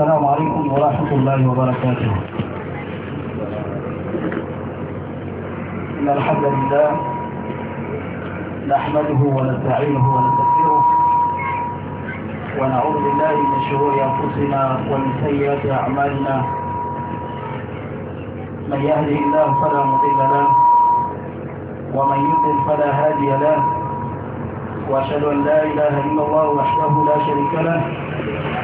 السلام عليكم ورحمة الله وبركاته إن الحمد لله نحمده ونستعينه ونستغفره ونعوذ بالله من شرور أنفسنا ومن سيئات أعمالنا من يهده الله فلا مضل له ومن يضل فلا هادي له وأشهد أن لا إله إلا الله وحده لا شريك له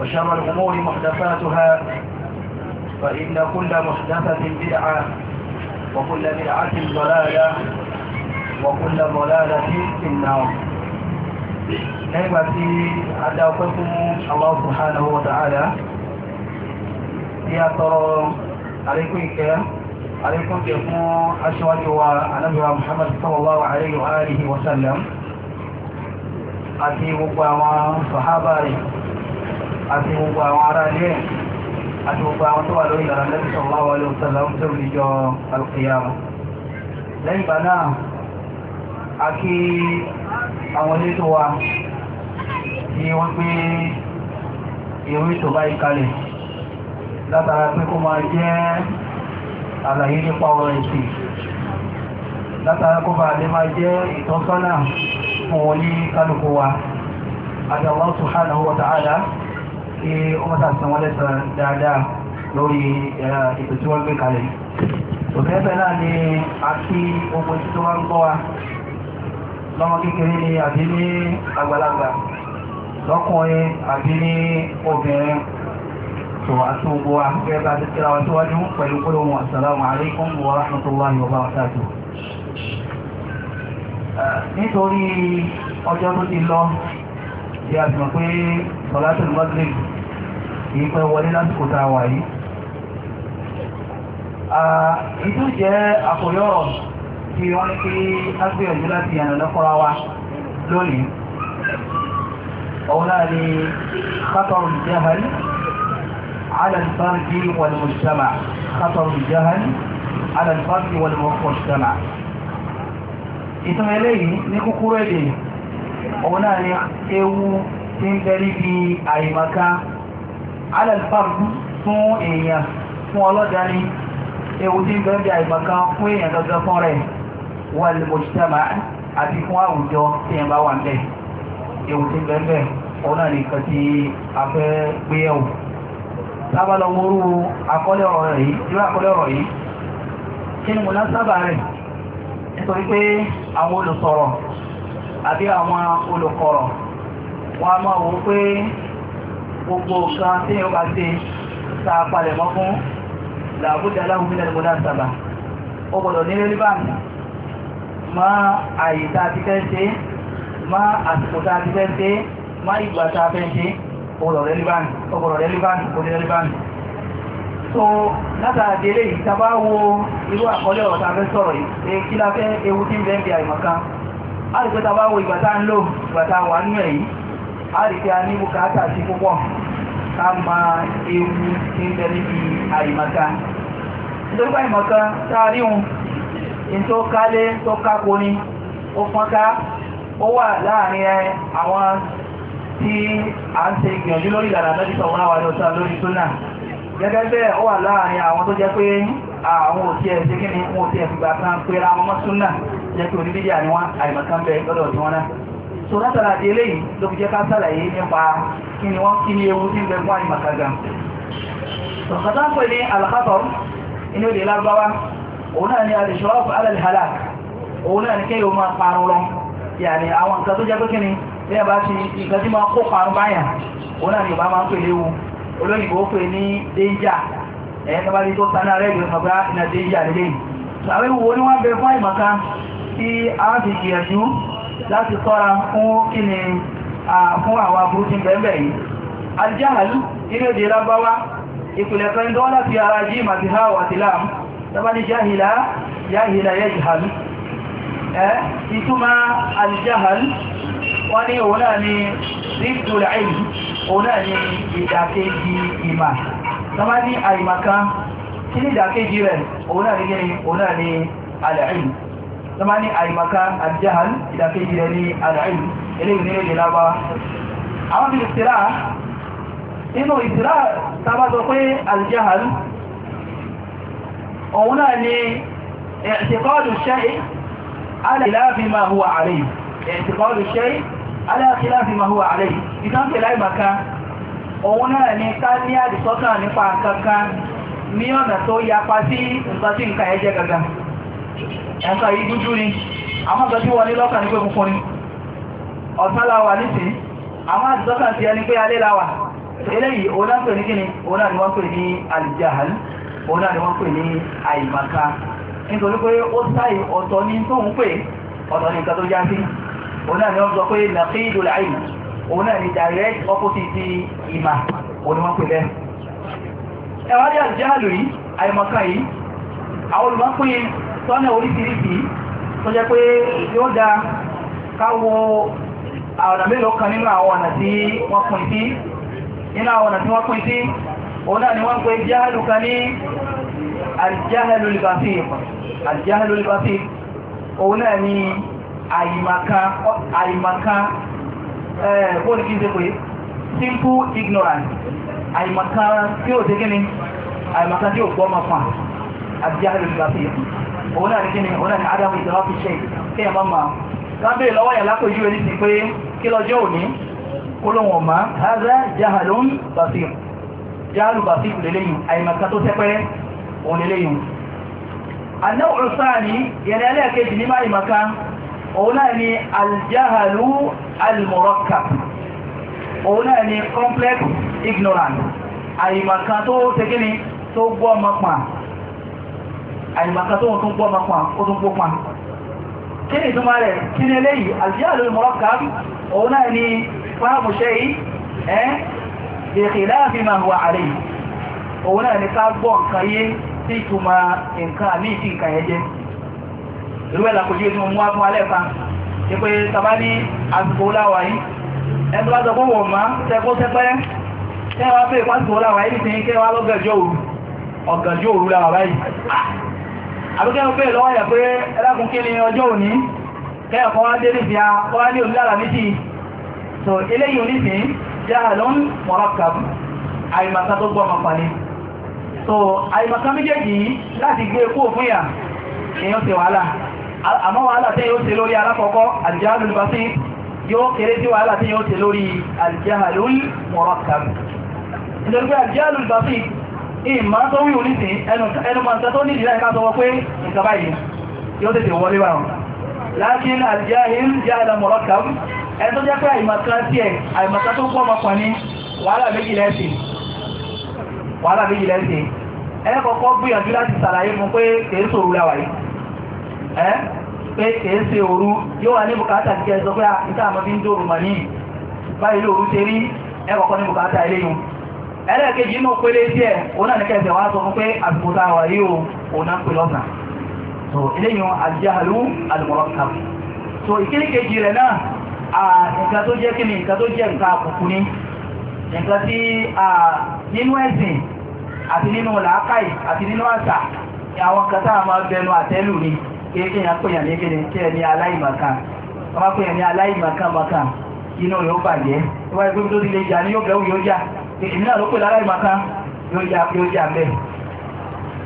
وشر الأمور محدثاتها فإن كل محدثة بدعة وكل بدعة ضلالة وكل ضلالة في النار nígbà tí a dá ọpẹ́ fún Allah subhanahu wa ta'ala tí a tọrọ àríkún ìkẹ́ àríkún kẹ fún aṣíwájú wa anábíwa Muhammad sallallahu alayhi wa alihi wa sallam àti gbogbo àwọn sàhábà rẹ̀ àti gbogbo àwọn ará ilé àti gbogbo àwọn tó wà lórí ìlànà lẹ́bí sallallahu alaihi wasallam tó rí jọ alùpùpù lẹ́yìn ìgbà náà a kí àwọn ilé tó wa tí wọ́n gbé ìrú ìtòbá ìkalẹ̀ látara pé kó máa jẹ́ àlàyé nípa ọ̀rọ̀ ìsìn látara kó bá lè máa jẹ́ ìtọ́sọ́nà fún wọn ní kálukú wa àti Allah subhanahu wa ta'ala kí ó mọ́ta sí wọn lẹ́sàn dáadáa lórí ètò tí wọ́n gbé kalẹ̀ òfẹ́fẹ́ náà ni a kí ogun tí tó wá ń gbọ́ wa lọ́mọ kékeré ni àbí ní àgbàlagbà lọ́kùnrin àbí ní obìnrin tó àti ogun wa gẹ́gẹ́ bá ti kíra wa síwájú pẹ̀lú gbólóhùn tó ti lọ tí a ti mọ̀ pé salatul maghrib kìí pẹ́ wọlé lásìkò tá a wà yìí ìtú jẹ́ àkòyọ́rọ̀ tí wọ́n ní kí á gbìyànjú láti yànà lọ́kọ́ra wa lónìí ọ̀la ni kátọrù jahal alàlùfáàjì wàlùmùsàmà kátọrù jahal alàlùfáàjì wàlùmùsàmà ìtàn eléyìí ní kúkúrú èdè ni ewu tí ń gẹ́rí bí àìmọ̀ká alẹ́lẹ́fàbù fún èèyàn fún ọlọ́dání fún èèyàn fún rẹ̀ wà lè mọ̀ ṣítẹ́mà àti fún àwùjọ tí èèyàn wà ń a gbé ẹ̀wù lábàlọ́wọ́rú àkọlé ọ̀rọ̀ ọ̀rọ̀ yìí kí ni mo náà sábà rẹ̀ nítorí pé àwọn olùsọ̀rọ̀ àbí àwọn gbogbo nǹkan tí yóò bá ṣe ta palẹ̀ mọ́ fún làbújá aláhùn mílẹ̀ lọ́dá sábà ó gbọ́dọ̀ ní relevant má àyè tá a ti fẹ́ ṣe má àsìkò tá a ti fẹ́ ṣe má ìgbà fẹ́ ṣe ó gbọ́dọ̀ relevant ó gbọ́dọ̀ relevant ní relevant so látara délé yìí tá a bá wo irú àkọlé ọ̀rọ̀ tá a fẹ́ sọ̀rọ̀ yìí kí la fẹ́ ewu tí ń a rí pé a ní bùkátà sí púpọ̀ ká ma ewu ní bẹ níbi àìmọ̀ká nítorí pé àìmọ̀ká sáárí hun in tó kálé tó kákó ni ó pọ́nká ó wà láàrin àwọn tí a ń ṣe ìgbìyànjú lórí ìlànà mẹ́tìtọ̀ wọn àwọn ọ̀sán lórí súnà gẹ́gẹ́ bẹ́ẹ̀ ó wà láàrin àwọn tó jẹ́ ni wọ́n ti ẹ̀fìgbà kan pé ra wọn tó látara di eléyìí ló fi jẹ́ ká sàlàyé nípa kí ni wọ́n kí ni ewu tí ń bẹ fún àyíká gan tọ̀kọ̀tà ń pè ní alakatọ̀ inú ilé lágbáwá òun náà ni alìṣọ́ọ̀fù alàlìhàlà òun náà ni kéyò máa parun lọ yàní àwọn nǹkan kí ni bí a bá ti máa parun báyà ni ò bá máa ń pè léwu olóyìnbó pè ní danger ẹ̀yẹn tó bá rí tó tánà rẹ̀ ìgbìmọ̀ ah, bá iná láti tọ́ra fún kíni fún àwọn aburúkú bẹ̀ẹ̀bẹ̀ yìí aljahalu inú èdè lábáwá ìpìlẹ̀ kan tó wọ́n láti ara jí màtí ha wà ti láàmù tàbá ní jahila jahila yẹ jahalu ẹ́ ìtumá aljahalu wọ́n òun náà ni rífdù láìlú òun náà ni ìdàkejì ìmà tàbá ní àìmàkan kí ní ìdàkejì rẹ̀ òun náà ni gíní ni alìlú tọ́mà ní àìmọ̀ká àjáhàn ìdàkejì rẹ̀ ní àdáyì eléyìí nílẹ̀ ìlàwà àwọn bí ìsìrá inú ìsìrá sábàtọ̀ pé àjáhàn òun náà ni ẹ̀ẹ̀tìkọ́ọ̀lù ṣẹ́yí aláìláàfin máa huwa àrẹ ẹ̀ẹ̀tìkọ́ọ̀lù ṣẹ́yí aláìláàfin máa huwa àrẹ ìtànkẹ̀ láìmọ̀ká òun náà ni ká ní àdìsọ́kàn nípa kankan ní ọ̀nà tó yapa sí nǹkan nǹkan ẹjẹ́ gangan ẹ̀ka yìí dúdú ni àmọ́gbẹ́ tí wọlé lọ́kàn ní pé funfun ni ọ̀sán láwà nísìn àmọ́ àtìsọ́kàn ti ẹni pé alé láwà eléyìí òun náà pè ní kíni òun náà ni wọ́n pè ní alìjáhàl òun náà ni wọ́n pè ní àìmàká nítorí pé ó sáì ọ̀tọ̀ ní tóun pè ọ̀tọ̀ ní nǹkan tó já sí òun náà ni wọ́n sọ pé nàkídù láì òun náà ni direct opposite ìmà òun ni wọ́n pè bẹ́ẹ̀ ẹ̀wọ́n ní alìjáhàlù yìí àìmàká yìí àwọn olùmọ́ tọ́nà oríṣiríṣi tó jẹ́ pé yóò dá káwọ ọ̀nà mélòó kan nínú àwọn ọ̀nà tí wọ́n pín sí nínú àwọn ọ̀nà tí wọ́n pín sí òun náà ni wọ́n pè jáhàlù kan ní àjáhàlù libasir òun náà ni àìmàkan eh, bóòlù ṣe pé simple ignorance àìmàkan tí ó ṣe kí ni àìmàkan tí ó gbọ́ mọ́ fún àjáhàlù libasir òun náà ní kí ni òun náà ní adamu ìdọ́wọ́ fi ṣe kí ẹ̀ máa máa lábẹ́ lọ́wọ́ yà lápòjú ẹni sí pé kí lọ́jọ́ òní kólóhùn ọ̀má ara jahalun basir jahalu basir lélẹ́yìn àìmọ̀ká tó tẹ́pẹ́rẹ́ òun lélẹ́yìn anáwò ọ̀sáàní yẹni alẹ́ẹ̀kejì ní máa ìmọ̀ká òun náà àyìnbàkà tó wọn tó ń pọ́ máa ó tó ń pọ́ pa kí ni ìtumọ̀ rẹ̀ kí ni eléyìí àjíyà lórí mọ́lọ́kà òun náà ni fáàmù ṣe yìí ẹ́ ìrìnkì láàfin máa wà àrẹ yìí òun náà ni ká gbọ́ nǹkan yé sí ìtumọ̀ nǹkan àmì ìtì nǹkan yẹn jẹ́ irú ẹ̀ làkòjú tí mo mú wá fún alẹ́ kan ṣe pé tàbá ní àsìkò láwà yìí ẹni bá sọpọ̀ wọ̀ má tẹ́kọ́ tẹ́pẹ́ kẹ́wàá pé ìpásìkò láwà yìí ti ń kẹ́wàá lọ́gàjọ́ òru ọ̀gàjọ́ òru láwà báyìí àbúkẹ́ ọgbẹ́ lọ́wọ́ yẹ̀ pé ẹlákùn kí ni ọjọ́ òní kẹ́ẹ̀kọ́ wá dé nìsí àwọ́lá ní olùdára méjì so eléyìí onísìn jahalun murakkab àìmàká tó gbọ́mọ̀ pàdé so àìmàká méjèèjì láti gbé e kó fún yà èyàn ìmá tó wí oníṣẹ́ ẹnu ma tó ní ìdílá ìká sọwọ́ pé ìkàbá yìí yóò tètè wọlé wà wọn lákín aljahil já ẹ̀lá mọ̀lọ́kàm ẹni tó jẹ́ pé àìmọ̀ká sí ẹ̀ àìmọ̀ká tó pọ̀ mọ́kànní wàhálà méjì lẹ́sìn wàhálà méjì lẹ́sìn ẹlẹ́kọ̀ọ́kọ́ gbìyànjú láti sàlàyé fún pé kèé sòrú láwà yìí ẹ́ pé kèé sí òru yóò wà ní bùkátà ti kẹ́ sọ pé ah, ìta àmọ́ bí ń dòrò mọ̀ ní báyìí lóru ṣe rí ẹkọ̀ọ́kọ́ ní bùkátà eléyìí ẹlẹ́ẹ̀kejì inú pélé díẹ̀ òun náà ní kẹsẹ̀ wá sọ fún pé àsìkò tá a wà yìí o òun náà ń pè lọ́sà so eléyìn àjálù àlùmọ́lọ́kà so ìkíní kejì rẹ̀ náà nǹkan tó jẹ́ kí ni nǹkan tó jẹ́ nǹkan àkùkù ni nǹkan tí nínú ẹ̀sìn àti nínú làákàì àti nínú àṣà àwọn nǹkan tá a máa ni kéèkéèyàn pèyàn ní inú yóò bàjẹ́ wọ́n máa tó ti lè jà ní yóò bẹ̀rù yóò jà èmi náà ló pè lára ìmọ̀ká yóò yá pé ó yà mẹ́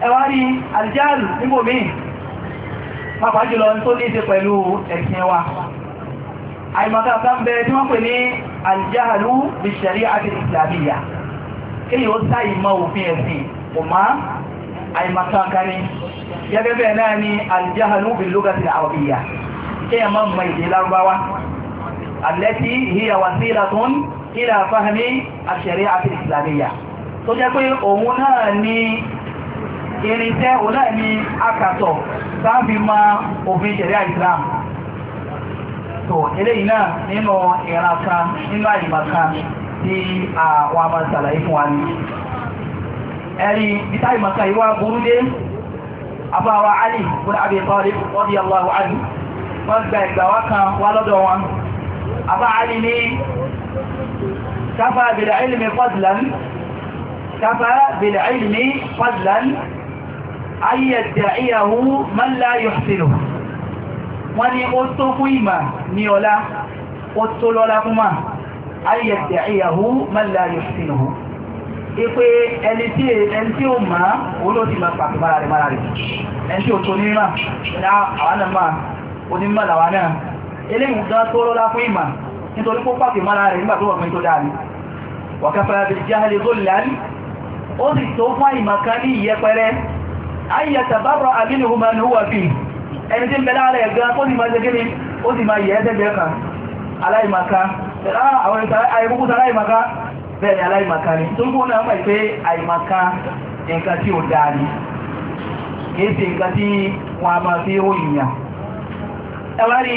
ẹwà rí àlìjáàlù nígbò míì pàpàá jùlọ tó ní ṣe pẹ̀lú ẹ̀sìn wa àìmọ̀ká kan bẹ tí wọ́n pè ní àlìjáàlù bí ṣẹ̀rí àti ìsìlámìyà kéyìn ó sáyì mọ òfin ẹ̀sìn kò má àìmọ̀ká kan ní náà ni àlìjáàlù bí lógàtì àwọ̀bìyà kéyìn mọ́ mọ ìdè lárúbáwá àlẹ́tí híyà wàsílà tó ilà fahmi àṣẹ̀ríà àti ìsìlámíyà tó jẹ́ pé òun náà ni irinṣẹ́ òun náà ni akàtọ̀ sáàbí ma òfin ṣẹ̀ríà ìsìlám tó eléyìí náà nínú ìran kan nínú àyíká kan tí àwọn àmà ṣàlàyé fún wa ní ẹ̀rí bíta ìmọ̀ká ìwà burú dé àbáwa alì fún Abi Talib radiyallahu anhu wọ́n gba ìgbà wá kan wá lọ́dọ̀ wọn àbá alì ní كفى بالعلم فضلا كفى بالعلم فضلا أن يدعيه من لا يحسنه wọ́n ní ó tó fún ìmà ní ọlá ó tó lọ́lá fún máa ayẹ̀tẹ̀ ìyàwó mẹ́lá yọ̀sínú ipé ẹni tí ó máa olóòtí máa pàtàkì rẹ̀ mara rẹ̀ ẹni tí ó tó nímà ní àwọn náà onímọ̀ làwọn náà eléyìn gan tó lọ́lá fún ìmà nítorí kó pàtì mara rẹ̀ nígbà tó wà pín tó dáa ní wàkàfàrà bí jáhálẹ̀ tó lárí ó sì tó fún àìmàká ní ìyẹpẹrẹ ayyata bábọ̀ àbínihùmá ẹni tí ni aláìmàká ah, ni tó kó náà mọ̀ pé àìmàká nǹkan tí ó dáa ní kìí sí nǹkan tí wọ́n a máa fi ó yìnyà ẹwà rí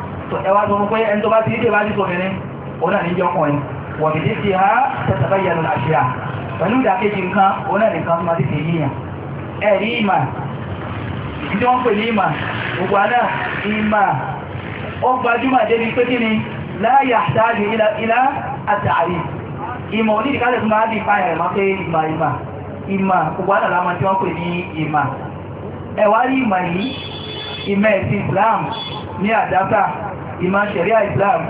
ẹwà tó mú pé ẹni tó bá ti rí dèbá ti sọmìnrin òun náà níjọ ọkùnrin wọ̀n ìdí ti ha tẹ̀sẹ̀fẹ́ yẹnu àṣíyà pẹ̀lú ìdàkejì nǹkan òun náà nìkan tó máa ti tèyí yàn ẹ̀rí ìmà ìdí wọ́n pè ní ìmà gbogbo àná ìmà ó gbajúmọ̀ débi pé kí ni láyà àtàrí ilá àtàrí ìmọ̀ onídìkálẹ̀ tó máa dì fáyẹ̀ máa pé ìmà ìmà ìmà gbogbo àná lámọ́ tí wọ́n pè ní ìmà ẹ̀wá rí ìmà yìí ìmẹ̀ ẹ̀sìn Islam ní àdáta ìmọ̀ ṣẹ̀ríà Islam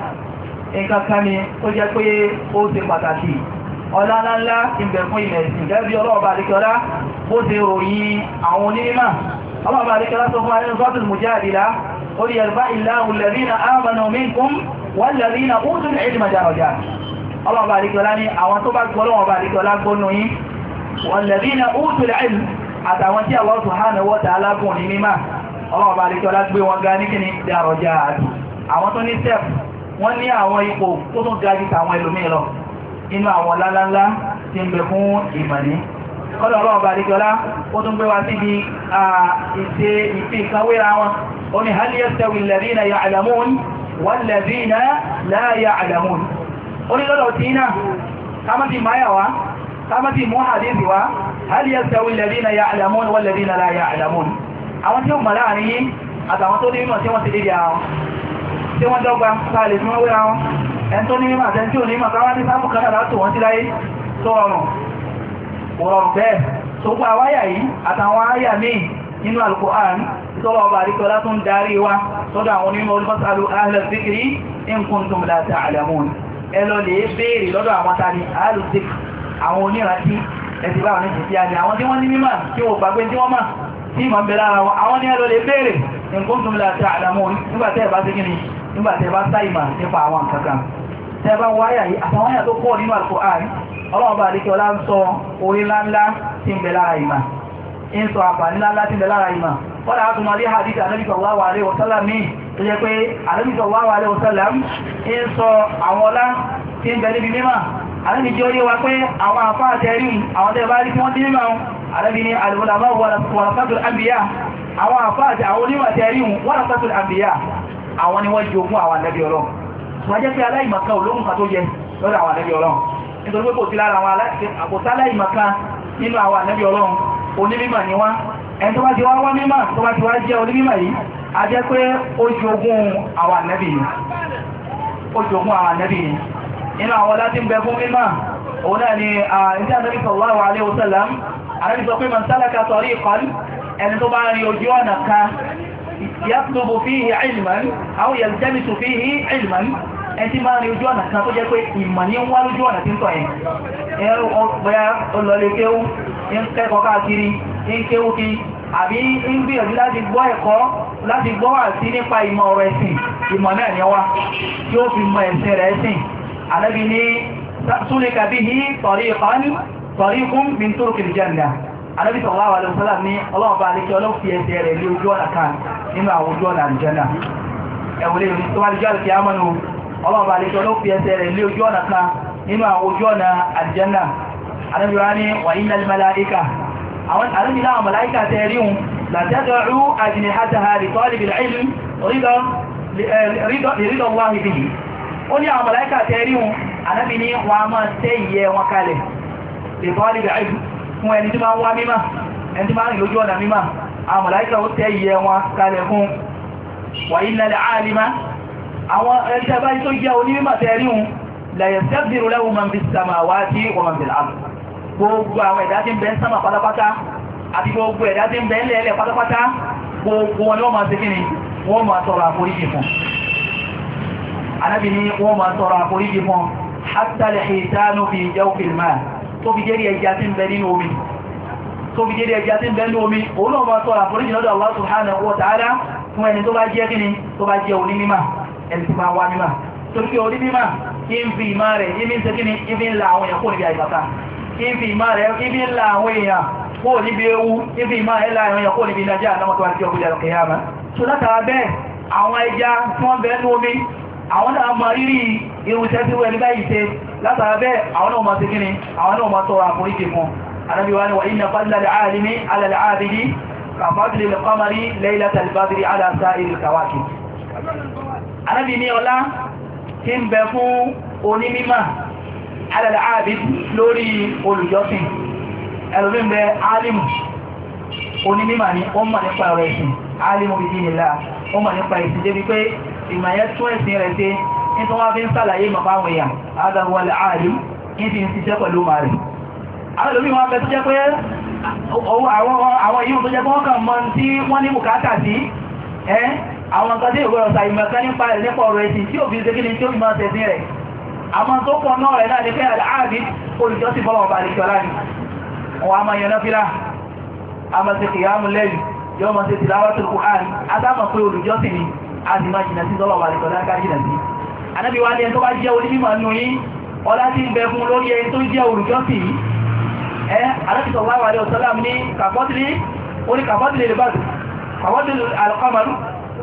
nǹkan kan ni ó jẹ́ pé ó ṣe pàtàkì ọlálálá ìbẹ̀ fún ilẹ̀ ìsìn gẹ́bí ọlọ́ọ̀bà àríkọ́lá bó ṣe ròyìn àwọn onímọ̀ ọlọ́ọ̀bà àríkọ́lá sọ fún àrínú sọ́tùl mùjáàdìlá ó rí ẹ̀rùbá ìlàhùn lẹ́rìnà ámànà minkum wọ́n lẹ́rìnà ó tún ìlmà jàrọ̀jà ọlọ́ọ̀bà àríkọ́lá ní àwọn tó bá gbọ́ ọlọ́ọ̀bà àríkọ́lá gbónú yín wọ́n lẹ́rìnà ó gbé wọn ga ní kíni jàrọ̀jà àti àwọn tó ní step wọ́n ní àwọn ipò tó tún ga jù tàwọn ẹlòmíì lọ inú àwọn lálálá ti ń bẹ fún ìmọ̀ní kọ́lọ̀ ọlọ́run bá dìjọ́lá ó tún gbé wa síbi ìṣe ìfi ìkanwéra wọn ó ní hal yastawi alladhina ya'lamun walladhina la ya'lamun ṣe wọ́n dọ́gba ta lè mọ́ wéra wọn ẹn tó ní mímọ̀ àtẹ́ tí ò ní mọ̀ káwá ní sáàmù kan náà látò wọ́n ti láyé tó ọrùn ọ̀rọ̀ bẹ́ẹ̀ tó gba wáyà yìí àtàwọn áyà míì nínú Al-Qur'an tọ́lọ̀ ọba àríkọlá tó ń darí wa sọ́dọ̀ àwọn onímọ̀ olùfọ́sàlù ahlẹ̀ zikri in kuntum la ta'lamun ẹ lọ lè béèrè lọ́dọ̀ àwọn tani ahlẹ̀ zikri àwọn oníranti ẹ̀sì báwọn ní títí àní àwọn tí wọ́n ní mímọ̀ tí wọ́n gbàgbé tí wọ́n mọ̀ tí mọ̀ ń bẹ lára wọn àwọn ní ẹ lọ lè béèrè in kuntum la ta'lamun nígbàtẹ́ ẹ̀bá sí kí ni nígbà tẹ́ bá sáìmà nípa àwọn kankan tẹ́ bá wáyà yìí àtàwọn àyà tó pọ̀ nínú Al-Qur'an ọlọ́run bá àdíkẹ́ ọlá ń sọ orí ńláńlá tí ń bẹ lára ìmà ń sọ àǹfààní ńláńlá tí ń bẹ lára ìmà kọ́dà á tún máa rí hadith Ànábì sallallahu alaihi wasallam míì tó jẹ́ pé Ànábì sallallahu alaihi wasallam ń àwọn ọlá àwọn àfáà tẹ́rí wọ́n dín mímọ̀ àwọn ni wọ́n jogún àwọn ànábì ọlọ́run wọ́n jẹ́ pé aláìmọ̀kan olóhùn kan tó jẹ lọ́dọ̀ àwọn ànábì ọlọ́run nítorí pé kò sí lára àwọn aláìmọ̀kan nínú àwọn ànábì ọlọ́run onímímọ̀ ni wọ́n ẹni tó bá ti wá wá mímọ̀ tó bá ti wá jẹ́ onímímọ̀ a jẹ́ pé ó jogún àwọn ànábì yìí ó jogún àwọn ànábì yìí nínú àwọn láti ń bẹ fún mímọ̀ òun náà ni ìdí ànábì sallallahu alaihi wasallam ànábì sọ pé man salaka tariqan ẹni tó bá rí ojú ọ̀nà kan yàtùbù fíhì ilman aw yaltamisu fíhì ilman ẹ ti máa rí ojú ọ̀nà kan tó jẹ́ pé ìmọ̀ ní ń wá lójú ọ̀nà tí ń tọ̀ yẹn ẹ̀rọ ọgbẹ́ ọlọ́lẹ̀ kéwú ń kẹ́kọ̀ọ́ káàkiri ń kéwú kí àbí ń gbìyànjú láti gbọ́ ẹ̀kọ́ láti gbọ́ wà sí nípa ìmọ̀ ọ̀rọ̀ ẹ̀sìn ìmọ̀ náà ni wá tí ó fi mọ ẹ̀sìn rẹ̀ ẹ̀sìn àlẹ́bí ní súnlẹ̀ kàbí ní tariqan anábìsọ̀ wà wà lọ́wọ́ sọ́lá ní ọlọ́run bá alẹ́kẹ́ ọlọ́run fi ẹsẹ̀ rẹ̀ lé ojú ọ̀nà kan nínú àwọn ojú ọ̀nà àlùjànnà ẹ̀wọ̀lẹ́ òní tó wá lè jẹ́ àlùkẹ́ àmọ́nu ọlọ́run bá alẹ́kẹ́ ọlọ́run fi ẹsẹ̀ rẹ̀ lé ojú ọ̀nà kan nínú àwọn ojú ọ̀nà àlùjànnà anábìsọ̀ wà ní wàyí lẹ́lẹ́ mẹ́láíkà àwọn àrùnmí láwọn mẹ́láíkà tẹ́ rí hun làtẹ́dọ̀rú àjìnìhátàhà rìtọ́lìbìlì fún ẹni tí máa ń wá mímá ẹni tí máa ń rìn lójú ọ̀nà mímá àwọn màláíkà ó tẹ́ ìyẹ́ wọn kalẹ̀ fún wàyí lẹ́lẹ̀ àálímá àwọn ẹ̀ṣẹ́ báyìí tó jẹ́ onímọ̀ tẹ́ríhun lẹ̀yẹ̀sẹ́bìrù lẹ́wọ̀n mọ̀ ni wọ́n máa ṣe àforíjì fún hátàlẹ̀ ìdánù fi jẹ́ òfin máa tó fi jẹ́rí ẹja tí ń bẹ nínú omi tó fi jẹ́rí ẹja tí ń bẹ nínú omi òun náà bá tọ́ àforíjì lọ́dọ̀ Allah subhanahu wa ta'ala fún ẹni tó bá jẹ́ kíni tó bá jẹ́ oní mímà ẹni tó bá wá mímà tó fi oní mímà kí ń fi ìmá rẹ̀ ibi ń ṣe kíni ibi ń la àwọn èèyàn kó níbi kí ń ibi ń àwọn èèyàn látara bẹ́ẹ̀ àwọn náà ma ti gíní àwọn náà ma tọrọ àforíkì fún anábí wa ni wà iná fadlal alimi alal abidi kàfàdìlì lọ́kọ́mari laylatal badri ala sa'iril kawakib anábí ní ọlá tí ń bẹ fún onímímọ̀ alal abidi lórí olùjọ́sìn ẹlòmín bẹ alimu onímímọ̀ ni ó mọ̀ nípa ọ̀rọ̀ ẹ̀sìn alimu bidinillah ó mọ̀ nípa ẹ̀sìn débi pé ìmọ̀ yẹn tún ẹ̀sìn rẹ̀ ní tó wá fi ń sàlàyé mọ̀ fáwọn èèyàn adáwọlẹ̀ ààrí ní fi ń ṣiṣẹ́ pẹ̀lú ma rẹ̀ àwọn ìlú wọn bẹ tó jẹ́ pé àwọn yíò tó jẹ́ pé wọ́n kàn mọ́ tí wọ́n ní bùkátà sí ẹ́ àwọn kan tí ìwọ̀rọ̀ sàìmọ̀kan nípa rẹ̀ nípa ọ̀rọ̀ ẹ̀sìn tí òfin ṣe kí ni tí ó fi máa tẹ̀sí rẹ̀ àmọ́ tó pọ̀ náà rẹ̀ náà ní pé àdáàbí olùjọ́sìn bọ́lọ̀ ọba àdìjọ láàrin wọn a máa yẹn náfílà a máa ṣe kìyàmù lẹ́yìn yọ́ máa ṣe tìláwàtò kùhán adámọ̀ pé olùjọ́sìn ni a sì máa jìnà sí bọ́lọ̀ ọba àdìjọ láàrin anábí wá ní ẹni tó bá jẹ́ onímọ̀ nù yí ọlá tí ń bẹ fún lórí ẹni tó jẹ́ olùjọ́sì ẹ́ alábìsọ̀ wáwà lẹ́ ọ̀sọ́lám ní kàfọ́tìlì orí kàfọ́tìlì lè bàtù kàfọ́tìlì alkọ́mọ̀lú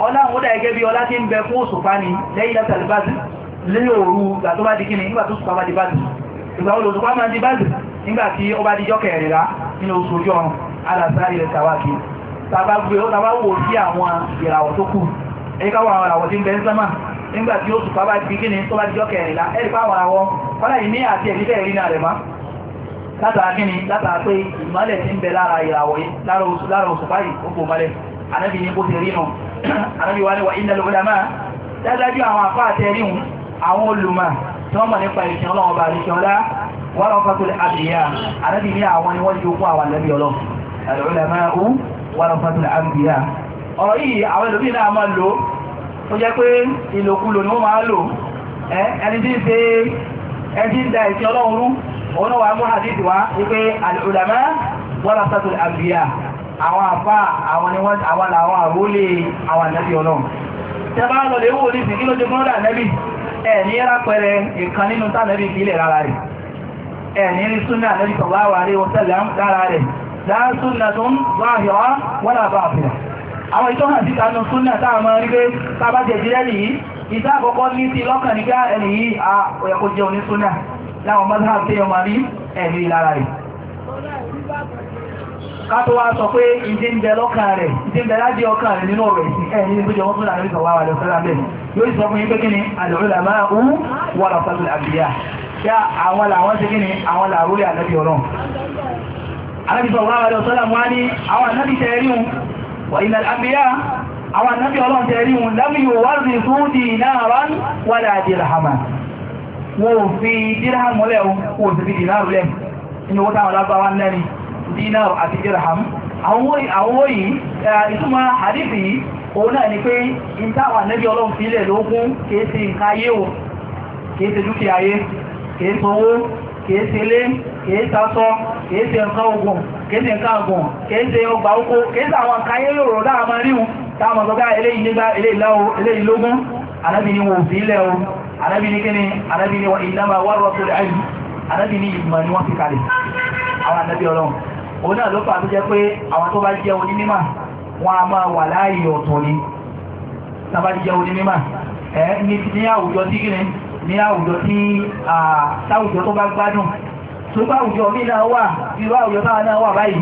ọlá àwọn ọdá ẹgẹ́ bí ọlá tí ń bẹ fún òṣùpá ni lẹ́yìn láti alibazì lẹ́yìn òru gbà tó bá di kíni nígbà tó sùpá bá di bàtù ìgbà wo lòṣùpá máa di bàtù nígbà tí ó bá di jọ́ kẹrìnlá nínú oṣù ojú ọrùn tàbá gbé ó tàbá wò sí àwọn ìràwọ̀ tó kù ẹ̀yíká wọ àwọn ìràwọ̀ tí ń bẹ ń sánmà nígbà tí ó tùpá bá di kí ni tó bá di ọkẹ̀rìnlá ẹ̀rì fáwọn àwọn kọ́lá yìí ní àti ẹ̀fífẹ́ rí náà rẹ̀ má látara kí ni látara pé ìmọ́lẹ̀ ti ń bẹ lára ìràwọ̀ yìí lára òṣùpá yìí ó kò mọ́lẹ̀ anábì ní kó ti rí nù anábì wá ní wa ilẹ̀ lóòlá máa dájájú àwọn afá àtẹríhun àwọn olùmọ̀ tí wọ́n mọ̀ nípa ìṣẹ́ ọlọ́run ọba àríṣẹ́ ọlá wọ́n lọ́n fàtó àbìyà anábì ní àwọn ni wọ́n jogún àwọn àlẹ́bí ọlọ́run àlùmọ̀ wọ́n lọ́n fàtó àbìyà ọ̀rọ̀ yìí àwọn ẹlòmíràn máa lò tó jẹ́ pé ìlòkulò ni wọ́n máa lò ẹni tí ń ṣe ẹjí ń da ìsìn ọlọ́run rú òun náà wà mú hadith wá wípé al-ulama warasatul anbiya àwọn àfá àwọn ni wọ́n àwọn àwọn àrólé àwọn ànábì ọlọ́run tẹ́ bá lọ lè wò ní ìsìn kí ló jẹ́ fún ọ́dà ànábì ẹ̀ ní rápẹrẹ ìkan nínú tánàbì ìfilẹ̀ rárá rẹ̀ ẹ̀ ní rí súnà ànábì sallallahu alaihi wasallam lára rẹ̀ la sunnatun zahira wala batina àwọn ìtọ́ hàn síta nù súnnà táà mọ́ rí pé tàbá jẹ̀jẹ̀ yìí ìta àkọ́kọ́ ní ti lọ́kàn ní pé ah, ẹni yìí a ọ̀yẹ̀kọ́ jẹ́ oní súnnà láwọn mọ́sáàbù tí ọmọ rí ẹ̀rí lára rẹ̀ kátó wá sọ pé ìdí ń bẹ lọ́kàn rẹ̀ ìdí ń bẹ láti ọkàn rẹ̀ nínú ọ̀rọ̀ ìsìn ẹ̀ nínú ìgbójọ mọ́tún láàrin ìsọ̀wà wà lọ́sọ́lá bẹ́ẹ̀ yóò sọ fún yín pé kí wà ilẹ̀ àbíyá àwọn ànábí ọlọ́run tẹ́ rí wọn lámì yóò wá rí fún dinaran wala dirhama wọn ò fi dirham mọ́lẹ̀ o ò sì fi dinar rẹ̀ inú wọ́n táwọn lábáwá lẹ́rin dinar àti dirham àwọn wòyí ìtumọ̀ kìí ṣe lé kìí sasọ kìí ṣe nǹkan ogun kìí ṣe nǹkan ogun kìí ṣe ọgbà oko kìí ṣe àwọn nǹkan ayé yòrò dáa máa ríhun táà mọ̀ sọ́gbà ah, eléyìí nígbà eléyìí lógún anábì ni wọn ò sí ilẹ̀ o anábì ni kíni anábì ni wọn ìlànà wàrọ̀ tó dáyì anábì ni ìmọ̀ ni wọ́n fi kalẹ̀ àwọn anábì ọlọ́run òun náà ló fà tó jẹ́ pé àwọn tó bá jẹ́ onímọ̀ wọn a máa wà láàyè ọ̀tọ̀ ni tàbá jẹ́ onímọ̀ ẹ̀ ní àwùjọ sí kíni ní àwùjọ tí àwùjọ tó bá gbádùn tó bá àwùjọ mí náà wà irú àwùjọ táwa náà wà báyìí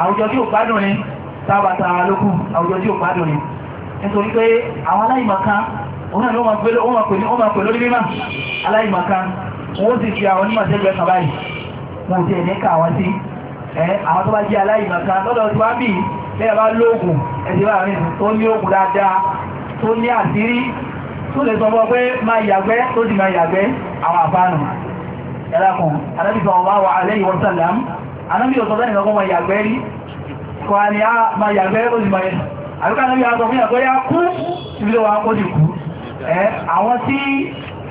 àwùjọ tí ò gbádùn ni tábàtà lókù àwùjọ tí ò gbádùn ni nítorí pé àwọn aláìmọ̀kan òun náà ló máa pẹ̀lú lórí mímá aláìmọ̀kan wọ́n sì fi àwọn onímọ̀ tẹ́gbẹ̀ẹ́ kan báyìí wọ́n ti ẹ̀ní ká àwọn sí àwọn tó bá jẹ́ aláìmọ̀kan lọ́dọ̀ tí wá bì lẹ́yà bá lóògùn ẹ̀sìn láàrin ní òògùn dáadáa tó ní àṣírí tó lè sọ fún ọ pé máa yàgbẹ́ tó ti máa yàgbẹ́ àwọn àfáànù ẹ̀lákùn anábì sọ ọba wà ni a máa yàgbẹ́ ó ti máa àbíká anábì àwọn ọmọ yàgbẹ́ yá kú ìbílẹ̀ wa ó ti kú ẹ̀ àwọn tí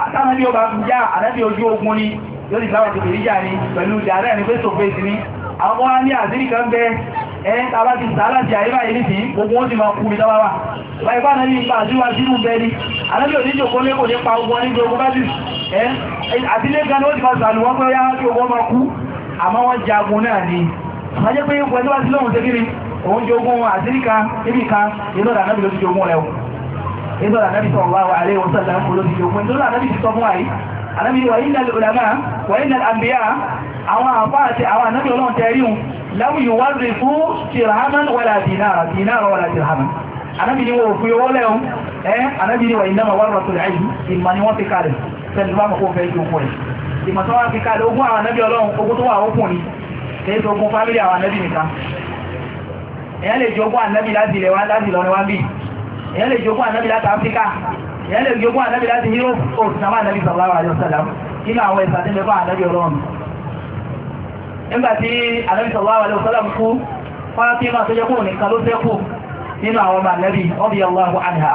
atánábì ọba já anábì ojú ogun ni yóò ti láwọn ti fèrè jà ni pẹ̀lú ìjà náà ni pé sòfèsì ni àwọn ní àdírí kan bẹ́ẹ̀ ẹ̀yìn tàbá ti tàà láti àríwá ìrí sí gbogbo ó ti máa kú ìdáwà wà báyìí bá náà ní ipa àdúwà sínú bẹ́ẹ̀ni alábí ò ní jòkó lẹ́kò nípa ogun ní gbogbo bá jù àti lẹ́gbẹ̀ẹ́ ni ó ti máa sàlù wọ́n pé yára kí ogun máa kú àmọ́ wọ́n jagun náà ni májẹ́ pé ipò ẹ̀dọ́wà sí lóhun tẹ́kiri òun jogun àtíríkà ibìka inú ọ̀dà náà bí ló ti jogun rẹ̀ inú ọ̀dà náà bí sọ̀rọ̀ wà àlẹ́ ìwọ̀sán láàrín olóòtú jogun inú ọ̀dà náà bí ti sọ ní àwọn àbá àti àwọn ànábì ọlọ́run tẹ́rí un láwùyí wá rí fún tìràmán wàlá dìnára dìnára wàlá tìràmán ànábì ni wọ́n fún owó lẹ́un ẹ́ ànábì ni wà ìnáma wà rọ̀tò rẹ̀ ìmọ̀ ni wọ́n fi kalẹ̀ tẹ́lẹ̀ bá mọ̀kó fẹ́ jù fún ẹ̀ ìmọ̀ tó wá fi kalẹ̀ ogún àwọn ànábì ọlọ́run ogún tó wà ókùn ni kìí tó ogún fámílì àwọn ànábì nìkan èyàn lè jogún ànábì láti ilẹ̀ wá láti lọ́rin wá bí èyàn lè jogún ànábì láti áfíríkà èyàn lè jogún ànábì láti yúróòpù náà ànábì ọlọ́run nígbàtí alẹ́bìsọ̀láwà lè sọ́lá kú Fátímà tó jẹ́ kúrò nìkan ló sẹ́kù nínú àwọn ọmọ àlẹ́bì ọbí Allahu anha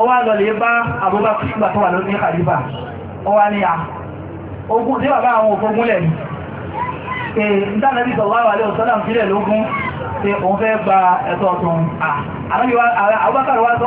ó wá lọ lè bá Abubakar nígbà tó wà lórí kàlífà ó wá ní à ogun tí bàbá àwọn òfogun lẹ̀ ní pé ìdánẹ́bì sọ̀láwà lè sọ́lá sílẹ̀ lógún pé òun fẹ́ gba ẹ̀tọ́ ọ̀tún Abubakar wá sọ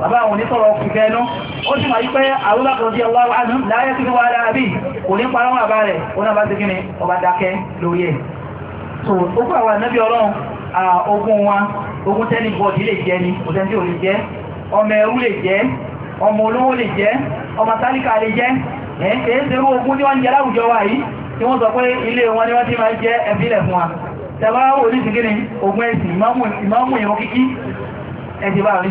bàbá àwọn onítọ̀rọ̀ òkùnkẹ́ ẹnu ó sì máa yí pé àrúbàkọ̀ sí ọlá wà ní láyé tí wọ́n dára bí kò ní parọ́ àbá rẹ̀ ó náà bá ti kí ni ọba dákẹ́ lórí ẹ̀ so ogun àwọn ànábì ọlọ́run ogun wa ogun tẹ́ni bọ́ọ̀dì lè jẹ́ ni kò tẹ́ni ò lè jẹ́ ọmọ ẹrú lè jẹ́ ọmọ olówó lè jẹ́ ọmọ tálíkà lè jẹ́ ẹ̀ kèé serú ogun tí wọ́n ń jẹ láwùjọ wa yìí tí wọ́n sọ pé ilé wọn ni wọ́n ti máa jẹ́ ẹ̀bílẹ̀ fún wa tẹ́wàá wò ní ti gíní ogun ẹ̀sìn ìmáàmù ìrún kíkí ẹ̀sìn bá rí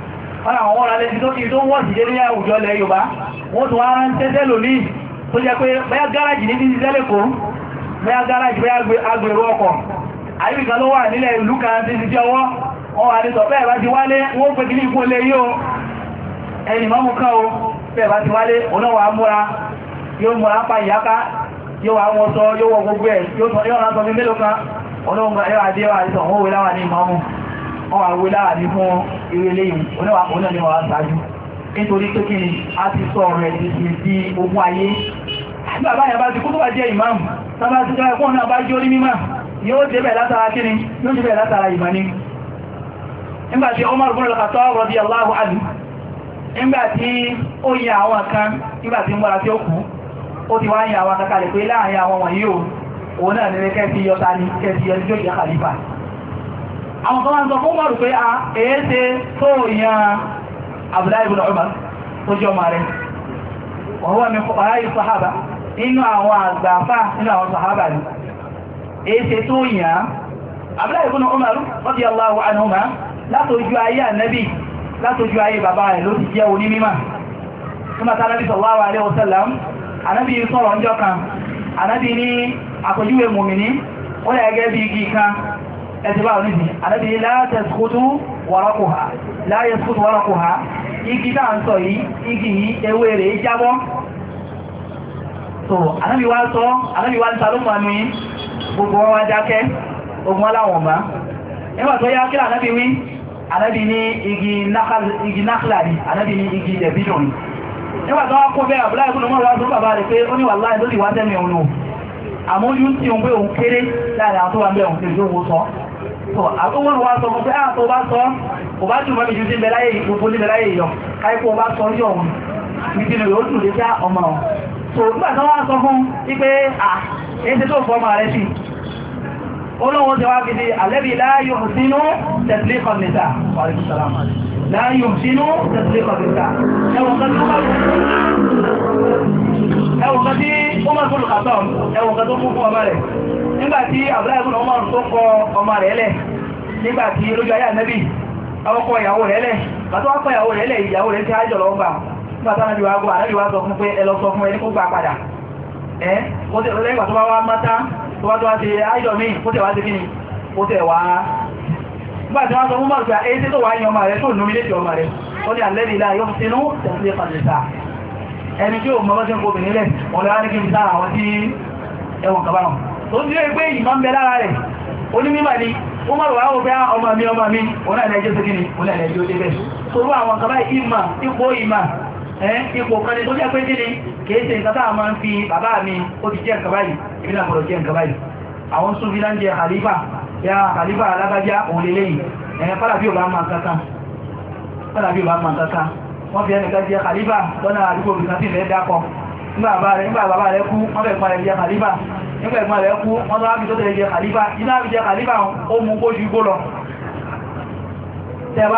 wọ́n àwọn wọ́n rálẹ́ sí tó wọ́n sì jẹ́ ní àwùjọ lẹ Yorùbá wọ́n tó wá ń tẹ́tẹ́ lòmí tó jẹ́ pé bẹ́yà gáràjì ní títí tẹ́lẹ̀kọ́ bẹ́yà gáràjì bẹ́yà agbèrò ọkọ̀ àyíkà ló wà nílẹ̀ ìlú kan títí tí ọwọ́ wọ́n wọ́n wà wó láàrin fún ìrẹ́lẹ́ yìí oníwàkùn náà ni wọ́n wá sáájú nítorí pé kí ni a ti sọ ọ̀rọ̀ ti ogun ayé nígbà ti kú tó bá jẹ́ ìmáàmù tábà ẹ̀kọ́ náà bá jẹ́ orí yóò látara kí ni yóò débẹ̀ látara ìmọ̀ ni nígbà ó yẹ àwọn kan àwọn kan wá ń sọ fún mọ̀rù pé a ah, èése tó yàn Abdullahi ibn Umar tó jẹ́ ọmọ rẹ̀ ọ̀húwà mi kọ̀ọ̀rá yìí sọ́hábà nínú àwọn àgbàfà nínú àwọn sọ́hábà ni èése tó yàn Abdullahi ibn Umar radiyallahu anhuma látojú ayé ànábì látojú ayé ẹ̀tìbá oníbi alábi látẹ̀sùkútù wọ́rọ́kùhá láyẹ̀sùkútù wọ́rọ́kùhá igi náà ń sọ yìí igi yìí ewé rẹ̀ jábọ́ so alábi wá sọ alábi wá sàlùmọ̀ ní gbogbo wọn wá dákẹ́ ogun aláwọ̀n bá nígbà tó yá kílà alábi wí alábi ní igi náklàrí alábi ní igi dẹ̀bídùn nígbà tó wá kó bẹ́ẹ̀ àbúlá ìkúnnù mọ́ wá sọ bàbá rẹ̀ pé ó ní wà láì lórí wá tẹ́mi òun lò àmójú tí òun pé òun kéré láàrin àwọn tó wà ń wó sọ àtúwọ́n wá sọ fún pé àtọ́ ah, bá sọ kò bá jù mọ́bí jù sí bẹ̀láyé ìgbogbo ní bẹ̀láyé ìyọ káíkọ́ bá sọ yọ ọ̀hún ìdí rẹ̀ ó dùn lé sí ọmọ ọ̀hún so nígbà tó wá sọ fún wípé à èyí tí tó fọmọ rẹ̀ sí olóhun ti wá fi di àlẹ́bí láyò sínú tẹ̀sílẹ̀ kọ̀mìtà láyò sínú tẹ̀sílẹ̀ kọ̀mìtà ẹwọ̀n kan ẹwọ̀n kan tí ó máa gbọ́nù kàtọ̀ ẹwọ̀n kan tó kú fún ọmọ rẹ̀ nígbàtí àbúráyẹ̀kùn ọmọ rẹ̀ tó kọ ọmọ rẹ̀ lẹ̀ nígbàtí olójú ayé ànẹ́bì ọkọ̀ ìyàwó rẹ̀ lẹ̀ bàtọ́ ọkọ̀ ìyàwó rẹ̀ lẹ̀ ìyàwó rẹ̀ ti ájọ̀ lọ́gbà nígbàtá náà wá gbọ́ àrẹ́bì wá sọ fún pé ẹ lọ sọ fún ẹni kó gbà padà ẹ́ kó tẹ̀ lọ́lẹ́ ìgbà tó bá wá mátá tó bá tó wá ẹni tí ó mọ́ bá ṣe ń kó obìnrin lẹ̀ ọ̀lẹ́ wá ní kí n sára àwọn tí ẹwọ̀n kàbáwọn tó ń díẹ̀ pé ìmọ̀ ń bẹ lára rẹ̀ onímọ̀ ni ó mọ̀ wà wọ́n bẹ́ ọmọ mi ọmọ mi onílẹ̀-ẹjọ́ sí kíni onílẹ̀-ẹjọ́ débẹ̀ torú àwọn kàbá ìmà ipò ìmà ipò kan ni tó jẹ́ pé kíni kìí ṣe nǹkan táà máa ń fi bàbá mi ó ti jẹ́ nǹkan báyìí èmi náà gbọ́dọ̀ jẹ́ nǹkan báyìí àwọn sún fílá ń jẹ khalifa ya khalifa alágbájá òun lélẹ́yìn ẹ̀yẹn fádàbí ò bá máa kankan wọ́n fi ẹnìkan jẹ kàlíbà lọ́nà àdúgbò ìkan ilẹ̀ dákọ̀ nígbà bàbá rẹ̀ kú wọ́n fẹ́ ìpàdé jẹ kàlíbà nígbà ìpàdé rẹ̀ kú wọ́n tó wábi tó tẹ̀lé jẹ kàlíbà iná àbí kàlíbà ó mú kó igbó lọ tẹ̀bá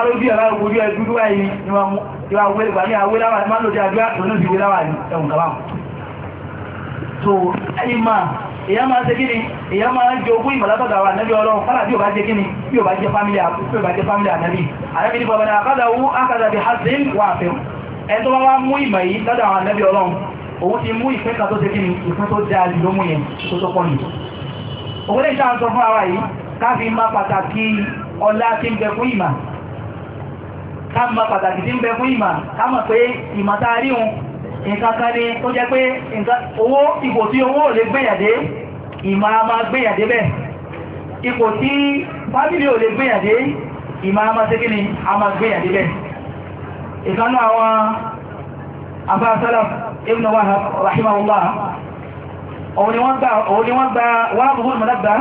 ìyá máa ṣe gíní ìyá máa ń jogún ìmọ̀látọ̀dà wà náà ọlọ́run fánà bí o bá jẹ gíní bí o bá jẹ fámílì ànábì ànábì ní bọ̀bọ̀dà àkádàwú àkádàbí hasim wà fẹ́ ẹ̀ tó wá mú ìmọ̀ yìí lọ́dà àwọn ànábì ọlọ́run òun ti mú ìpín kan tó ṣe gíní ìpín tó dá ló mú yẹn tó tó pọ̀ ní òun lè ṣe àwọn nǹkan kan ní tó jẹ́ pé owó ipò tí owó ò lè gbẹ̀yàdé ìmọ̀ a gbẹ̀yàdé bẹ̀ ipò tí fámílì ò lè gbẹ̀yàdé ìmọ̀ a tẹ́kí ni a máa gbẹ̀yàdé bẹ̀ ìkanú àwọn afẹ́sọ́lá ibn wahab rahimahullah òun ni wọ́n gba wọ́n bú mọ̀dábà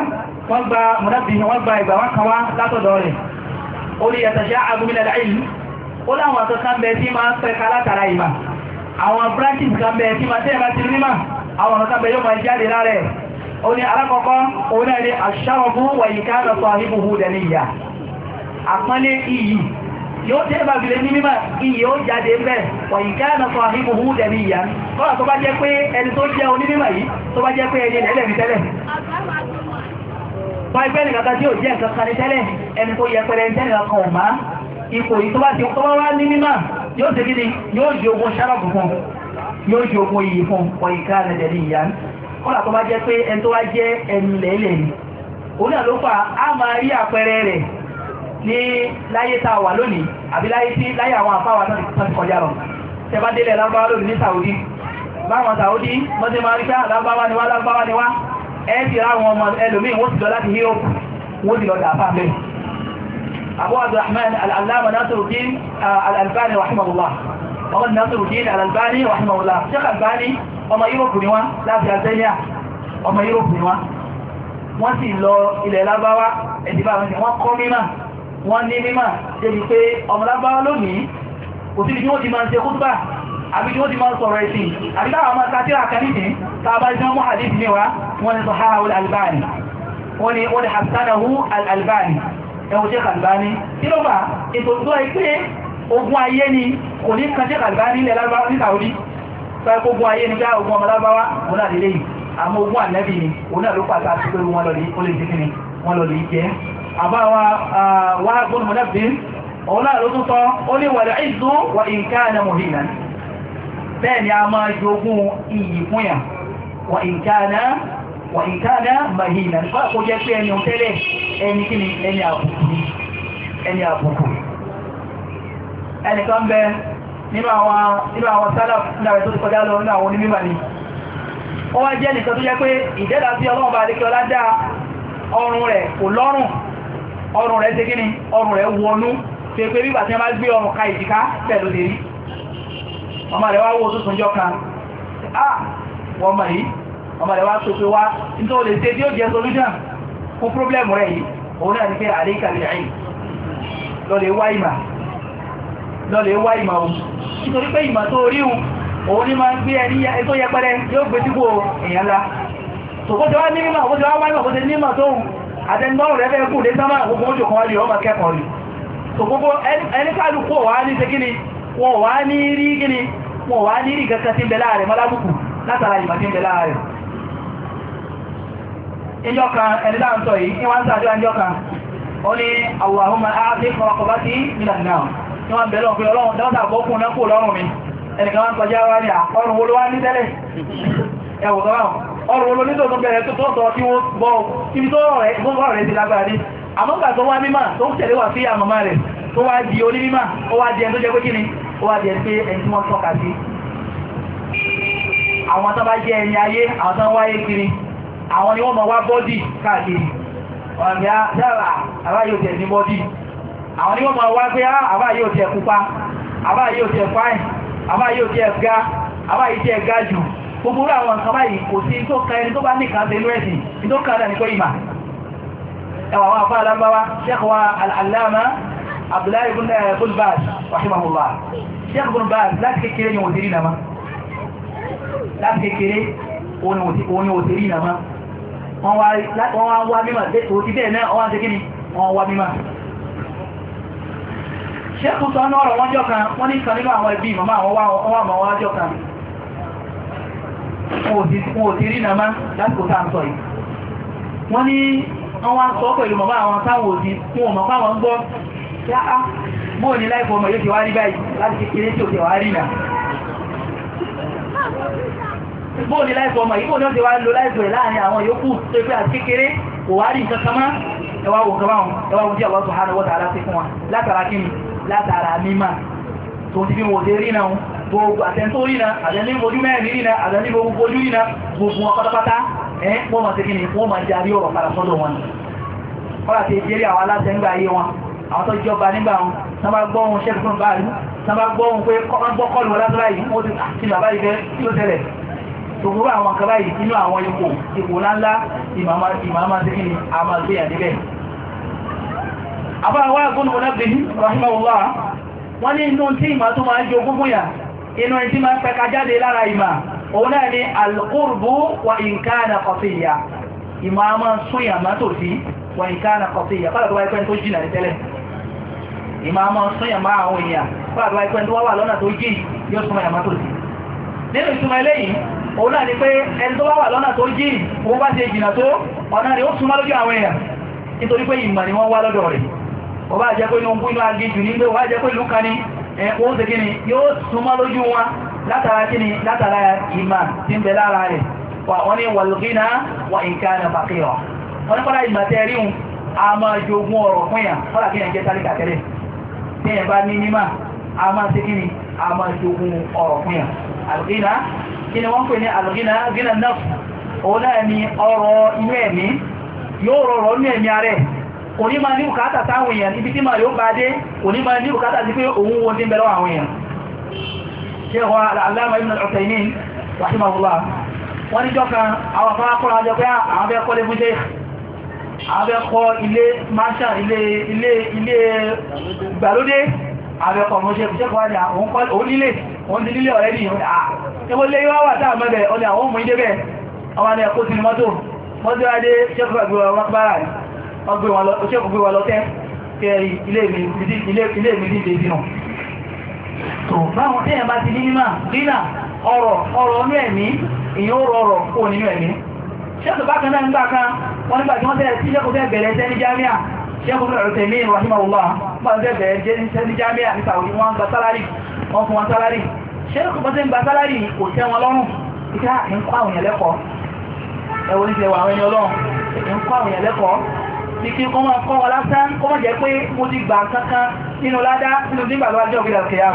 wọ́n gba mọ̀dábì wọ́n gba ìgbà wọ́n kan wá látọ̀dọ̀ rẹ̀ ó ní yàtàṣá agúnmílẹ̀ láwọn àtọ́sán bẹ tí máa ń pẹ́ka látara ìmọ̀ àwọn branches gambẹ̀ tí ma tẹ́ẹ̀bá ti rí máa àwọn ọ̀nà tàbí yóò máa jáde lárẹ̀ o ní alákọ̀ọ́kọ́ òun náà ni aṣáwọ̀fún wàyíká lọ́tọ̀ àhíbùhù dẹ̀níyà àpọ́nlé iyì yóò tẹ́ẹ̀bá fi lè ní mímọ̀ iyì ó jáde bẹ́ wàyíká lọ́tọ̀ àhíbùhù dẹ̀níyà kọ́nà tó bá jẹ́ pé ẹni tó jẹ́ onímọ̀ yìí tó bá jẹ́ pé ẹni lẹ́lẹ́bí tẹ́lẹ̀ wọ́n ẹgbẹ́ nìkan kan tí ò jẹ́ nǹkan kan ní tẹ́lẹ̀ ẹni tó yẹ pẹrẹ ní tẹ́lẹ̀ kan ò má ipò yìí tó bá ti kọ́ wá ní mímọ̀ yóò ṣe gíní yóò jí ogun ṣáràbù fún yóò jí ogun yìí fún ọ̀yíká nẹ̀dẹ̀lì ìyá kọ́lá tó bá jẹ́ pé ẹni tó wá jẹ́ ẹni lẹ́lẹ̀ ni òun náà ló fà á máa rí àpẹẹrẹ rẹ̀ ní láyé tá a wà lónìí àbí láyé tí láyé àwọn àfáwà tó ti kọjá lọ tẹ bá délẹ̀ lágbáwá lónìí ní Saudi báwọn Saudi mọ́tí máa rí ká ah, lágbáwá ni lágbáwá ni ẹ ti ra àwọn ọmọ ẹlòmíì wọ́n ti lọ láti Europe wọ́n ti lọ dà fáfẹ́ أبو عبد الرحمن العلامة ناصر الدين الألباني رحمه الله ọmọ nasiru dín alalbani wàhánàwòlá ṣíkà albani ọmọ yúròpù ni wọ́n láti algeria ọmọ yúròpù ni wọ́n wọ́n sì lọ ilẹ̀ lábáwá ẹ̀dìbà wọn ni wọ́n kọ́ mímá wọ́n ní mímá débi pé ọmọ lábáwá lónìí kò sí bí wọ́n ti máa ń ṣe kútbà àbí tí wọ́n ti máa ń sọ̀rọ̀ ẹ̀sìn àbí táwọn ọmọ sátírà kan nìdí tàbá tí wọ́n mú hadith ní wa wọ́n ni sọ ha wọ́n albani wọ́n ni wọ́n ni hasanahu albani ẹwọ Sheikh Albani kí ló fà ètò tó ẹ pé ogun ayé ni kò ní kan Sheikh Albani ilẹ̀ lárúbáwá ní Saudi fẹ́ ogun ayé ni já ah, ogun ọmọ lárúbáwá òun náà lélẹ́yìn àmọ́ ogun ànẹ́bì ni òun náà ló pàtà sí pé wọ́n lọ lè ó lè ni a máa jogun iyì wà ìtàdá mahina nípa kó jẹ́ pé ẹni ọ̀tẹ́lẹ̀ ẹni kí ni ẹni àbùkù ẹni àbùkù ẹnìkan bẹ nínú àwọn sálà náà tó ti kọjá lọ nínú àwọn onímọ̀ ni ó wá jẹ́ nìkan tó jẹ́ pé ìdẹ́dà sí ọlọ́run bá adékẹ́ ọlá dá ọrùn rẹ̀ kò lọ́rùn ọrùn rẹ̀ ṣe kíni ọrùn rẹ̀ wọnú tó pé bígbà tí wọ́n bá gbé ọrùn ka ìdíká pẹ̀lú lè rí ọmọ rẹ̀ wá wó tó tún jọ kan ah wọ́n mọ̀ yìí ọmọ rẹ̀ wá tó pé wá nítorí o lè ṣe tí ó jẹ́ solution fún problem rẹ̀ yìí òun náà ní pé àríkàlẹ̀ ẹ̀yìn lọ́lẹ̀ wá ìmà lọ́lẹ̀ wá ìmà ohun nítorí pé ìmà tó rí ohun òun ní máa ń gbé ẹni tó yẹ pẹ́rẹ yóò gbé sípò èèyàn ńlá tòkójọ́ wá ní mímọ̀ àkójọ́ wá wáyé àkójọ́ ní mímọ̀ tó hùn àtẹnudọ́rùn rẹ̀ fẹ́ kù lé sámà gbogbo oúnjẹ kan wá lè ọmọ kẹ́kọ̀ọ́ lè tó gbogbo ẹni káàlù ìmọ̀ tí ń bẹ láàrẹ̀ ìjọka ẹ̀dá ń sọ yìí wọ́n sàdúrà ìjọka ó ní Allahumma áàfí kọ̀ọ̀kọ̀bá sí ìlànàwò ní wọ́n bẹ̀rẹ̀ ọ̀pẹ́ ọlọ́run dáadáa gbọ́kùn náà kò lọ́rùn mi ẹnìkan wọ́n kọjá wá ní ọrùn olówá ní tẹ́lẹ̀ ẹwọ̀n ọrùn olówó ní tòótọ́ bẹ̀rẹ̀ tó tọ́ tí wọ́n bọ́ ibi tó rọ̀ rẹ̀ ti lágbára ní àmọ́gbà tó wá mímà tó tẹ̀lé wà sí àmọ́má rẹ̀ tó wá di oní mímà ó wá di ẹni tó jẹ́ pé kí ni ó wá di ẹni pé ẹni tí wọ́n tọ́ka sí àwọn tó bá jẹ́ ẹni ayé àwọn tó wáyé kiri àwọn ni wọ́n ma wá bọ́dì káàkiri ọ̀nà ni a ah, dára àbá yóò tẹ̀ ní bọ́dì àwọn ni wọ́n ma wá pé ah, àbá yóò tẹ̀ pupa àbá yóò tẹ̀ fáìn àbá yóò tẹ̀ ga àbá yóò tẹ̀ ga jù gbogbo àwọn nǹkan báyìí kò sí tó ka ẹni tó bá ní kàáṣe inú ẹ̀sìn tó ka dà ìmà ẹwà wọn àfá alágbáwá sẹ́kọ̀wà al'alama abdullahi eh, ibn baz rahimahullah sẹ́kọ̀ ibn baz láti kékeré ni wọ́n ti rí nàmá wọ́n wá wá mímọ̀ tó ti bẹ́ẹ̀ náà wọ́n ti gíní wọ́n wá mímọ̀ ṣẹ́kù sọ ní ọ̀rọ̀ wọ́n jọ kan wọ́n ní kan nínú àwọn ẹbí màmá àwọn wá jọ kan wọn ò ti rí nàmá lásìkò tá à ń sọ bóò ní láìpọ̀ ọmọ ìbò ní ó ti wá lò láìpọ̀ ẹ̀ láàrin àwọn yòókù tó pé àti kékeré kò wá rí nǹkan kan mọ́ ẹwà wò kan báwọn ẹwà wò tí àwọn ọ̀sán àwọn ọ̀tà aláṣẹ fún wa látara kí ni látara mímà tó ti fi wòde rí náà gbogbo àtẹ́ntó rí náà àtẹ́ntó mojú mẹ́rin rí náà àtẹ́ntó gbogbo ojú rí náà gbogbo wọn pátápátá ẹ̀ wọ́n máa ṣe kí ni wọ́n máa jarí ọ̀rọ̀ padà sọ́dọ̀ wọn kọ́lá ti jẹ́rí àwọn aláṣẹ ń gbà ayé wọn àwọn tó jọba nígbà wọn tán bá gbọ́ ohun ṣẹ́gun báyìí tán bá gbọ́ ohun pé wọ́n gbọ́ kọ́lù wọn àti ah, bàbá ìfẹ́ kí ló tẹ̀lẹ̀ tòmúrú àwọn kan báyìí inú àwọn ipò ipò ńláńlá ìmàmà síkí ni a máa gbé àdébẹ̀ àbáwá gúnnù lábìí rahimahullah wọ́n ní inú tí ìmà tó máa ń jẹ ogúngún yà inú ẹni tí máa ń pẹka jáde lára ìmà òun náà ni alqurbu wa inkana qatiya ìmà a máa sún ìyàmá tó sí wa inkana qatiya pàdàbọ̀ ẹgbẹ́ tó jìnà tẹ́lẹ̀ ìmà a máa sún ìyàmá àwọn èèyàn pàdàbọ̀ ẹgbẹ́ tó wà lọ́nà tó jì yóò sún ìyàmá tó sí nínú ìtumọ̀ eléyìí òun náà ni pé ẹni tó bá wà lọ́nà tó jìn wọ́n bá ṣe jìnà tó ọ̀nà rẹ̀ ó súnmọ́ lójú àwọn èèyàn nítorí pé ni wọ́n wá lọ́dọ̀ rẹ̀ o bá jẹ́ pé inú ogun inú aginjù ní pé ó bá jẹ́ pé ìlú yóò a máa jogun a kí ni wọ́n pè ní alghina gina naf òun náà ni ọrọ̀ inú ẹ̀mí yóò rọrọ̀ inú ẹ̀mí ààrẹ kò ní máa ní bùkátà táwọn èèyàn ibi tí máa yóò bá dé kò ní máa ní bùkátà sí pé òun wo ní bẹ̀rọ àwọn èèyàn ṣe wà aláàmà abẹ́kọ̀ mọ́ ṣe ṣe kọ́wàá ní àwọn nílé wọ́n ti nílé ọ̀rẹ́ ní àwọn ilé yíwá wà táà mẹ́bẹ̀ ọdí àwọn ọmọ ìdébẹ̀ ọmọ ni ẹ̀kọ́ sí mọ́tò mọ́tò adé ṣẹ́kù bákan náà ń gbà kan wọ́n nígbà tí wọ́n tẹ́lẹ̀ sí ṣẹ́kù tẹ́ bẹ̀rẹ̀ ẹsẹ́ ní jámíà ṣẹ́kùnrin ọ̀rọ̀ tẹ̀mí rahimahullah máa bẹ̀bẹ̀ jẹ́ ní sẹ́ni jámíà ní sàwòrí wọn gba sálárì wọn fún wọn sálárì ṣẹ́kùn bọ́sẹ̀ ń gba sálárì kò tẹ́ wọn lọ́rùn ìkà ń kọ́ àwọn èèyàn lẹ́kọ̀ọ́ ẹwọ ní ṣẹwà àwọn ẹni ọlọ́run ń kọ́ àwọn èèyàn lẹ́kọ̀ọ́ ní kí kọ́ máa kọ́ wọn lásán kọ́ máa jẹ́ pé mo ti gbà kankan nínú ládá nínú nígbà tó wájú ọ̀gbẹ̀dà kẹyà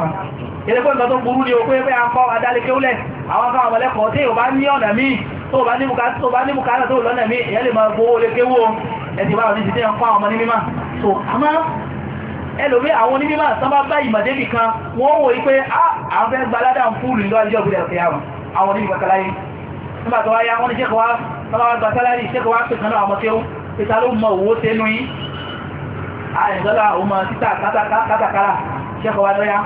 rùn ẹni bá ní títẹ́ ọkọ́ àwọn ọmọ ní mímá so àmá ẹlòmí àwọn onímímá sábà bá ìmọ̀débì kan wọ́n wò wípé ah, àwọn fẹ́ gbaládà ń fúlù ní ọjọ́ ìgbìdẹ̀ ọ̀fẹ́ àwọn àwọn onímọ̀ kàláyé nígbà tó wáyá wọ́n ní ṣẹ́kọ̀ọ́ sábà wá gba sálárì ṣẹ́kọ̀ọ́ wá pẹ̀kan náà àwọn tí ó pẹ̀ta ló mọ owó tẹnu yìí àìsọ́lá ọmọ títà kátàkárà ṣẹ́kọ̀ọ́ wá lọ́yá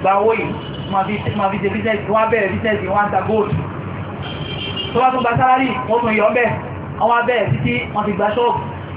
gba owó yìí ma fi ṣe bíṣẹ́sì wọ́n bẹ̀rẹ̀ bíṣẹ́sì wọ́n ta gold tó bá tún gba sálárì wọ́n tún yọ bẹ́ẹ̀ wọ́n bẹ̀rẹ̀ títí wọ́n ti gba ṣọ́ọ̀bù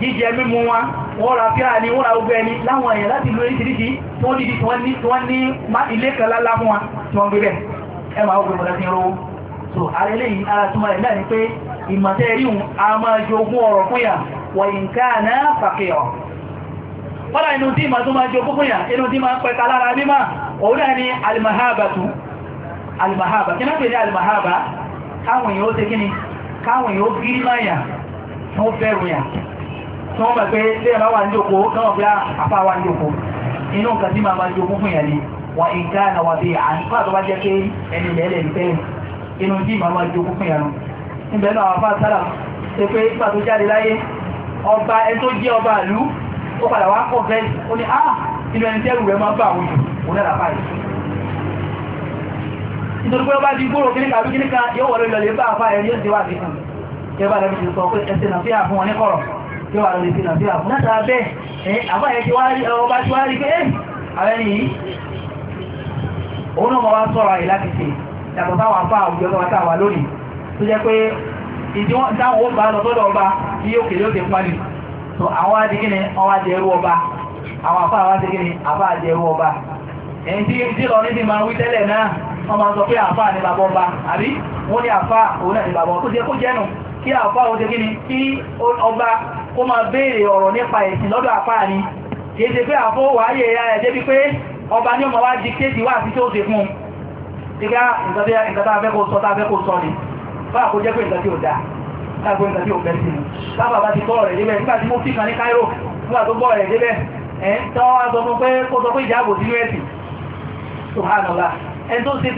jíjẹ mímú wa wọ́n ra fíà ní wọ́n ra ogun ẹni láwọn èèyàn láti lórí ìsìdíjì tó ní tí wọ́n ní ilé kan lálá fún wa tí wọ́n gbé bẹ̀ ẹ máa ogun ìmọ̀lá ti rówó so ara eléyìí ara túnmọ̀ rẹ̀ náà ni pé ìmọ̀tẹ́ ríhun a máa jogún ọ̀rọ̀ fún yà wọ̀nyìn káàná fàkẹ̀yọ̀ fọ́lá inú tí ìmọ̀ tó máa jogún fún yà inú tí máa ń pẹ̀ta lára mímá ni alìmọ̀háàbàtú alìmọ̀háàbà kí náà pè ní alìmọ̀háàbà wọ́n tí wọ́n mọ̀ pé tí ẹ̀bá wà ní òkú káwọn bí àpá wà ní òkú inú nǹkan tí màmá jogún fún ìyàní wà nǹkan àná wà bí àǹkọ́ àtọ́bá jẹ́ pé pé ọba ẹni tó jẹ́ ọba ìlú ó padà ah, yóò wọlé lọlé bá àfáà ẹni ó ti wà sí fún ẹbá rẹ̀ fi sọ pé ẹsẹ̀ náà fi àfún wọn ní kọ̀rọ̀ yóò wà lórí sínú àfíà fún látara bẹ́ẹ̀ àbáyẹ tí ọba tí wá rí pé ààrẹ yìí òun náà mọ́ wá sọ̀rọ̀ àyè láti ṣe yàtọ̀ táwọn apá àwùjọ náà táwà lónìí tó jẹ́ pé ìdí wọn táwọn ó bá lọ sọ́dọ̀ ọba tí yóò kèrè ó ti parí so àwọn wá di kí ni wọn wá di ẹrú ọba àwọn apá wá di kí ni apá di ẹrú ọba ẹni tí tí lọ níbi máa wí tẹ́lẹ̀ náà wọ́n máa sọ pé àfà ní kí àfá òun tẹ́kí ni kí ọba kó máa béèrè ọ̀rọ̀ nípa ẹ̀sìn lọ́dọ̀ àfá ni kìí ṣe pé àfó wáyé ẹ̀yà ẹ̀ débi pé ọba ní ọmọ wá di kéèkì wá sí tí ó ṣe fún un ìgbà nǹkan tá a fẹ́ kó sọ tá a fẹ́ kó sọ ni bá kó jẹ́ pé nǹkan tí ó dáa káàkó nǹkan tí ó bẹ́ sí ni bábà bá ti kọ́ kó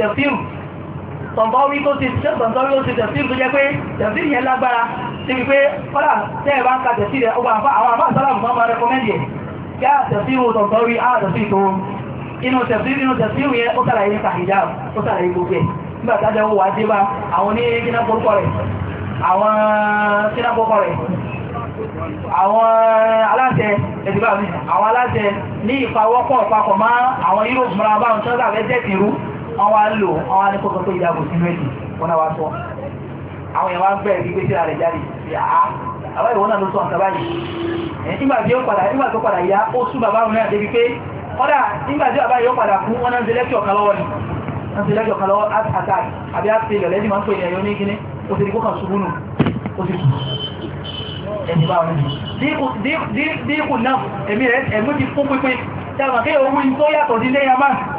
tọ̀m̀bọ́wí tó ti ṣe tọ̀m̀bọ́wí ó ti tẹ̀sí tó jẹ́ pé tẹ̀sí yẹn lágbára ti fi pé kọ́lá tẹ́ẹ̀ bá ń ka tẹ̀sí rẹ̀ ọgbà àwọn àbá sálàmù máa rẹ̀kọ́mẹ́ndì ẹ̀ yá tẹ̀sí wo tọ̀m̀bọ́wí á tẹ̀sí tó inú tẹ̀sí inú tẹ̀sí yẹn ó sàlàyé nípa hijab ó sàlàyé gbogbo ẹ̀ nígbà tájọ wà dé bá àwọn ní kíná gbórúkọ rẹ̀ àwọn kíná gbórúkọ rẹ̀ àwọn aláṣẹ ẹ̀dìbà mi àwọn aláṣẹ ní ìpawọ́pọ̀ papọ̀ mọ́ àwọn Europe mọ́ra báwọn tí wọ́n sàfẹ́ jẹ́ tìrú wọ́n wá lò wọ́n wá ní kọ́kọ́ tó ìyàgò sínú èdè wọ́n náà wá sọ àwọn èèyàn wá bẹ̀rẹ̀ bí gbéṣẹ́ rẹ̀ jáde àwọn ìwọ́n náà ló sọ ọ̀sẹ̀ báyìí nígbà tí ó padà nígbà tó padà yá ó sú bàbá òun náà débi pé kọ́dà nígbà tí bàbá yóò padà fún wọn náà ń ṣe lẹ́kì ọ̀kan lọ́wọ́ ni ń ṣe lẹ́kì ọ̀kan lọ́wọ́ attack àbí àti ìrọ̀lẹ́ ní máa ń pè ní ẹ̀yọ́ ní kíní ó ti di kó kàn ṣubú nù ó ti ẹni bá wọn dínkù náà ẹ̀mí rẹ̀ ẹ̀mí ti fún pínpín tí a mọ̀ kí òun tó yàtọ̀ sí lẹ́yìn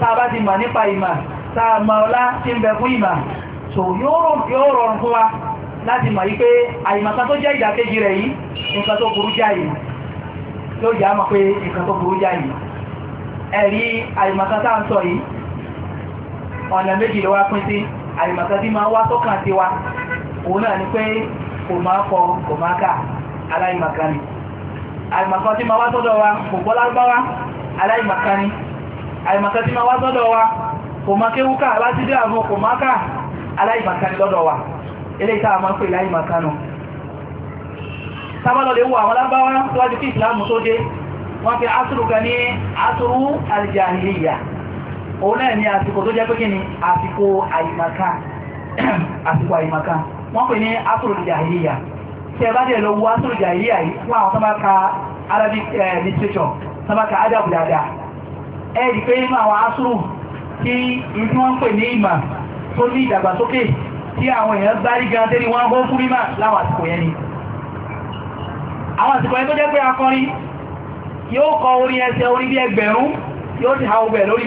tàbá ti mà nípa ìmà tààmà ọlá tí ń bẹ fún ìmà so yóò rọrùn fún wa láti mà yí pé àìmàta tó jẹ́ ìdàkejì rẹ̀ yìí nǹkan tó burú jáì ló jẹ́ àmà pé nǹkan tó burú jáì ẹ̀rí àìmàta tá à ń sọ yìí ọ̀nà méjì ló wá pín sí àìmàta tí máa wá sọ́kàn sí wa òun náà ni pé kò máa kọ kò máa kà aláìmàkánì àìmàkan tí máa wá sọ́dọ̀ wa kò gbọ́ lárúbáwá aláìmàkánì àìmọ̀kan tí ma wá sọ́dọ̀ wa kò má kéwúká láti dé àwọn kò má ká aláìmọ̀kan ní lọ́dọ̀ wa ilé ìta àmọ́ pè láìmọ̀kan nù sábàlọ́lẹ̀ wo àwọn lábáwá síwájú kí ìsìlámù tó dé wọ́n fi asùrù kan ní asùrù aljahiliya òun náà ni àsìkò tó jẹ́ pé kí ni àsìkò àìmọ̀kan àsìkò àìmọ̀kan wọ́n pè ní asùrù aljahiliya tí ẹ bá dẹ̀ lọ wo asùrù aljahiliya yìí fún àwọn tó bá ka arabic eh, literature ẹ̀rì pé nínú àwọn asúrù tí ìdí wọ́n ń pè ní ìmà tó ní ìdàgbàsókè tí àwọn èèyàn gbárí gan tẹ́lẹ̀ wọ́n hó fún mímà láwọn àsìkò yẹn ni àwọn àsìkò yẹn tó jẹ́ pé akọrin yóò kọ orin ẹsẹ̀ orin bí ẹgbẹ̀rún yóò ti ha ogbẹ̀ lórí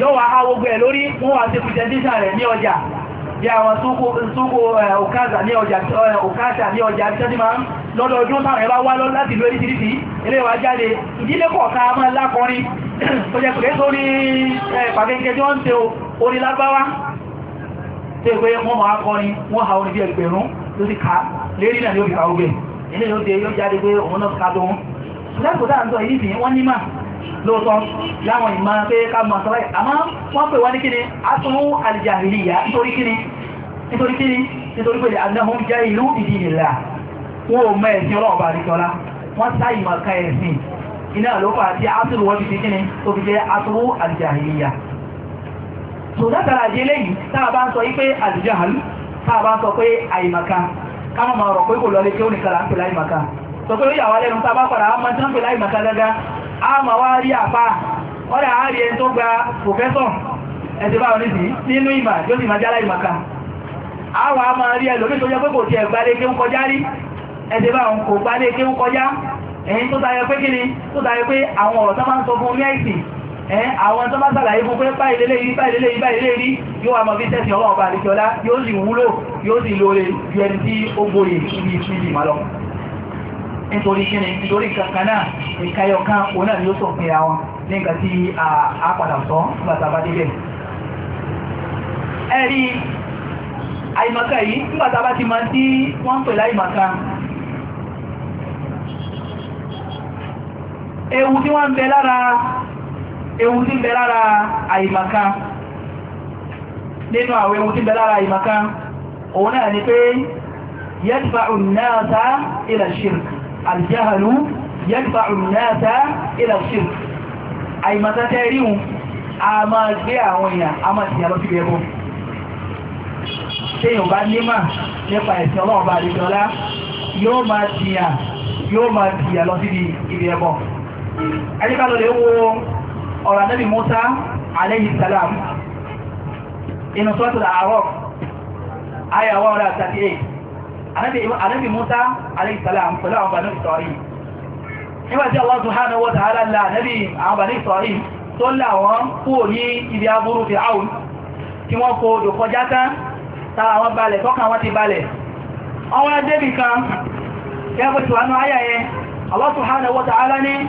yóò wá ha bí àwọn ṣúkò òkáṣà ní ọjà tí máa ń lọ́dọọdún táwọn ẹ̀bá wá láti lórí títí iléwà jáde ìdílé kọ̀ọ̀ká máa lákọrin tó jẹ́ pẹ̀lẹ́ sórí pàkẹ́kẹ́ tí wọ́n tẹ orí lágbáwá tí pé wọ́n máa kọrin wọ́n ha orin bí ẹgbẹ̀rún lóòtọ́ láwọn ìmá pé ká mọ̀ sọ́rọ̀ àmá wọ́n pè wá ní kíni a tún alìjàhìlìyà nítorí kíni nítorí kíni nítorí pé àdáhùn jẹ́ ìlú ìdí ìlà wọn ò mẹ́ ẹ̀sìn ọlọ́ọ̀bà àríkọlá wọ́n sá ìmọ̀ ká ẹ̀sìn iná ló fà tí a tún wọ́n ti kíni tó fi jẹ́ a tún alìjàhìlìyà so látara àdí eléyìí táà bá ń sọ pé àlìjàhàlù táà bá ń sọ pé àìmọ̀ká ká mọ̀ mọ̀ pé kò lọ lé tí ó nìkan là láìmọ̀ká sọ pé ó yà wá lẹ́nu tá a bá padà á mọ́ tí wọ́n pè láìmọ̀ká dáadáa a ma wá rí àpá ọ́dá àárí ẹni tó gba professor ẹ̀sẹ̀ bá onísì nínú ìmà tí ó sì máa jálá ìmàkà àwọn a máa rí ẹlòmí tó jẹ́ pé kò ti ẹ̀gbá lé kéhùn kọjá rí ẹ̀sẹ̀ bá òun kò gbá lé kéhùn kọjá ẹ̀yìn tó tayọ pé kíni tó tayọ pé àwọn ọ̀rọ̀ tó máa ń sọ fún ní ẹ̀sìn àwọn tó bá sàlàyé fún pé báyìí lélé yìí báyìí lélé yìí báyìí lélé yìí yóò wà mọ̀ bí tẹ́sì ọlọ́ọ̀bà àríkẹ́ọlá yóò sì wúlò yóò nítorí kí ni nítorí kankan náà ìkayọ̀kan òun náà ni ó sọ̀pẹ̀ ara wọn tí a padà sọ nígbàtà bá débẹ̀ ẹ̀rí àìmọ̀ká yìí nígbàtà bá ti máa tí wọ́n pè láìmọ̀ká ewu tí wọ́n ń bẹ lára ewu tí ń bẹ lára àìmọ̀ká nínú àwọn ewu tí ń bẹ lára àìmọ̀ká òun náà ni pé yẹ́tìfà òun náà sá ilẹ̀ ṣírkì aljahalu yẹ́gbà òmìnàta ilẹ̀ ṣírk àìmọ̀ta tẹ́ríhun a máa gbé àwọn èèyàn a máa tìyà lọ sí ẹbọ tẹ́yìn bá nímà nípa ẹ̀sìn ọlọ́ọ̀bá àdìsọ́lá yóò máa tìyà yóò máa tìyà lọ sí ibi ẹbọ ẹjíkàlọ́ lè wo ọ̀rọ̀ anábì Musa alayhi salam inú sọ́tọ̀ àárọ̀ ayàwọ̀ 38 anábì Musa alayhisalam pẹ̀lú àwọn bànú Isra'il nígbàtí Allah subhanahu wa ta'ala la anábì àwọn bànú Isra'il tó láwọn kúrò ní ibi aburú Fir'aun tí wọ́n kó dòkọjá tán tara wọn balẹ̀ tọ́kàn wọn ti balẹ̀ ọwọ́n débì kan kẹfẹ́ tí wà ní ayà yẹn Allah subhanahu wa ta'ala ní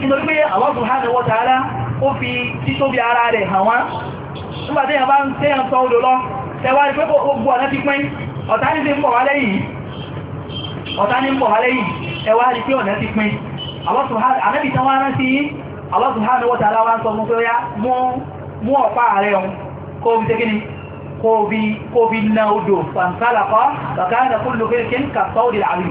nítorí pé Allah subhanahu wa ta'ala ó fi títóbi ara rẹ̀ hàn wá nígbàtí èyàn bá ń tẹ́yàn tọ́ odò lọ tẹwàá rí pé gbogbo ọ̀nà ti pín ọ̀tá ní ń bọ̀ wá lẹ́yìn ọ̀tá ní ń bọ̀ wá lẹ́yìn ẹwàá rí pé ọ̀nà ti pín àmẹ́bì tán wá rántí Allah subhanahu wa ta'ala wá ń sọ mú pé ó yá mú ọ̀pá rẹ̀ ọ̀hún kó fi ṣe kíni kó fi na odò fàǹsálàkọ́ bàkánà kó lókè kí ń kà sọ́ọ̀dì àrí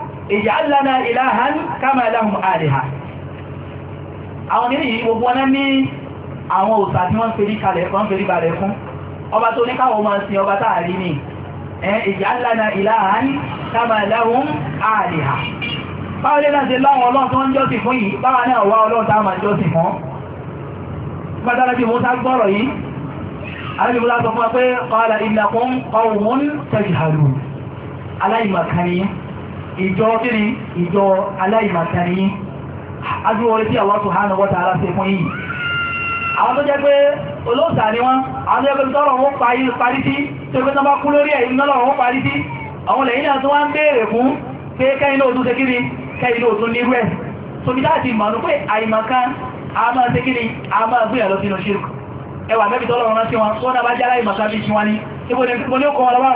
ij'al lana ilahan kama lahum aliha àwọn nílì yìí gbogbo wọn ní àwọn òsà tí wọ́n fèrí kalẹ̀ fún fèrí balẹ̀ fún ọba tó ní káwọn máa sin ọba táàrí ní ij'al lana ilahan kama lahum aliha báwọn lẹ́nà ṣe láwọn ọlọ́run tó ń jọ́sìn fún yìí ìjọ kíni ìjọ aláìmàkàní yìí adúwọlé tí Allah subhanahu wa ta'ala ṣe fún yìí àwọn tó jẹ́ pé olóòsà ni wọ́n àwọn tó jẹ́ pé tọ́rọ wọn parí sí tó pé tọ́bá kú lórí ẹ̀yìn lọ́rọ̀ wọn parí sí àwọn lẹ́yìn náà tó wá ń béèrè fún pé kẹ́yìn òtún ṣe kíni kẹ́yìn òtún nírú ẹ̀ so bí láti mọ̀ pé àìmọ̀kan a máa ṣe kíni a máa gbé ẹ̀lọ́ sínú ṣírk ẹwà mẹ́bí tọ́lọ́rọ̀ rán sí wọn tó náà bá jẹ́ aláìmọ̀kan bí i ṣe wá ní ibò ní ó kọ́ wọn lọ́wọ́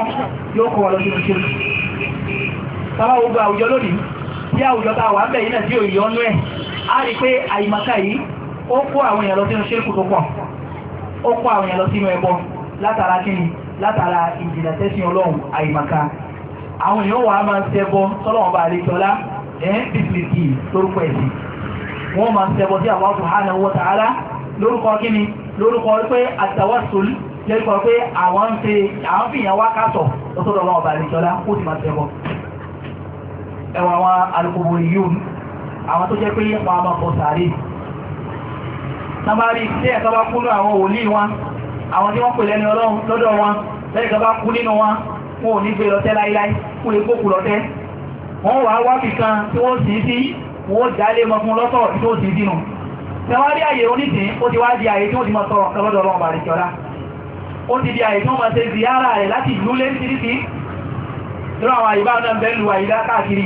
yóò kọ́ wọn lọ sínú ṣírk sábà gbogbo àwùjọ lónìí tí àwùjọ tá a wà bẹ̀ yìí náà tí ò yọ ọ́nú ẹ̀ á rí pé àyímọ́ká yìí ó kó àwọn èèyàn lọ sínú ṣírkù tó pọ̀ ó kó àwọn èèyàn lọ sínú ẹbọ látara kíni látara ìjìnlẹ̀ tẹ́sìn ọlọ́run àyímọ́ká àwọn èèyàn wà á máa ṣẹbọ tọ́lọ́wọ́n bá àlejò ọlá ẹ̀ bíbélì lórúkọ ẹ̀sìn wọ́n máa ṣẹbọ sí Allah subhanahu wa ta'ala lórúkọ kíni lórúkọ pé àtàwásùl lórúkọ pé àwọn ń fi àwọn fìyàn wákàtọ̀ lọ́sọ̀dọ̀ ọlọ́run bá àlejò ọlá kó sì máa ṣẹbọ ẹwà àwọn alùpùpù yìí àwọn tó jẹ́ pé wọ́n a máa kọ sàárè nàbàrí tí ẹ̀ka bá kú ní àwọn wòlíì wọn àwọn tí wọ́n pè lẹ́ni ọlọ́run lọ́dọ̀ wọn lẹ́ẹ̀ka bá kú nínú wọn wọn ò ní gbé lọ́tẹ́ láíláí kú lè kókù lọ́tẹ́ wọ́n wà wá kìkan tí wọ́n sì sí wọ́n jálé mọ́kún lọ́tọ̀ tí ó sì dínú àyè onísìn ó ti wá di àyè tí ó ti mọ́ tọrọ lọ́dọ̀ ọlọ́run bàrẹ̀ kíọ́lá ó ti di àyè tí wọ́n máa ṣe ziyara rẹ̀ láti ìlú lé sí sí irú àwọn àyíbá náà bẹ́ẹ̀ lu àyíká káàkiri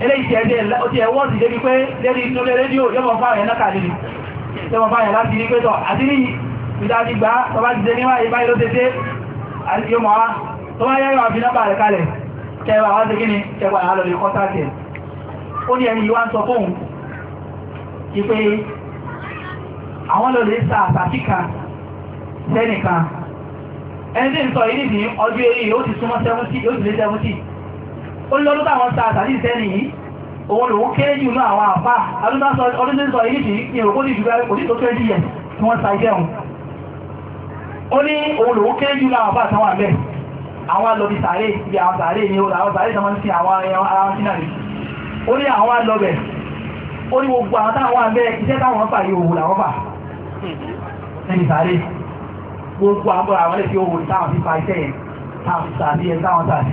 eléyìí ti ẹ̀wọ́ ti débi pé lérí inú lé rédíò yọmọ fáwọn ẹ̀nà kàdìrí yọmọ fáwọn ẹ̀nà ti rí pé tọ́ àti ní ìdájí gbá tọba ti dé níwá ìbá ìlú tètè yọmọ wá tó bá yẹ́ yọ àfinà bàrẹ̀ kalẹ̀ kẹwàá wá sí kí ni kẹwàá àlọ́ lè kọ́ta kẹ̀ ó ní ẹni ìwá ń sọ fóun ti pé àwọn lọ lè sa àtàkíkà sẹ́nìkan ẹni tí ń sọ ìdí ọdún eré ó ti súnmọ́ 70 ó ti lé 70 ó lọ́dún táwọn sa àtàrí ìsẹ́ni yìí òun lòun kéré jù ní àwọn àpá ọdún tí ń sọ èyí sí ìròkó ní ìjùgbà kò sí tó kéré jìyẹ tí wọ́n sa iṣẹ́ òun ó ní òun lòun kéré jù ní àwọn àpá àtàwọn àbẹ́ àwọn alọ́bí sàárè ibi àwọn sàárè ni àwọn sàárè tó máa ń sin àwọn ara ń sínà rí ó ní àwọn alọ́bẹ̀ ó ní gbogbo àwọn táwọn àbẹ́ iṣẹ́ táwọn fà yìí òwò làwọn fà níbi sàárè gbogbo àwọn àwọn ilé tí ó wò táwọn fi fa iṣẹ́ yẹn táwọn fi sàárè yẹn táwọn sàárè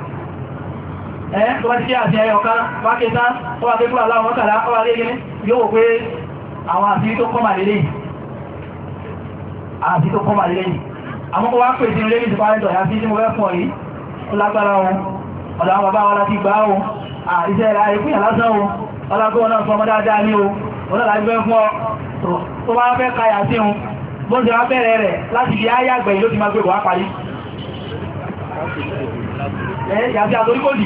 ẹ́ tó bá ti jẹ́ àti ẹyọ kan bá kéta ó wà kékúrò aláwọ̀ mọ́kànlá ó wà lẹ́gẹ́ yóò wò pé àwọn àti tó kọ́mà lélẹ̀ àti tó kọ́mà lélẹ̀ àmọ́kọ́ wá pè sínú lẹ́yìn ìsìnkú àti tí mo fẹ́ fọ́ yìí ó lágbára wọn ọ̀dọ̀ àwọn bàbá wọn láti gbá wọn àìsẹ́ ẹ̀rà ìpínyà lásán wọn ọlágbọ́n náà sọmọ dáadáa ní o ọlọ́lágbẹ́ fún ọ tó bá fẹ́ káyà sí wọn bóńdé wá bẹ̀rẹ̀ rẹ̀ láti fi áyà gbẹ̀yìn ló ti máa gbé wà parí ẹ̀ yàtí àtoríkòdì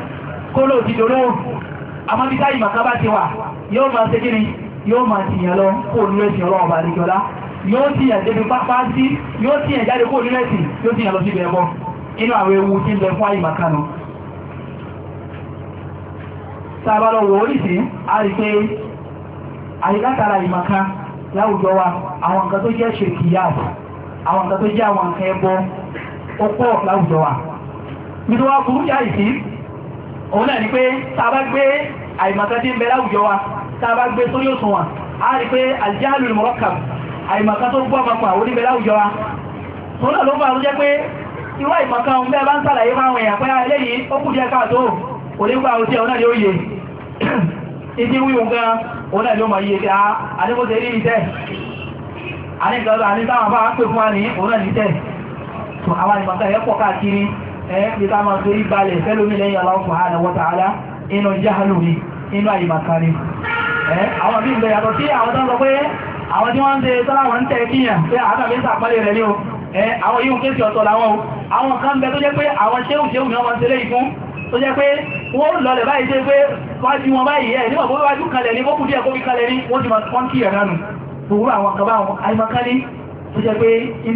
kó ló ti dòrò àmọ́bíká ìmọ̀ká bá ti wà yóò máa ṣe kíni yóò máa ti yàn lọ kó nínú ẹ̀sìn ọlọ́run bá rí jọlá yóò ti yàn débi pápá sí yóò ti yàn jáde kó nínú ẹ̀sìn yóò ti yàn lọ sí ibẹ̀ ẹbọ inú àwọn ewu tí ń bẹ fún àìmọ̀ká nítorí wa burú jáì sí òun náà ni pé tàbá gbé àìmọ̀kan tí ń bẹ láwùjọ wa tàbá gbé sórí òṣùwọ̀n a rí pé àjíálù murakkab àìmọ̀kan tó gbọ́ ọmọkùn àwọn oníbẹ̀ láwùjọ wa òun náà ló fà ló jẹ́ pé irú àìmọ̀kan òun bẹ́ẹ̀ bá ń sàlàyé fáwọn èèyàn pé ah, eléyìí ó kù díẹ̀ káàtó kò ní gbà òtí ọ̀nà ni ó yẹ ìdí wíwùn gan òun náà ló mọ̀ iye ká àdébòtẹ́ rí ìtẹ́ àníkàlọ́ àníkàwọn bá pè fún wa ní òun náà ní ìtẹ́ àwọn àìmọ̀kan ẹ̀ pọ̀ káàkiri ìta eh, máa torí balẹ̀ fẹ́lómi lẹ́yìn Allah subhanahu wa ta'ala inú jáhálù ni inú àyíkàrí eh, àwọn bí ìgbẹ̀ yàtọ̀ sí àwọn tán sọ pé àwọn tí wọ́n ń tẹ tọ́láwọn ń tẹ kíyàn pé àtàbí ń sàpálẹ̀ rẹ̀ ní o eh, àwọn yíò kéèsì ọ̀tọ̀ làwọn o àwọn kan bẹ tó jẹ́ pé àwọn ṣéhùn ṣéhùn ni wọ́n máa ń tẹ́lẹ̀ kaba àwọn àìmọ̀kálí tó jẹ́ pé in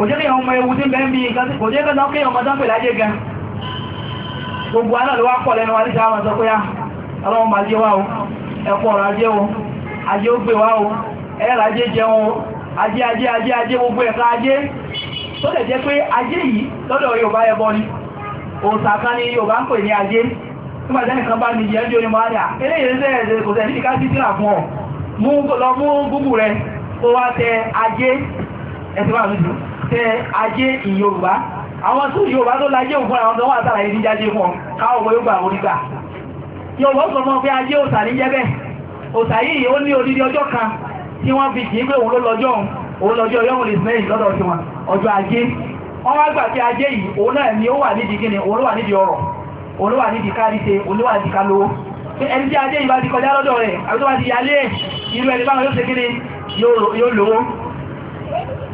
kò jẹ́ kéèyàn ọmọ ewu tí ń bẹ́ ń bí nǹkan tí kò jẹ́ kéèyàn kéèyàn ọmọ dánpẹ̀ láyé gan gbogbo aná ló wá pọ̀ lẹ́nu wa níta àwọn sọ pé ah, ọlọ́run máa jẹ́ wá o ẹ̀kọ́ ọ̀rọ̀ ajé o ajé ó gbé wá o ẹ̀rọ ajé jẹun o ajé ajé ajé ajé gbogbo ẹ̀ka ajé tó lè jẹ́ pé ajé yìí lọ́dọ̀ Yorùbá ẹbọ ni òòsà kan ni Yorùbá ń pè ní ajé nígbàtẹ́nìkan bá ní ìyẹ́jú onímọ̀ àríà eléyìí rẹ̀ kò tẹ̀ ní ìká sí sílà fún ọ mú lọ mú gúgù rẹ̀ kó wá tẹ ajé ẹ̀sìnbà mi jù tẹ ajé ìyòrùbá àwọn tó yòrùbá tó lajé òun fúnra wọn tó wà sára ìdí jáde fún ọ káwọn ọmọ yóò gbà orí gbà yòrùbá sọ mọ́ pé ajé òsà ní jẹ́bẹ̀ òsà yìí ó ní odidi ọjọ́ kan tí wọ́n fi kìí pé òun ló lọ́jọ́ òun lọ́jọ́ yọ́mù lè smẹ́yìn lọ́dọ̀ sí wọn ọjọ́ ajé wọ́n wá gbà pé ajé yìí òun náà ni ó wà nídìí gíní òun ló wà nídìí ọrọ̀ òun ló wà nídìí káríṣe òun ló wà nídìí kálówó ẹni tí ajé yìí bá ti kọjá lọ́dọ̀ rẹ̀ àbí tó bá ti yálé irú ẹni báwọn yóò ṣe gíní yóò lówó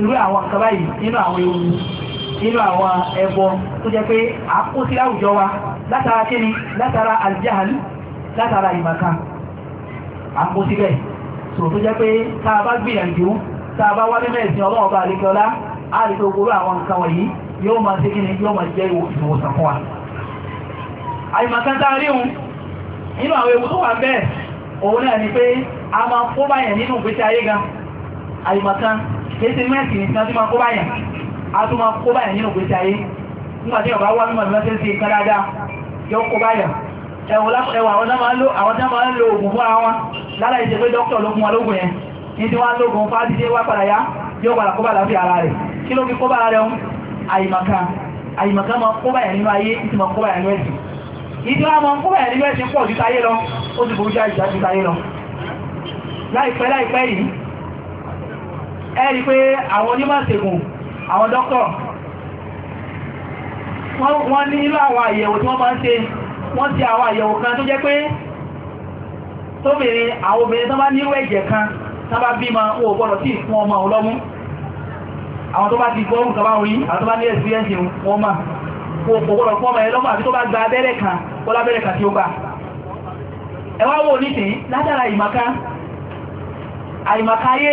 irú àwọn kaba yìí nínú àwọn ewu nínú àwọn ẹbọ tó jẹ́ pé a kó sí láwùjọ wa látara kíni látara aljahalu látara ìmàka a kó síbẹ̀ so tó jẹ́ pé tá a bá gbìyànjú tá a bá wá mímẹ́ ìsìn ọlọ́ọ̀bá àríkọlá a rí tó gbogbo àwọn nǹkan wọ̀nyí yóò máa sí kíni yóò máa jẹ́ ìwòsàn fún wa àìmàkan tá a rí hun nínú àwọn ewu tó wà bẹ́ẹ̀ òun náà ni pé a máa kó báyẹ̀ nínú ìgbésí ayé gan àìmàkan kéèsì mẹ́sì ní sinatí máa kó nínú gbèsè ayé nígbà ọba wá mímọ̀ lọ́sẹ̀ sí nǹkan dáadáa yóò kó àwọn tá ń lo oògùn fún ara wọn lára ìṣe pé dókítà ló fún wọn lóògùn ẹ̀rí pé àwọn onímọ̀sẹ̀gùn àwọn dọ́kọ̀ wọ́n ní ilú àwọn àyẹ̀wò tí wọ́n máa ń ṣe wọ́n ti àwọn àyẹ̀wò kan tó jẹ́ pé tóbìnrin àwọn obìnrin tó bá nírú ẹ̀jẹ̀ kan tó bá bí ma ó gbọ́dọ̀ tí fún ọmọ ọlọ́mú àwọn tó bá ti gbọ́ ohun kàbá orí àwọn tó bá ní ma ó kan ó lábẹ́rẹ́ kan tí ó gbà ẹwà wò nítìí látara àìmàkáyé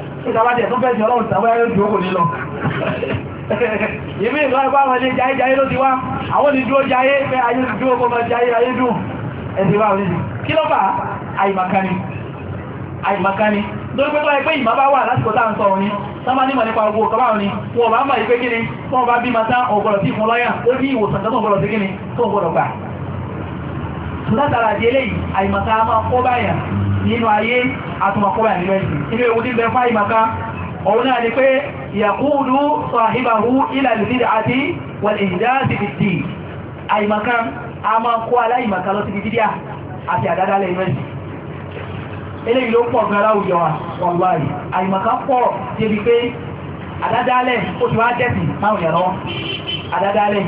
ìtàbátẹ̀ tó bẹ́ẹ̀ jẹ́ ọlọ́run tàbí ayé ojú òkò nílọ ìmí ìlọ ẹgbà wọn lè jayé jayé ló ti wá àwọn onídúró jayé pé ayé dúró kó máa jayé ayé dùn ẹ̀sìn wà onídìí kí ló fà àìmàkání àìmàkání lórí pẹ́tọ́ ẹgbẹ́ ìmá bá wà lásìkò táà ń sọ òní sábà nímọ̀ nípa ogun ọ̀kọ́ báwọn ni wọn bá mọ̀ ìpé kíni tó wọn bá bí ma tán ọ̀gbọ̀rọ̀ sí ìfún lọ́yà ó ní ìwòsàn tó ọ̀gbọ̀rọ̀ sí kíni tó ọ̀gbọ̀rọ̀ gbà látara di eléyìí àìmọ̀ta máa kọ́ báyà nínú ayé àtùmọ̀kọ́bà nínú ẹ̀sìn inú ewu tí bẹ fá ìmọ̀ká òun náà ni pé yàkúùdú sọ̀hìbàhú ìlàlùmídà àti wàlìdáàtìfìtì àìmọ̀ká a máa kó aláìmọ̀ká lọ sí dídíà àti àdádálẹ̀ inú ẹ̀sìn eléyìí ló pọ̀ gan láwùjọ wa wàlúwàrí àìmọ̀ká pọ̀ débi pé àdádálẹ̀ ó ti wá tẹ̀sìn máwùn yàrá àdádálẹ̀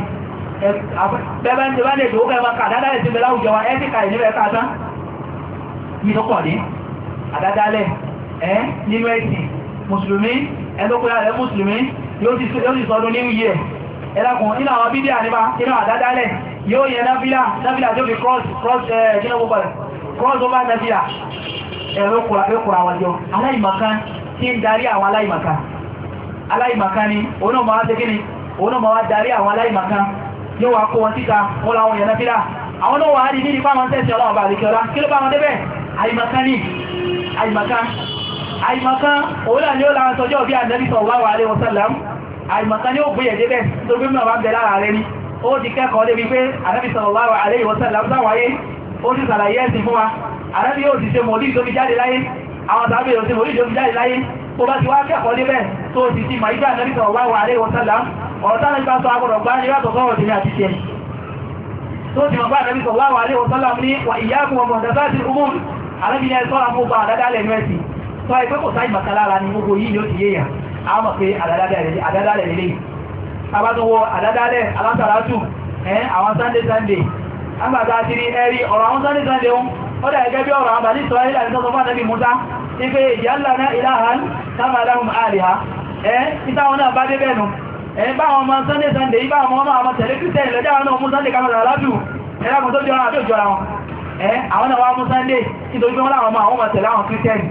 bẹ́ẹ̀ bá ń tẹ́bá lè tó kẹ́ máa kà àdádálẹ̀ sí mẹ́láwùjọ wa ẹ́ yìí àdádálẹ̀ ẹ́ nínú ẹ̀sìn mùsùlùmí ẹlòkúra rẹ̀ mùsùlùmí yóò ti sọdún ní yíẹ̀ ẹlákùn nínú àwọn bídíà nípa nínú àdádálẹ̀ yóò yẹ náfílà náfílà tó fi cross over náfílà ẹ̀rọkùra wàjọ aláìmọ̀kan tí ń darí àwọn aláìmọ̀kan aláìmọ̀kan ni òun náà máa tẹ́kíní òun náà máa darí àwọn aláìmọ̀kan yóò wá kó wọn síta wọ́n láwọn yẹ náfílà àwọn náà wà á di nídi fáwọn tẹ́sí ọlọ́ọ̀bà àríkẹ́ọlá kí ló bá wọn débẹ̀ àìmọ̀ká ní àìmọ̀ká àìmọ̀ká òun ni ó láwọn sọjọ́ bí Ànábì sallallahu alaihi wasallam àìmọ̀ká ní ó gbéyẹ̀ débẹ̀ tó gbé mọ̀ bá bẹ̀ lára rẹ̀ ni ó ti kẹ́kọ̀ọ́ débi pé Ànábì sallallahu alaihi wasallam sáwáyé ó ti sàlàyé ẹ̀sìn fún wa Ànábì ó ti ṣe mọ̀lì tó fi jáde láyé àwọn tàbí ó ti mọ̀lì tó fi jáde láyé tó bá ti wá kẹ́kọ̀ọ́ débẹ̀ tó ti ti mọ̀ ìgbà Ànábì sallallahu alaihi wasallam ọ̀rọ̀ tánà ìgbà sọ agbọ̀rọ̀ gbá ní látọ̀ sọ́rọ̀ ti ní àti ṣe tó mọ̀ bá Ànábì alábìnrin ẹ̀ sọ́ra fún gba àdádálẹ̀ mẹ́sì tọ́ ẹgbẹ́ kò sáì màkàlára ni gbogbo yìí yóò ti yé yàn a mọ̀ pé àdádálẹ̀ lè abátọwọ́ àdádálẹ̀ alásàrátù àwọn sunday sunday agbàgbà ti ní ẹ̀rí ọ̀rọ̀ àwọn sunday sunday ohun ó dà ẹgẹ́ bí ọ̀rọ̀ àwọn bàní sọ ilẹ̀ àti sọ́fà nẹ́bí musa ife ìyálà náà ìlàhàn sáàmà aláhùn àríhà ẹ́ ìtàwọn náà bá dé bẹ́ẹ̀nu ẹ̀ bá wọn ọmọ sunday sunday ibá wọn ọmọ àwọn tẹ̀lé kìtẹ̀ ìlẹ́jà wọn náà mú sunday kamara alábìù ẹ̀rọ ẹ́ àwọn náà wá mú sunday nítorí pé wọ́n láwọn máa wọ́n máa tẹ̀lé àwọn Christian,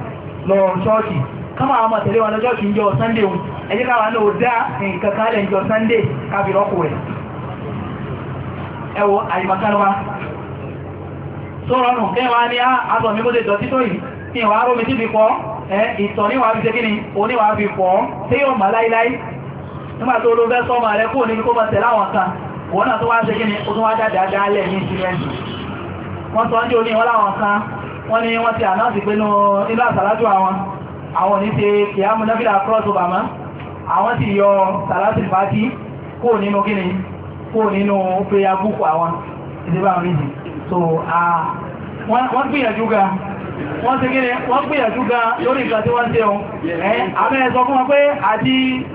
lọ ṣọ́ọ̀ṣì kọ́mọ̀ àwọn máa tẹ̀lé wọn lọ́jọ́ kí ń jọ sunday òun ẹ jẹ́ káwa náà dá nǹkan kan lẹ̀ ń jọ sunday kábì rọ́pò rẹ̀ ẹ wo àyèmọ̀kánwá tó rọrùn kí wọ́n á ní àtọ̀ mi kó lè dọ̀tí tó yìí kí wọ́n á rómi síbi kọ́ ìtọ̀ níwàá fi ṣe kíni oníwàá fi pọ̀ tí yóò mọ̀ láíláí nígbà tó ló fẹ́ sọ́mọ̀ rẹ̀ kúrò níbi kó mọ̀ tẹ̀láwọn kan òun náà tó wá ṣe kíni ó tó wá dáadáa lẹ̀ ní ìsinmi ẹ̀sìn wọ́n tó ọjọ́ oní wọ́n láwọn kan wọ́n ní wọ́n ti àná sí pé nínú àsàlájú àwọn àwọn ní ṣe kìámù náfílà cross over mọ́ àwọn ti yọ sàlátì fàájí kó nínú kíni kó nínú prayer book àwọn ìdíbà ríjì so wọ́n gbìyànjú ga wọ́n ti gíní wọ́n gbìyànjú ga lórí ìgbà tí wọ́n tẹ́ ohun ẹ́ àmẹ́ ẹ̀sọ fún wọn pé àti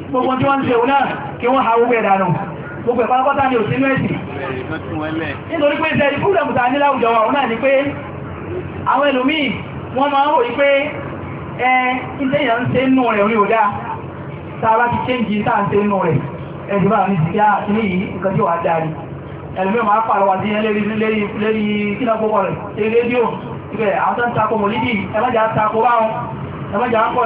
gbogbo tí wọ́n tẹ́ ohun náà kí wọ́n ha gbogbo ẹ̀dànù gbogbo ìpapátá ni òsínú ẹ̀sìn nítorí pé ìṣẹ́ ìfún ìrẹ̀mùta ní láwùjọ wa náà ni pé àwọn ẹlòmíì wọ́n máa ń wòye pé ẹ ìtẹ́yàn ń ṣe nù rẹ̀ orí òdá tààrà ti kéǹjì táà ń ṣe nù rẹ̀ ẹ̀dùbà ní ti yá ní yìí nǹkan tí wà dáadì ẹlùmí ma pàrọwà sí lérí kíná púpọ̀ rẹ̀ rédíò ibẹ̀ àwọn tán takò mọ̀lídì ẹmẹ́jà takò báwọn ẹmẹ́jà ń pọ̀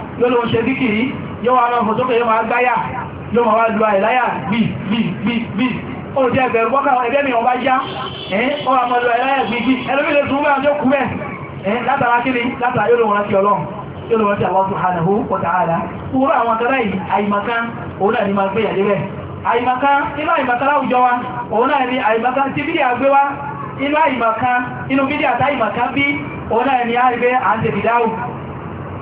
yóò lóun ṣe díkìrí yóò wá máa fòsókè yóò máa gbáyà yóò máa wá lu àìláyà gbìgbìgbì ó jẹ́ ẹgbẹ̀rù pọ́kà ẹgbẹ́ mi wọ́n bá já ó wá máa lu àìláyà gbìgbì ẹlòmí lè tún bẹ́ẹ̀ yóò kú bẹ́ẹ̀ látara kíni látara yóò kan láì ni máa gbé yàdé bẹ́ẹ̀ àìmọ̀kan inú àìmọ̀kan láwùjọ wa ni àìmọ̀kan tí bídí àgbé wa inú àìmọ̀kan inú bídí àtàìmọ̀kan bí òun náà ni a rí pé à ń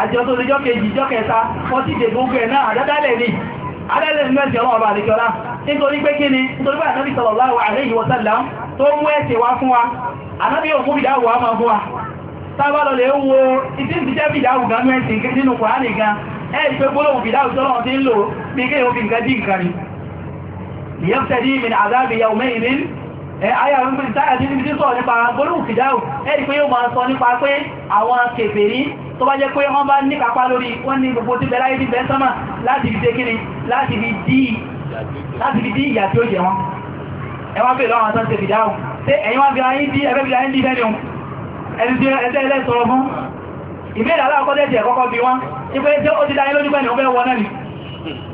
àti ọtọ́ lójọ́ kejì jọ́ kẹta fọ́tí ìdègbógún ẹ̀ náà àdádálẹ̀ ni adálẹ̀ nínú ẹ̀sẹ̀ ọlọ́ọ̀bà àdìkọ́lá nítorí pé kí ni nítorí pé ànábì sallallahu alaihi wa sallam tó mú ẹ̀sẹ̀ wá fún wa ànábì òkú ìdáwò á máa fún wa tábà lọ lè wo ìdí ìdíjẹ́ ìdáwò gan mẹ́sìn nínú Kùránì gan ẹ̀rì pé gbólóhùn ìdáwò tọ́lọ́ ti ń lò bí kéèyàn fi nǹkan dí nǹkan ayà wọn mẹ́rin táyà sí níbi sọ nípa gbólóhùn fìdáhù ẹ̀rí pé yóò máa sọ nípa pé àwọn kèfèrí tó bá jẹ́ pé wọ́n bá ní kápá lórí wọ́n ní gbogbo tí bẹ̀láyé ti bẹ́ẹ̀ sánmà láti fi dékiri láti fi dí ìyà tí ó jẹ wọn ẹwọ́n pè lọ́wọ́n tán ṣe fìdáhù ṣé ẹ̀yin wá fi ayé dí ẹgbẹ́ fi ayé dí fẹ́ni ohun ẹni tí ẹ̀ṣẹ́ ilẹ̀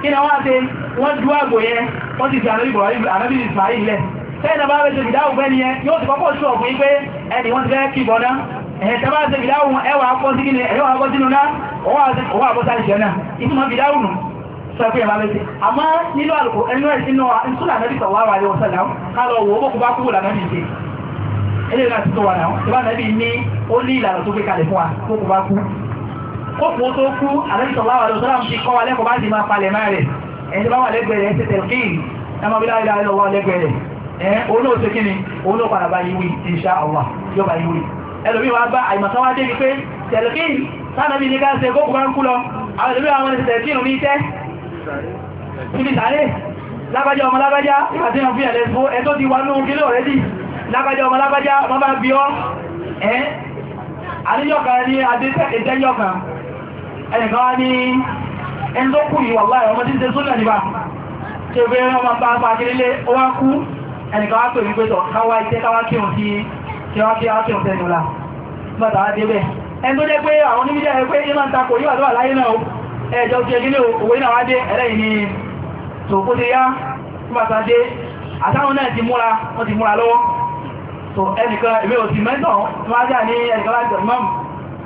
kí ni wọ́n ṣe wọ́n ju àgbò yẹn wọ́n ti fi ànábì Ismail lẹ̀ fẹ́ẹ̀nà bá fẹ́ ṣe fìdáhù fẹ́ ni yẹn yóò ti kọ́kọ́ sọ fún pé ẹni wọ́n ti fẹ́ kí bọ́ná ẹ̀yẹn tẹ́bá ṣe fìdáhù ẹwà akọ́ sí kíni ẹ̀yọ́ akọ́ sínú náà ọwọ́ àbọ́sá ìṣẹ́ náà ìtumọ̀ fìdáhù nù sọ pé ẹ̀mà lẹ́sẹ̀ àmọ́ nínú àlùkò ẹnu ẹ̀ sínú ìtúlà nẹ́bí sọ̀wọ́ àwọn àyẹ̀wò sọ̀lá kálọ̀ wò ó bókù bá kúrò lànà ìṣe eléyìí láti tó wà náà ìbá nẹ́bí ní ó ní ìlànà tó gbé kalẹ̀ fún wa bókù bá kú kókò tó kú àlẹ́sọ̀láwà lọ́sọ́lá ti kọ́ wa lẹ́kọ̀ọ́ bá ti máa palẹ̀ máa rẹ̀ ẹni bá wà lẹ́gbẹ̀ẹ́ rẹ̀ tẹ́tẹ̀ fíì ẹmọ́bílá ìlàlọ́wọ́ lẹ́gbẹ̀ẹ́ rẹ̀ ẹ̀ olóòsè kíni olóòpàdà bá yíwí insha Allah yọba yíwí ẹlòmí wa bá àìmọ̀kan wá débi pé tẹ̀lẹ̀kín sánàbí ní káàsẹ̀ kókò máa ń kú lọ àwọn ẹlòmí àwọn ẹni tẹ̀lẹ̀kín ní tẹ́ síbi sáré lábájá ọmọ lábájá àti ìrànfí ẹ̀lẹ́ fún ẹ tó ti wà ní orílẹ̀ ọ̀rẹ́dì lábájá ọmọ lábájá ọmọ bá bí ọ́ ẹ́ àníyọ̀kan ní adé ìtẹ́yọ̀kan ẹnìkan wá ní ẹni tó kú yìí wàláhì ọmọ tí ń ṣe súnà nípa ṣe fẹ́ ọmọ bá bá kírílé ó wá kú ẹnìkan wá pè wípé tọ̀ káwá iṣẹ́ káwá kírun sí kí wá kí wá kírun fẹ́ nùlá bàtà wá débẹ̀ ẹni tó jẹ́ pé àwọn onímídíà ẹ pé ìmọ̀ ń takò yíwà tó wà láyé náà ẹjọ́ ti ẹgbẹ́ owó náà wá dé ẹlẹ́yìn ni tòkó ti yá bàtà dé àtàwọn náà ti múra wọ́n ti múra lọ́wọ́ so ẹnìkan ìwé òsì mẹ́tàn wọ́n á jà ní ẹnìkan láti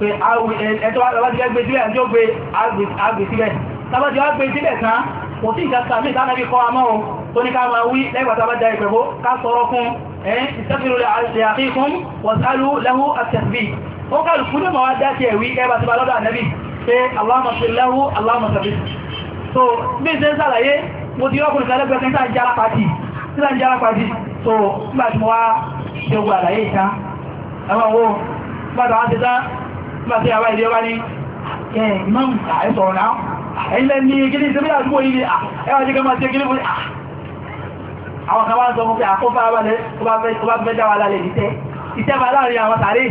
pé ẹ̀tọ́ alábájíjẹ́ gbé sílẹ̀ tí ó gbé agbè sílẹ̀ tàbájí wá gbé sílẹ̀ tán kò sí ìjọsà ní ìtànàbí kọ́ àmọ́ ohun tó ní ká máa wí lẹ́gbàtàbájá ìpẹ̀bó ká sọ̀rọ̀ fún ẹ̀yìn ìsẹ́fìrò lè àríkún wọ̀sálú lẹ́hú àtẹ̀sbí ó kàlù fún mọ̀ wá dákẹ̀ ẹ̀wí ẹbà tí bá lọ́dọ̀ ànẹ́bì pé aláàmọ̀sílẹ́hú aláàmọ̀sàbí so bí ṣe ń sàlàyé mo ti rọ́kùnrin kẹlẹ́gbẹ̀ẹ́ tí ń jára pàtì tí ń jára pàtì so nígbà tí mo wá ṣe ogun àlàyé ìta ẹwọ́n wo nígbà tí wọ́n ti tán láti àwá ilé wá ní ẹ̀mọ́ àìsọ̀rọ̀ náà ẹ̀lẹ́ ní gíní ìsinmi àdúgbò ilé ẹwà jẹ́ gẹ́mà sí gíní fún àwọn kan wá ń sọ fún pé àkófà abalẹ̀ tó bá fẹ́ dáwà lálẹ̀ ìtẹ́ ìtẹ́ bá láàrin àwọn tàrí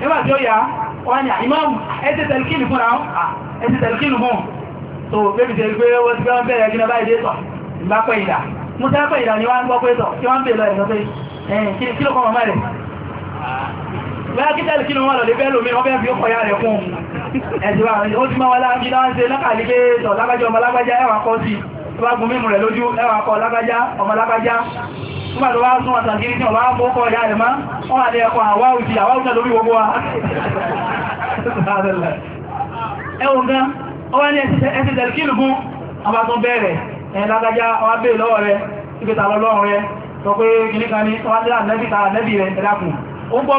nígbà tí ó yá wọ́n ni imam ẹ̀tẹ́ tẹ̀lkínì fún àwọn ẹ̀tẹ́ tẹ̀lkínì fún tó bébì tẹ̀lú pé wọ́n ti gbẹ́ wọ́n bẹ̀rẹ̀ gínà báyìí dé sọ ìbápẹ́ ìdà mú tẹ́lẹ́pẹ́ ìdà ni wọ́n gbọ́ pé sọ kí wọ́n bèèrè lọ ẹ̀sọ́ pé kí ló kọ́ mọ̀ mẹ́rẹ̀ bẹ́ẹ̀ kí tẹ́lì kí lọ wà lọ́lẹ́ bẹ́ẹ̀lú mi wọ́n bẹ́ẹ̀ fi ó kọ̀yà rẹ̀ fún ẹ̀sùn àwọn ó ti máa wà láàájí náà ń se lákàlí pé tọ̀ lágbàjá ọmọ lágbàjá ẹwà kọ́ sí tó bá gún mímú rẹ̀ lójú ẹwà kọ́ lágbàjá ọmọ lágbàjá nígbà tó bá sún àtàkiri tí wọ́n bá mọ́ kọ́ ìyá rẹ̀ má wọ́n wà ní ẹkọ̀ àwáwù ó wá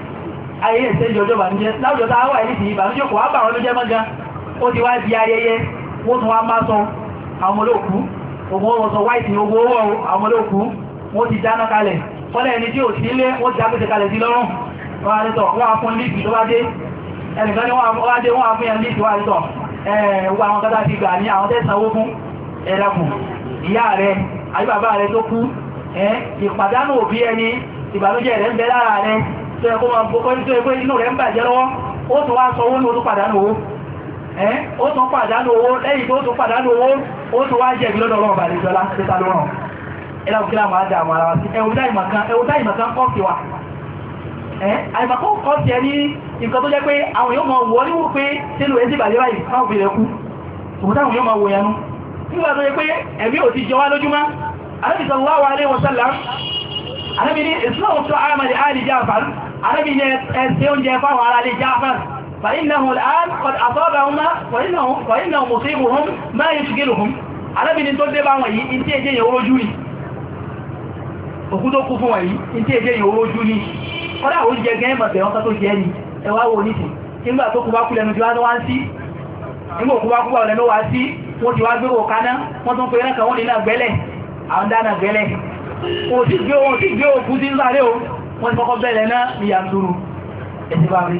ayé ẹ̀sẹ̀ ìjọjọ́ bàmíjẹ́ láwùjọ tá a wà ní ti ìbàmíjẹ́ kò wá bà wọn ló jẹ́ mọ́gá ó ti wá di ayẹyẹ wọ́n tún wá má sọ àwọn olóòkú òun ó sọ wáìtì owó àwọn olóòkú wọ́n ti dáná kalẹ̀ fọ́lẹ̀ ẹni tí ò sí ilé wọ́n ti dágbèsè kalẹ̀ sí lọ́rùn wọ́n á lẹ́tọ̀ wọ́n á fún líìpì tó bá dé ẹnìkan ìpàdánù òbí ẹni ìbànújẹ́ rẹ̀ ń bẹ lára rẹ̀ tó ẹ̀kọ́ máa bọ́kọ́ ní tó sọ arábì ní ẹsẹ oúnjẹ fáwọn ará lè jáfẹ́ فإنه الآن قد أصابهما وإنه, وإنه مصيبهم ما يشغلهم arábì ní tó dé bá wọn yìí in tí èjé ìhòrò jú ní òkú tó kú fún wọn yìí wọ́n ti kọ́kọ́ bẹ̀rẹ̀ náà ní yàtúrù ẹ̀sìn bá rí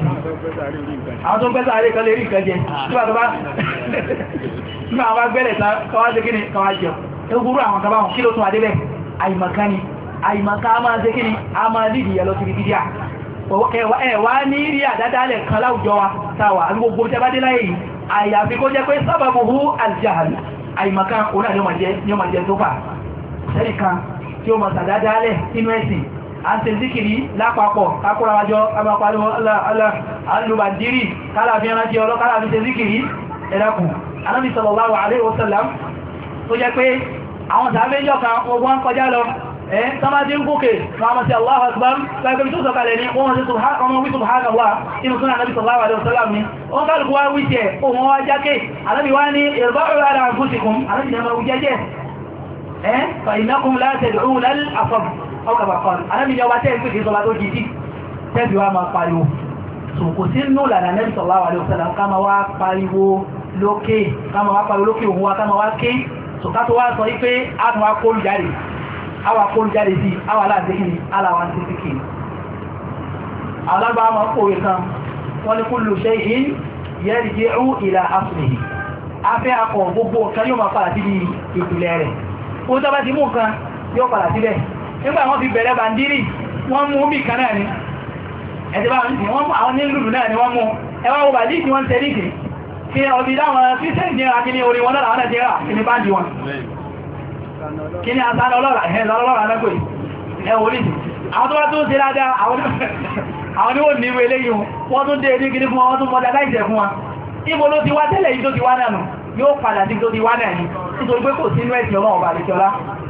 àwọn tó ń pẹ́ sáré kan lè rí ìkan jẹ nígbà tó bá nígbà àwọn agbẹ́rẹ̀ tán kọwá ṣe kí ni kọwá jẹ ogúrú àwọn a máa ṣe a máa lìdì yẹ lọ sí ibi díà ẹ̀wà ní rí àdádálẹ̀ kan láwùjọ wa táwà àbí gbogbo tẹ́ bá dé láyé yìí àyàfi kó jẹ́ pé sábàbùhú àjàhàlì àìmọ̀kan òun náà ni ó máa jẹ́ tó fà sẹ́nìkan tí a ń ṣe zikiri lápapọ̀ kakúrawájọ́ abapariwo alubandiri kálàfihàn láti ọlọ́ kálàfi ṣe zikiri ẹ̀dàkùn anábi sallallahu alaihi wasallam tó jẹ́ pé àwọn sàábẹ́jọ́ kan ogun kọjá lọ ẹ́ sọmájí ń gúnkè wọ́n sí Allahu Akbar pẹ̀lú tó sọ̀kalẹ̀ ọkàbà kan anábì ni ọba tẹ́ ìpèsè ìsọba tó jìdí tẹ́bí wa máa pariwo so kò sí nù lànà anábì sallallahu alaihi wasallam ká máa wá pariwo lókè ká máa wá pariwo lókè òun wa ká máa wá ké so ká tó wá sọ wípé a tún wá kóòlù jáde àwa kóòlù jáde sí àwa aláàdékìní aláwa ti fi kìí alágbà máa kòwé kan wọ́n ní afẹ́ akọ̀ gbogbo nǹkan yóò máa padà sí ìpìlẹ̀ rẹ̀ ó bá ti mú nǹkan yóò padà síbẹ̀ nígbà wọ́n fi bẹ̀rẹ̀ bàndírì wọ́n mú bí kan náà ni ẹ̀tẹ́bà àwọn nílùú náà ni wọ́n mú ẹwà wo bàdí tí wọ́n tẹ́lì kì kí ọdí dáwọn kírísẹ́n jẹ́ àti ní orí wọn lọ́la ọ̀nà jẹ́ra kí ni báńdì wọn kí ni àtàrà ọlọ́ra ẹ̀hẹ́ lọ́lọ́ra náà pè ẹ wò nìyí àwọn tó bá tó ń ṣe dáadáa àwọn ni ó ní ìwé eléyìí wọ́n tún dé ní gidi fún wọn tún mọ́dá láìsẹ̀ fún wa ibo ló ti wá tẹ́lẹ̀ yìí tó ti wá náà nù yóò padà sí tó ti wá náà ní nítorí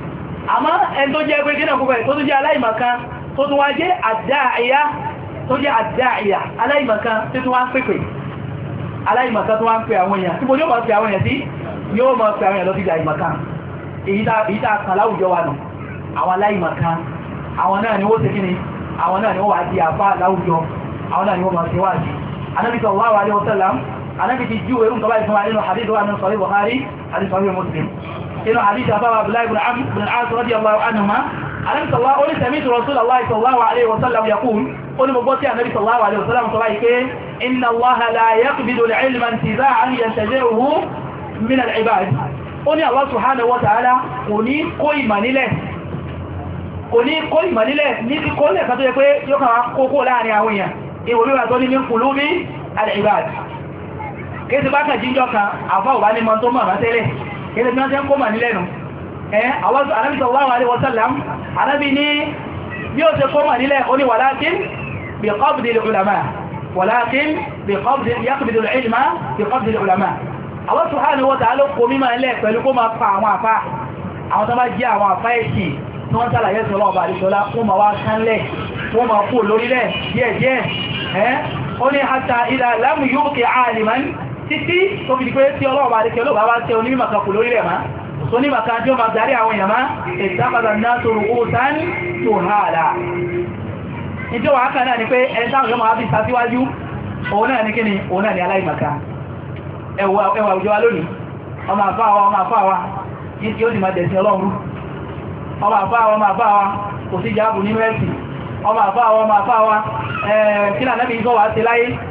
àmọ́ ẹn tó jẹ́ pé gínà púpẹ̀ tó tún jẹ́ aláìmọ̀kan tó tún wá jẹ́ àdáàyà tó jẹ́ àdáàyà aláìmọ̀kan tó tún wá ń pèpè aláìmọ̀kan tó wá ń pè àwọn èèyàn tí mo yóò máa pè àwọn èèyàn sí yóò máa pè àwọn èèyàn lọ sí àìmọ̀kan èyí tá kan láwùjọ wa nù àwọn aláìmọ̀kan àwọn náà ni ó ṣe kíni àwọn náà ni ó wà di àfá láwùjọ àwọn náà ni ó máa ṣe wá sí anábì sallallahu alaihi wasallam anábì ti jú ẹrù nǹkan báyìí fún wa nínú hadith wa nínú sahih Bukhari àti sahih Muslim inú àdíjà bá wà Abdullahi ibn al-As radiyallahu anhuma alẹ́sọ̀lá ó ní sami'tu Rasulullahi sallallahu alaihi wasallam yaqul ó ní gbogbo tí a nabi sallallahu alaihi wasallam sọ láì pé inna Allaha la yaqbidu al-ilma intiza'an yantazi'uhu min al-ibad ó ní Allah subhanahu wa ta'ala kò ní kó ìmà nílẹ̀ kò ní kó ìmà nílẹ̀ ní ti kó lẹ̀ kàtó yẹ pé yóò kàn kókó láàrin àwọn èèyàn ìwò bí wà kẹ́lẹ̀ tí wọ́n tẹ́ ń kó mà nílẹ̀nu Ànábì sallallahu alaihi wasallam Ànábì ní bí ó ṣe kó mà nílẹ̀ ó ní walakin bi qabdi al-ulama walakin bi qabdi yaqbidu al-ilma bi qabdi àwọn àfá tí wọ́n tààlà yẹ́sọ̀ lọ́ọ̀bà àdìsọ́lá wọ́n ma wá kánlẹ̀ wọ́n ma kú lórílẹ̀ díẹ̀díẹ̀ ẹ́ ó ní hatta idha lam yubqi aliman títí tó fi di pé tí ọlọ́ọ̀bà àríkẹ́ olóòbá wá tẹ onímọ̀ kan kù lórí rẹ̀ má tó ní màkà tí ó ma darí àwọn èèyàn má ìtàkàtà náà tó rú owó sáání tó ha àdá ìjọ wà ákà náà ni pé ẹni táwọn yọmọ àbí ìsàsíwájú òun náà ni kíni òun náà ni aláìmọ̀ká ẹwà òjò wa lónìí ọmọ àfáà wa ọmọ àfáà wa yìí tí ó sì máa dẹ̀sìn ọlọ́run ọmọ àfáà wa ọmọ àfáà wa kò sí jáàbù nínú ẹ̀sìn ọmọ àfáà wa ọmọ àfáà wa ẹ̀ẹ́ kí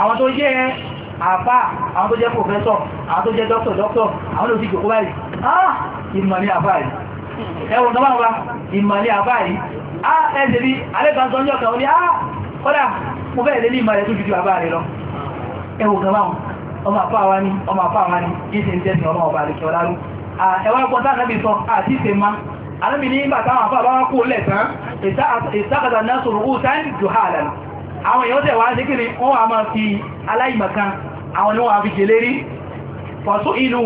àwọn tó jẹ́ àfá àwọn tó jẹ́ pòfẹ́sọ̀ àwọn tó jẹ́ dọ́kítọ̀ dọ́kítọ̀ àwọn ló ti jòkó báyìí ah ìmọ̀ ní àfá yìí ẹwọ̀n tó máa wá ìmọ̀ ní àfá yìí ah ẹ̀ẹ́sẹ̀ bí alẹ́kan sọ ní ọ̀kan ó ní ah kọ́dà mo fẹ́ ìlélí ìmọ̀ rẹ̀ tó jùjú àfá rẹ̀ lọ ẹwọ̀n gan máa ọmọ àfá wa ni ọmọ àfá wa ni jíṣẹ́ ń tẹ́sìn ọmọ ọba àlèkẹ́ ọlárú ẹwà pọ̀ tá àtàbí sọ àti ìṣe ma alẹ́bìnrin nígbà táwọn àfá bá wá kó lẹ̀ tán ìtàkàtà náà sọ̀rọ̀ ó sáyẹ́ jù hàlẹ̀ àwọn èèyàn tẹ̀ wá sí kí ni wọ́n wà máa fi aláìmọ̀kan àwọn ni wọ́n wà fi jẹ lérí fọ̀sún ìlú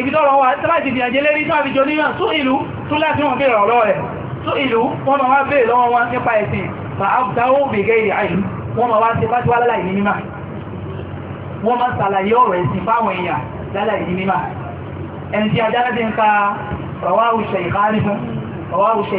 ibi tọ́rọ wà tẹ́láìsì fi àjẹ́ lérí tó àfijọ níyàn sún ìlú tó láti wọ́n bèèrè ọ̀rọ̀ rẹ̀ sún ìlú wọ́n ma wá bèèrè lọ́wọ́ wọn nípa ẹ̀sìn fa abdáwó bèèrè àìlú wọ́n ma wá ti bá ti wá láláì ní mímá wọ́n ma sàlàyé ọ̀rọ̀ ẹ̀sìn fáwọn èèyàn láláì ní mímá ẹni tí ajá láti ń ka rọwáhù ṣe fún rọwáhù ṣe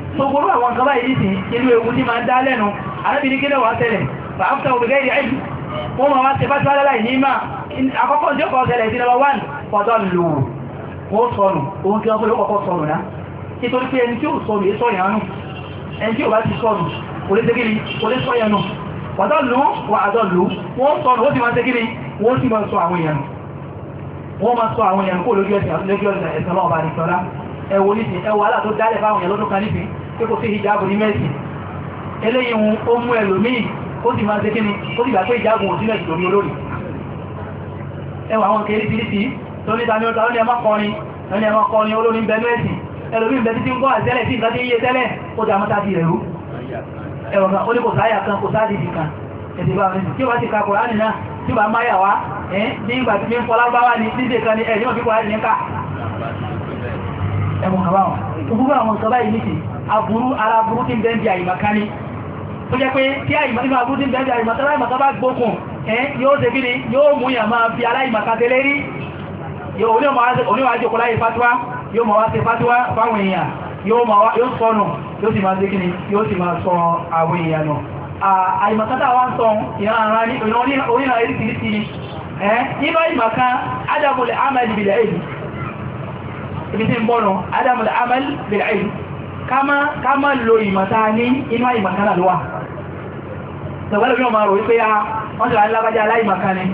tó gbogbo àwọn nǹkan báyìí nìsìn inú ewu tí máa ń dá lẹ́nu arábìnrin kílẹ̀ wá tẹ́lẹ̀ fàáfíà òbígẹ́ ìrìn àìjù wọ́n máa wá ṣe bá tíwá láláì ní máa àkọ́kọ́ tí ó kọ́ ṣẹlẹ̀ sí number one fọ́dọ̀ lò wọ́n sọnù ohun tí wọ́n fẹ́ lókọ́kọ́ sọnù náà nítorí pé ẹni tí ó sọnù èé sọ̀yàn nù ẹni tí ó ẹ̀wọ̀ nísìn ẹwọ alá tó dálẹ̀ fáwọn èèyàn lọ́dún kan nísìn pé kò sí hijabu ní mẹ́sì eléyìí hun ó mú ẹlòmíì ó sì máa ṣe kí ni ó sì gbà pé hijabu ò sí mẹ́sì lórí olórí ẹwọ àwọn kéré ti sí tó ní tani ọ̀tà lóní ẹmọ kọrin lóní ẹmọ kọrin olórin bẹ mẹ́sì ẹlòmíì bẹ títí ń gbọ́ àtẹ́lẹ̀ sí nǹkan tí ń yé tẹ́lẹ̀ ó dá mọ́ta ti rẹ̀rú ẹwọ̀n ó ní kò sáyà kan ẹ̀wọ̀n kaba wọn gbogbo àwọn kaba yìí nìsí aburú ara aburú tí ń bẹ́ẹ̀ di àyìmọ̀kání ó jẹ́ pé tí aburú tí ń bẹ́ẹ̀ di àyìmọ̀ká bá gbókun yóò ṣe bí ni yóò mú yàn máa fi aláìmọ̀ká tẹ́lẹ̀ rí oníwàá jòkó láyé fatuwa yóò máa wá ṣe fatuwa fáwọn èèyàn yóò sọnù yóò sì máa ṣe kíni yóò sì máa sọ àwọn èèyàn nù àìmọ̀kátà wá ń sọ ìran oníran eré tìrìtìrì nínú àìmọ̀ká adábòlẹ̀ amẹ́lì bìlẹ̀ èyí ibi tí ń bọ́ nù adamu amal bil ilm ká má lo ìmọ̀ta ní inú àìmọ̀kan náà lọ́wà tẹ̀wẹ́lẹ̀ bí wọ́n máa rò wípé a ah, wọ́n ti wà ní lábájá aláìmọ̀kan ni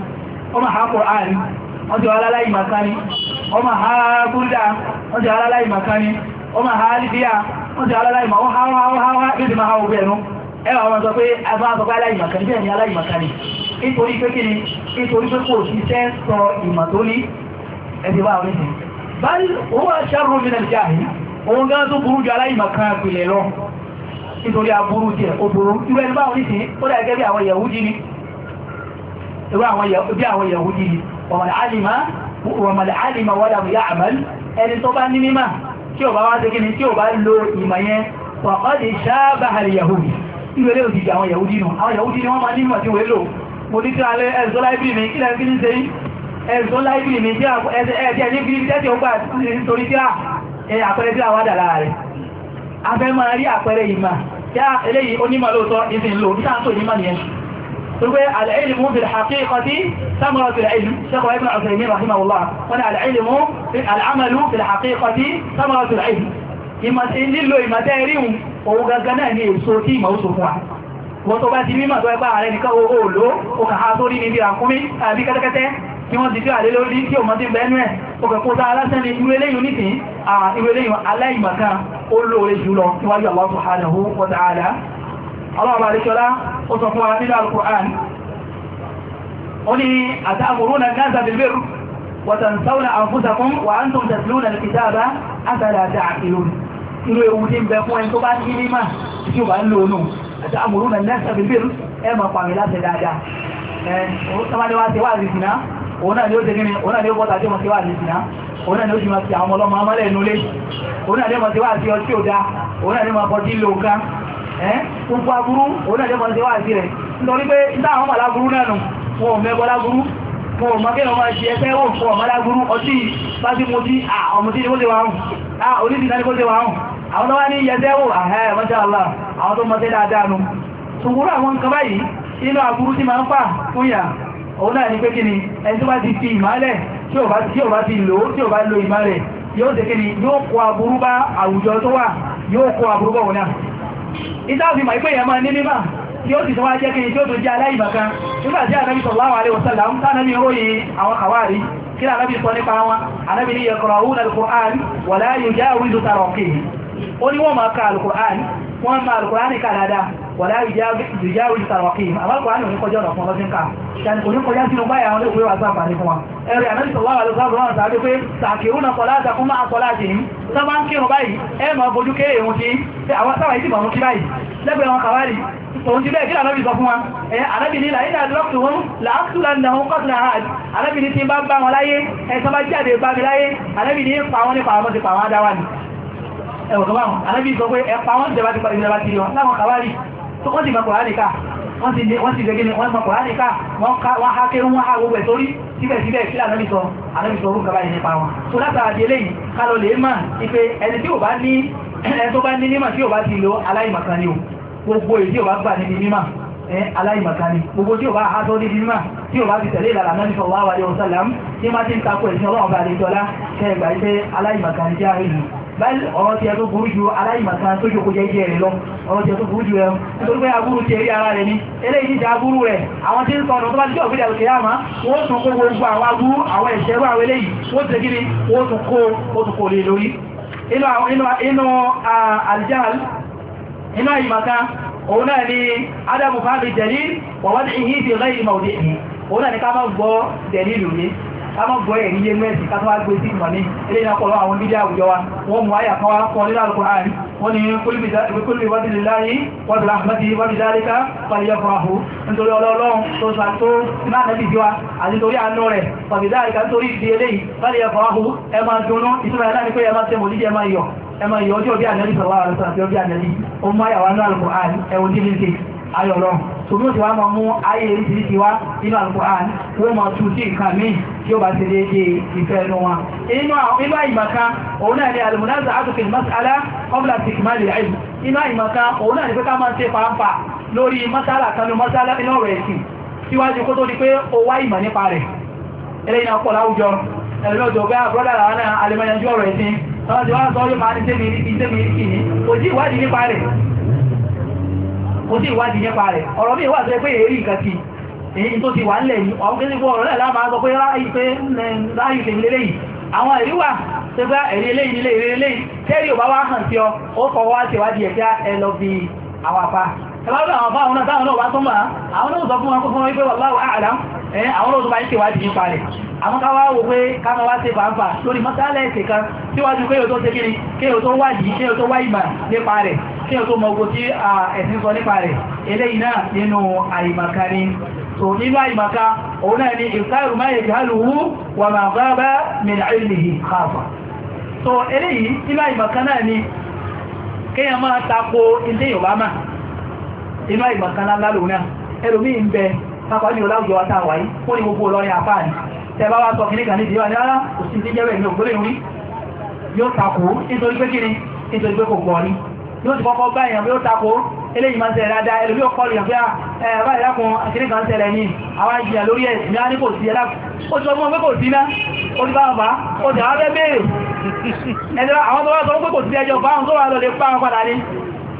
wọ́n máa ha Kùránì wọ́n ti wà láláìmọ̀kan ni wọ́n máa ha gúndà wọ́n ti wà láláìmọ̀kan ni wọ́n máa ha libya wọ́n ti wà láláìmọ̀kan wọ́n ha wọ́n ha wọ́n ha bí ti máa ha ogun ẹ̀nu ẹwà wọn sọ pé agbára sọ pé aláìmọ̀kan bẹ́ẹ̀ ni aláìmọ̀kan ni nítorí pé kí ni nítorí pé kò sí sẹ́ sọ ìmọ̀ tó ní ẹ̀dẹ̀wà oníṣẹ́ bal huwa sharru min al-jahil òun gán tó burú jù aláìmọ̀kan pìlẹ̀ lọ nítorí aburú tí ẹ̀ obùrú irú ẹni báwọn nìsìn ó dá gẹ́gẹ́ bí àwọn yahudi ni irú bí àwọn yahudi ni wọ̀mọ̀lẹ̀ alìmọ̀ wọ́dà mú yá àmàl ẹni tó bá ní mímá tí ó bá wá sí kíni tí ó bá lo ìmọ̀ yẹn wàkọ́ lè sáábà àrẹ yahudi nílò ilé òjìjì àwọn yahudi nù àwọn yahudi ni wọ́n máa nímọ̀ tí wọ́n lò mo ní tí alẹ́ ibi mi kílẹ̀ kí ní ẹ̀sùn láìbìrì ní ẹ̀ẹ́dẹ̀ ní bíi tẹ́tì ọgbà nítorí tí àpẹẹrẹ tí àwádà lára rẹ̀ afẹ́ máa rí àpẹẹrẹ ìmà tí eléyìí onímọ̀ lóòtọ́ ìsìn lò ní sáàtò ìmọ̀ nìyẹn تقول العلم في الحقيقة ثمرة العلم شيخ ابن عثيمين رحمه الله وانا العلم في العمل في الحقيقة ثمرة العلم ìmọ̀ nílò ìmọ̀tẹ́ríhùn òun gangan náà ní èso tí ìmọ̀ oṣù fún wa wọ́n tó bá ti mímọ̀ tó ẹgbà rẹ̀ nìkan kí wọ́n ti jẹ́ àlé lórí tí ọmọdé bẹ́ẹ̀nú ẹ̀ ọkẹ̀kọ́ tá alásán ní irú eléyìn ní tìí irú eléyìn aláìmọ̀kan ó lóore jùlọ níwájú Allah subhanahu wa ta'ala Allah balikọ́lá ó sọ fún wa nínú al-Qur'an ó ní atamuruna an-nasa bil-birri wa tansawna anfusakum wa antum tatluna al-kitaba afala ta'qilun irú ewu tí ń bẹ fún ẹni tó bá ní mímá tí ó bá ń lónú atamuruna an-nasa bil-birri ẹ mọ̀ pàmì láti dáadáa ẹ̀ ó sábàdé wá ti wá àzìsì náà òun náà ni ó jẹ́gẹ́ni òun náà ni ó bọ́ta tí wọ́n ti wà ní ìsìná òun náà ni ó sì máa fi àwọn ọlọ́mọ amálẹ̀ inú lé òun náà ni ó máa ti wá sí ọtí òdá òun náà ni ó máa kọjí lò nǹkan ẹ́ gbogbo aburú òun náà ni ó máa ti wá sí rẹ̀ nítorí pé níta àwọn màláburú náà nù wọn ò mẹ́gbọ́ láburú wọn ò mọ kí ọmọ ẹ̀ṣẹ̀ ẹgbẹ́ wò fún ọmọ láburú ọtí bá ti mo jí ọmọdé ni ó lè wà hùn onídìí náà ni ó lè wà hùn àwọn tó wá ní yẹsẹ́ wò àhẹ́ mọ́ṣá òun náà ni pé kí ni ẹni tó bá ti fi ìmálẹ̀ tí ò bá ti lò tí ò bá lo ìmálẹ̀ yóò ṣe kí ni yóò kó aburú bá àwùjọ tó wà yóò kó aburú bọ̀ náà ìtàfi ma ìpé ìyàmá ní mímá tí ó sì tó wá jẹ́ kí ni tí ó tó jẹ́ aláìmọ̀kan nígbàtí ànábì sallallahu alaihi wasallam ń tánàbí ròyìn àwọn wọ́n máa ka kàdàdà wọ̀lá ìjáwé ìtàwọ̀kì àwọ́pọ̀ àánú oníkọjọ́ ọ̀nà fún ọlọ́sìn ká ṣàní kò ní kọjá sínú báyà àwọn olóògbé wà sáàpà ní fún wa ẹ̀rẹ̀ àmẹ́sì sọ̀lọ́wà lọ́sọ̀rọ̀ náà tàbí pé tàkìrún náà kọlá àtàkùn máa kọlá jì ń sábà ń kírun báyìí ẹ mọ̀ bojú kéré ìrun tí àwọn sáwà ìsì mọ̀ mú kí báyìí lẹ́gbẹ̀ẹ́ wọn kàwárì tòun ti bẹ́ẹ̀ kí ànábì sọ fún wa ẹ̀ ànábì ní làyídà lọ́pù wọn làásùlà ní àwọn kọ́sùlà hàn ànábì ní ti bá bá wọn láyé ẹ̀ sábà jáde bá mi láyé ànábì ní pa tó wọ́n ti bá kòránì ká wọ́n ti gẹ́gẹ́ ni wọ́n bá kòránì ká wọ́n ha kérún wọ́n ha gbogbo ẹ̀ torí síbẹ̀síbẹ̀ sí ànábìsọ ànábìsọ orúkọ kaba yìí nípa wọn tó látara di eléyìí ká lọ lè mà ipe ẹni tí ò bá ní ẹni tó bá ní mímọ̀ tí ò bá ti lo aláìmọ̀kan ni o gbogbo èyí tí ò bá gbà níbi mímọ̀ aláìmọ̀kání gbogbo tí ó bá hátọ́ ní bí máa tí ó bá ti tẹ̀lé ìlànà ní sọ̀rọ̀ àwàrí tí má ti ń takò ẹ̀sìn ọlọ́ọ̀bá àdéjọ́lá kẹgbà iṣẹ́ aláìmọ̀kání jẹ́ àríyìn báyìí ọ̀rọ̀ tí ẹ tó burú ju aláìmọ̀kan tó jòkó jẹ́ ìjẹ́ rẹ̀ lọ ọ̀rọ̀ tí ẹ tó burú ju ẹ̀rùn nítorí pé aburú ti rí ara rẹ̀ ní eléyìí ìjà aburú rẹ̀ àwọn tí ń sọ ọ̀nà tó bá ti jẹ́ òfin àti ìyáàmá wọ́n tún kó gbogbo àwọn aburú àwọn ẹ̀ṣẹ̀rú àwọn eléyìí wọ́n ti gírí wọ́n tún kó ó tún kó lè lórí inú àlìjáàl inú kámọ́gbọ́ ẹ̀ ní us kátọ́wà gbé sí ìmọ̀ ní ilé ìyàpọ̀lọ́ àwọn mídíà àwùjọ wa wọ́n mú àyà kan wá kọ́ nínú Al-Qur'an wọ́n ni kúlùbí wọ́dìlì láyé wọ́dìlì àmọ́dì wọ́dìlì dáríká pàdíyàfọ́ráhù nítorí ọlọ́ọ̀lọ́run tó sàtó náà nẹ́bí jọ àti torí àánú rẹ̀ pàdídá àríká torí ìdí eléyìí pàdíyàfọ́ráhù ẹ máa dúnú ìtura ẹ̀ láti pé ẹ máa tẹ́ mòlídìí ẹ máa yọ ẹ máa yọ tòmí ó ti wá máa mú ayé ìdíríkì wá nínú Al-Qur'an wọ́n máa tú sí nǹkan míì tí ó bá ti dédé ìfẹ́ ẹnu wọn inú àìmọ̀ká òun náà ni alìmọ̀láza àtòkèlì mas'ala qabla istikmali al-ilm inú àìmọ̀ká òun náà ni pé ká máa ṣe pàápàá lórí mas'ala kanú mas'ala inú ọ̀rọ̀ ẹ̀sìn síwájú kó tó di pé ó wá ìmọ̀ nípa rẹ̀ eléyìn ọ̀pọ̀ láwùjọ ẹ̀lọ́jọ̀ bẹ́ àbúrọ́dà kò sí ìwádìí nípa rẹ̀ ọ̀rọ̀ mi wà pé èrí nǹkan ti èyí tó ti wà ń lẹ̀ ní ọmọ kéde fún ọ̀rọ̀ náà láàmà sọ pé ráyì pé ráyì àwọn èrí wà kàláwọ́dọ̀ àwọn bá àwọn táwọn náà wá tó máa àwọn náà sọ fún wọn kó fún wọn wípé wallahu a'lam àwọn náà tó bá ń ṣèwádìí nípa rẹ̀ àwọn káwà wò pé káwà wá ṣe fàáfà lórí mọ́sálẹ̀ ẹ̀sẹ̀ kan síwájú pé yóò tó ṣe kíni kí yóò tó wádìí kí yóò tó wá ìmọ̀ nípa rẹ̀ kí yóò tó mọ ogun tí ẹ̀sìn sọ nípa rẹ̀ eléyìí náà nínú àìmọ̀ká ni so nínú ilé yorùbá máa inú àìmọ̀kánlá ńlá lòun náà ẹlòmí ń bẹ pápá ní ọláwùjọ wa táà wáyé ó ní gbogbo ọlọ́rin àpáà ní tẹ́bá wá sọ kìnnìkan ní ìdíwà ní ara kò sí ti jẹ́rẹ̀ ní ògbólé orí yóò takò nítorí pé kíni nítorí pé kò gbọ́ ní yóò ti kọ́kọ́ bá èèyàn pé ó takò eléyìí máa ń ṣẹlẹ̀ dáadáa ẹlòmí ò kọlu ìyànfẹ́ ah, ẹ̀rọ ìdákun kìnnìkan ṣẹlẹ̀ ní àwọn ìjìyà lórí ẹ̀ ní a ní kò sí ẹlá ó ti ọmọ pé kò sí ná ó ti bá wọn bá ó ti àwọn bẹ́ẹ̀ bẹ́ẹ̀ ẹ̀dọ́ àwọn tó wá sọ pé kò sí ẹjọ́ bá wọn tó wà lọ lè pa wọn padà ní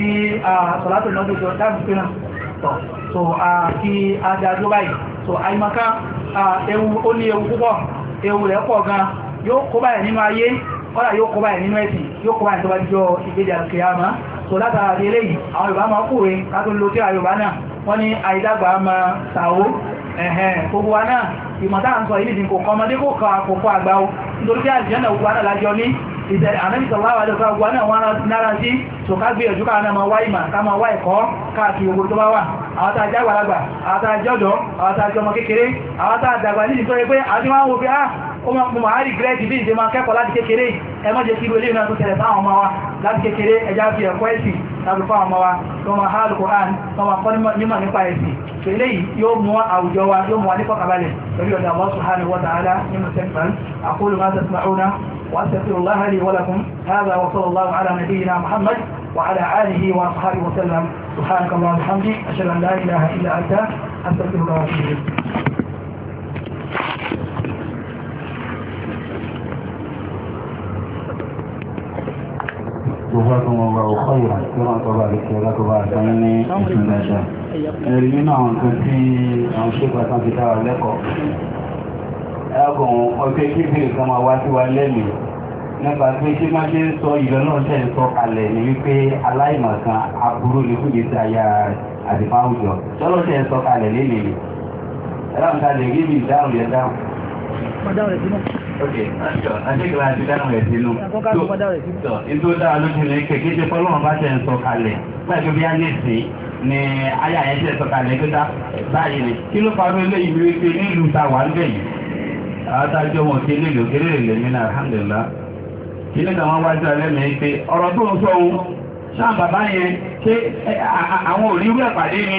tí sọ̀látò náà gbogbo dáàbù pé náà so kí adájọ́ báyìí so àìmọ̀ká ewu ó ní ewu púpọ̀ ewu rẹ̀ pọ̀ gan yóò kó báyìí nínú ayé ọ́là yóò kó báyìí nínú ẹ̀sìn yóò kó báyìí tó bá jọ ìgbéjà kìyàmá so látara di eléyìí àwọn Yorùbá máa kúre kátó lo tí a Yorùbá náà wọ́n ní àìdàgbà máa tàwó ẹ̀hẹ̀n gbogbo wa náà ìmọ̀tá à ń sọ ìlú ìdìkò kọ́ ọmọdé kò kọ́ àkókò àgbà o nítorí pé àìsíyàn náà gbogbo wa náà lájọ ní ìtẹ́ àmẹ́sọ̀láwà lọ́pàá gbogbo náà wọ́n nára sí so ká gbìyànjú ká náà ma wá ìmà ká ma wá ẹ̀kọ́ káàkiri ogun tó bá wà àwọn tàà jágbàlagbà àwọn tàà jọ́dọ̀ àwọn tàà jọmọ kékeré àwọn tàà dàgbà tó yẹ pé àti wọ́n wò pé ah ó máa mọ̀ àárí gírẹ́ẹ̀dì bí ìdè máa kẹ́kọ̀ọ́ láti kékeré ẹ má jẹ́ kí ilé náà tó tẹ̀lẹ̀ fáwọn ọmọ wa láti kékeré ẹjá fi ẹ̀kọ́ ẹ̀sìn láti fáwọn ọmọ wa tó máa hálù Qur'an tó máa kọ́ nímọ̀ nípa ẹ̀sìn tó ilé yìí yóò mú àwùjọ wa yóò mú wa nípa kabalẹ̀ pẹ̀lú ọ̀dà Allah subhanahu wa ta'ala nínú sẹ́kìtàn aqulu ma tasma'una wa astaghfirullaha li wa lakum hadha wa sallallahu ala nabiyyina Muhammad wa ala alihi wa ashabihi wa sallam subhanaka Allahumma wa bihamdika ashhadu an la ilaha illa anta astaghfiruka wa atubu ilayk جزاكم الله خيرا كما تبارك لك وباركني بسم الله الرحمن الرحيم nínú àwọn kan tí àwọn ṣèkọ̀ kan ti dára lẹ́kọ̀ọ́ ẹ̀kùn ọjọ́ nípa pé kí má ṣe ń sọ ìlọ náà ṣe ń sọ kalẹ̀ ní wípé aláìmọ̀kan aburú ní fúnjẹ sí aya àdìpá àwùjọ tọ́lọ́ ṣe ń sọ kalẹ̀ lẹ́nu ẹ̀rọ nǹkan lè rí mi ìdáhùn yẹn dáhùn a ni aya yẹn tẹ̀ sọ̀kalẹ̀ tó dá báyìí ni kí ló farú ilé ìlú wípé nílùú ta wà ń bẹ̀ yìí àtàjọ wọn kí nílùú kí lè lè mìíràn alhamdulillah kí nígbà wọn wájú alẹ́mìí pé ọ̀rọ̀ tó ń sọ ohun sáà bàbá yẹn ṣé àwọn òrí wíwẹ̀ pàdé ni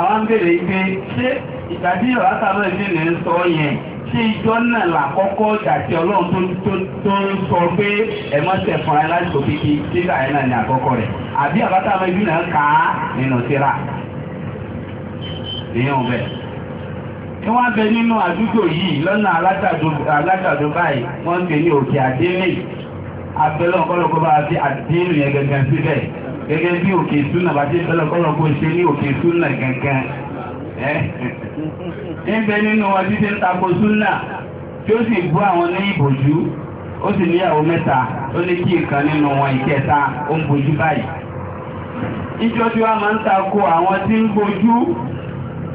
àwọn ń bèèrè pé ṣé ìgbàdí ìrọ̀látàlọ́ ìdílé ń sọ yẹn ṣé ìjọ náà làkọ́kọ́ ìdàtí ọlọ́run tó ń sọ pé ẹ̀mọ́sẹ̀ fún ẹ láti òkìkí sígbà yẹn náà ní àkọ́kọ́ rẹ̀ àbí àbátàlọ́ ìdílé náà kà á nínú síra èèyàn bẹ̀. wọ́n bẹ nínú àdúgbò yìí lọ́nà alágbàdo báyìí wọ́n ń pè ní òkè àdínlẹ̀ abẹ́lẹ́ ọ̀pọ̀lọpọ̀ bá a fi àdínlẹ̀ yẹn gẹ́gẹ́ síbẹ̀ gẹ́gẹ́ bí òkè súnà bá ti sọ́lọ̀ kọ́lọ̀ kó ṣe ní òkè súnà gangan ẹ́ ń bẹ nínú wọn títí ń tako súnà tí ó sì bú àwọn ní ìbòjú ó sì níyàwó mẹ́ta ó ní kí nǹkan nínú wọn ìkẹta ó ń bojú báyìí ìjọ tí máa ń tako àwọn tí ń bojú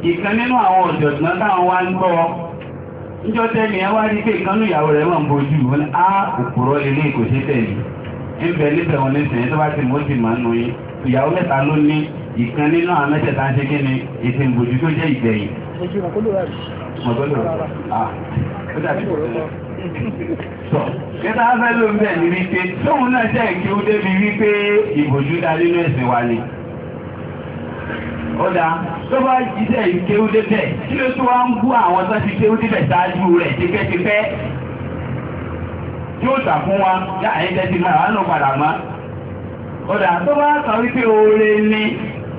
ìkan nínú àwọn ọ̀jọ̀gbọ́n táwọn wá ń gbọ́ ìjọ tẹ́lẹ̀ wá rí pé ìyàwó rẹ̀ wọ́n ń ń bẹ nífẹ̀ẹ́ wọn nísìnyí tó bá ti mọ́ ti mọ́ nù yín ìyàwó mẹ́ta ló ní ìkan nínú àwọn ṣe kí ni ètò ìbòjú tó jẹ́ ìgbẹ̀yìn. kẹta afẹ́ ah, ló ń bẹ̀ ní wípé tóun náà jẹ́ kí ó débi wípé ìbòjú dá nínú ẹ̀sìn wa ni. ọ̀dà tó bá jíṣẹ́ ìkéwúdé bẹ̀ kí ló tó wá ń bú àwọn tó ti kéwúdé bẹ̀ ṣáájú rẹ̀ tipẹ́tipẹ́ tí ó tà fún wa yá àyíjẹ́ ti máa wánà padà mọ́. ọ̀dà tó bá sọ wípé oore ni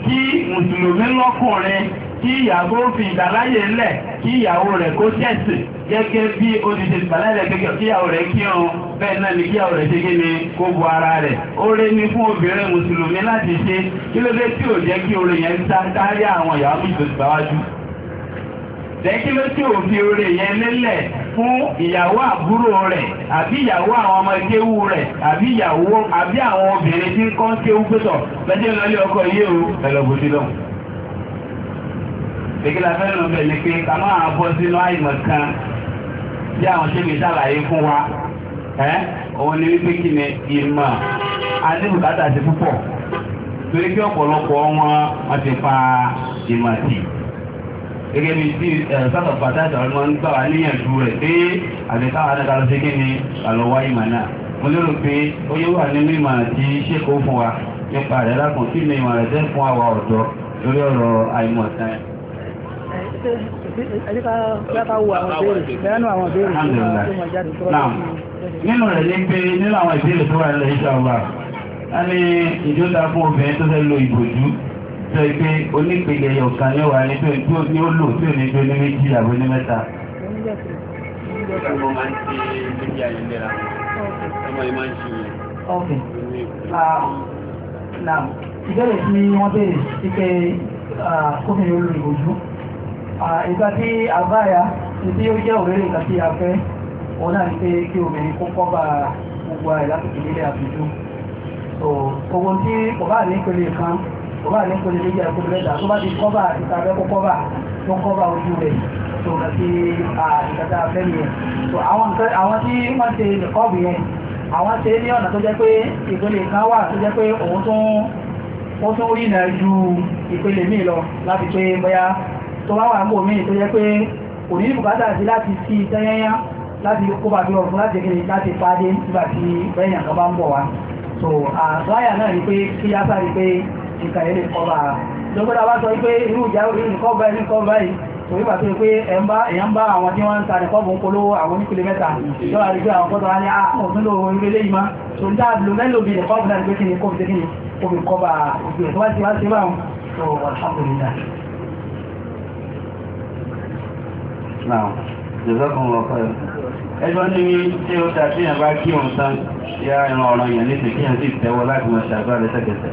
kí mùsùlùmí lọ́kùnrin kí ìyàwó fi ìdàláyè lẹ̀ kí ìyàwó rẹ̀ kó tẹ̀sì gẹ́gẹ́ bí ó ti ṣe ìgbàláyè gẹ́gẹ́ kí ìyàwó rẹ̀ kí ọ̀hún bẹ́ẹ̀ náà ni kí ìyàwó rẹ̀ ṣe kí ni kó bu ara rẹ̀ oore ni fún obìnrin mùsùlùmí láti ṣe kí ló dé tí ò jẹ́ kí oore yẹn sá kárí àwọn ìyàwó mi tó ti bá wájú. jẹ́ kí ló tí ò fi oore yẹn lélẹ̀ fún ìyàwó àbúrò rẹ̀ àbí ìyàwó àwọn ọmọ ìkéwú rẹ̀ àbí ìyàwó àbí àwọn obìnrin tí kọ́ ń kéwú pẹ́tọ̀ lẹ́jẹ́ lọ́lé ọkọ yé o ẹlọ́gbòsí lọ́wọ́ èké la fẹ́ràn ọbẹ̀ ni pé ká máa bọ́ sínú àìmọ̀ kan tí àwọn ṣe mi ṣàlàyé fún wa ẹ́ òun ni wípé kí ni ìmọ̀ adébùkátà ti púpọ̀ torí pé ọ̀pọ̀lọpọ̀ wọn wọ́n ti pa ìmọ̀ tì í gẹ́gẹ́ bí tí eh, sábà pàtàkì àwọn ọmọ ń gbà wá níyànjú rẹ̀ pé àbẹ̀ká àwọn adájọ́ ṣe kí ni àlọ́wá ìmọ̀ náà mo lérò pé ó yẹ wà nínú ìmọ̀ àti ṣèkó fún wa nípa rẹ̀ lákùn kí ni ìmọ̀ rẹ̀ jẹ́ fún àwa ọ̀dọ́ lórí ọ̀rọ̀ àìmọ̀ tán. nínú rẹ̀ ní pé nínú àwọn ìbéèrè tó wà lẹ́yìn ṣàwà a ní ìjọ́ta fún obìnrin tó fẹ́ lo ìbòjú sọ pé onípele ọ̀kan yóò wà ní tó ní tó ní ó lò tí ò ní tó ní méjì àbò ní mẹ́ta. ọmọ máa ń ṣe méjì ayélujára ọmọ yìí máa ń ṣe yẹn. ok naam ìbéèrè tí wọ́n béèrè sí pé kófìrí olùrìbòjú ìgbà tí àbáyà tí ó jẹ́ òrèrè ìgbà tí a fẹ́ òun náà ní pé kí obìnrin kó kọ́ bá gbogbo àìlásìkò nílé àtijọ́ so gbogbo tí kò bá ní ìpele kan kò bá ní kò lè léyà kò lè dà tó bá ti kọ́bà ìta fẹ́ kó kọ́bà tó kọ́bà ojú rẹ̀ tó nà sí ìkàtà fẹ́ yẹn tó àwọn tí wọ́n ṣe nìkọ́ọ̀bù yẹn àwọn ṣe ní ọ̀nà tó jẹ́ pé ìpele kan wà tó jẹ́ pé òun tó ó tún rí ìnà ju ìpele míì lọ láti pé bóyá tó bá wà ń míì tó jẹ́ pé kò ní bùkátà sí láti sí tẹ́yẹ́yá láti kó bí ọ̀fún láti kiri láti pàdé nígbà tí bẹ́yàn kan ń bọ̀ wá so àtúráyà náà ni pé kí á sáré pé nǹkan ẹni kọba ara lọ́gbọ́dá bá sọ pé irú ìjà nǹkan bá ẹni kọba yìí torí bá tó yẹ pé èèyàn bá àwọn tí wọ́n ń ta nìkọ́bù ń polówó àwọn onípele mẹ́ta lọ́wọ́ àrígbé àwọn kọ́tọ̀ wá ní ah, àwọn ilé lẹ́yìn má tó ń dáa lò mẹ́lò bí nìkọ́bù náà gbé kí ni kó fi kí ni kó fi kọ́ba òbí ẹ̀ tó wá sí wá sí báwọn tó alhamdulillah. Now, jazakumullahu khairan ẹgbọ́n ní tí ó ta tí yàn bá kí òun tán yá ẹran ọ̀rọ̀ yàn ní ti kí yàn sì tẹ́wọ́ láti mọ̀ ṣàgbà lẹ́sẹ̀kẹsẹ̀.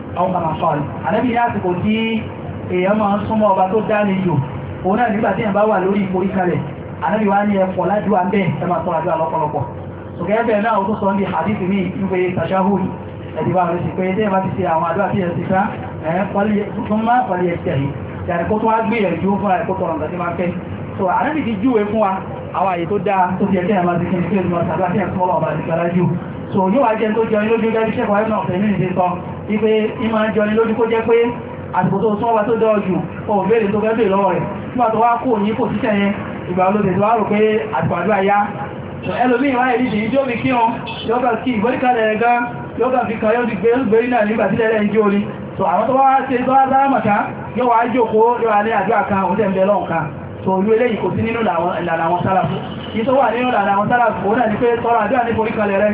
àwọn kàmàkọ́ọ̀lù ànábì ní àsìkò tí èèyàn máa ń súnmọ́ ọba tó dá ní jù òun náà nígbà tí èèyàn bá wà lórí ìforí kalẹ̀ ànábì wá ní ẹ̀fọ́ lájú àbẹ́ ẹ máa tọ́ra jùlọ lọ́pọ̀lọpọ̀ òkèèrè bẹ̀rẹ̀ náà ó tó sọ ní àdífì ní ìpínpé tashahud ẹ̀dìbà rẹ̀ sì pé tí ẹ bá ti ṣe àwọn àdúrà tí ẹ ti sá ẹ̀ pọ́líyẹ̀túnmá pọ́líyẹ̀tẹ̀ yìí yàrá kó tó wá gbé ẹ̀jú fún àìkó tọrọ nǹkan tí máa ń fẹ́ so ànábì ti júwe fún wa àwọn àyè tó dáa tó ti ẹ̀kẹ́ àmà ti kí ní kí ẹ̀dùn ọ̀sàdúrà tí so yóò wá jẹ́ tó jẹ́ lójú gẹ́gẹ́ ṣẹ́kọ̀ọ́ ẹ̀nà ọ̀fẹ́ mìí ti sọ wípé ìmọ̀ jọ ni lójú kó jẹ́ pé àsìkò tó súnmọ́ bá tó dọ́ jù ọ̀hún béèrè tó fẹ́ béèrè lọ́wọ́ rẹ̀ nígbà tó wá kó ní kò síṣẹ́ yẹn ìgbà olóde tó wá rò pé àsìkò àdúrà yá ẹlòmíì wáyé ní ìdí omi kí wọn yọgbà kí ìgbóríkàlẹ̀ rẹ̀ gan yọgbà fi kan yóò ti gbé gbérí náà nígbà sílẹ̀ rẹ̀ ń jó ni so àwọn tó wá ṣe tó wá sára màkà yóò wá jókòó yóò wá ní àdúrà kan òun tẹ̀ ń bẹ lọ́hùn kan so olú eléyìí kò sí nínú ìlànà àwọn sálàfù ìtọ́wà nínú ìlànà àwọn sálàfù òun náà ni pé tọrọ àdúrà ní foríkalẹ̀ rẹ̀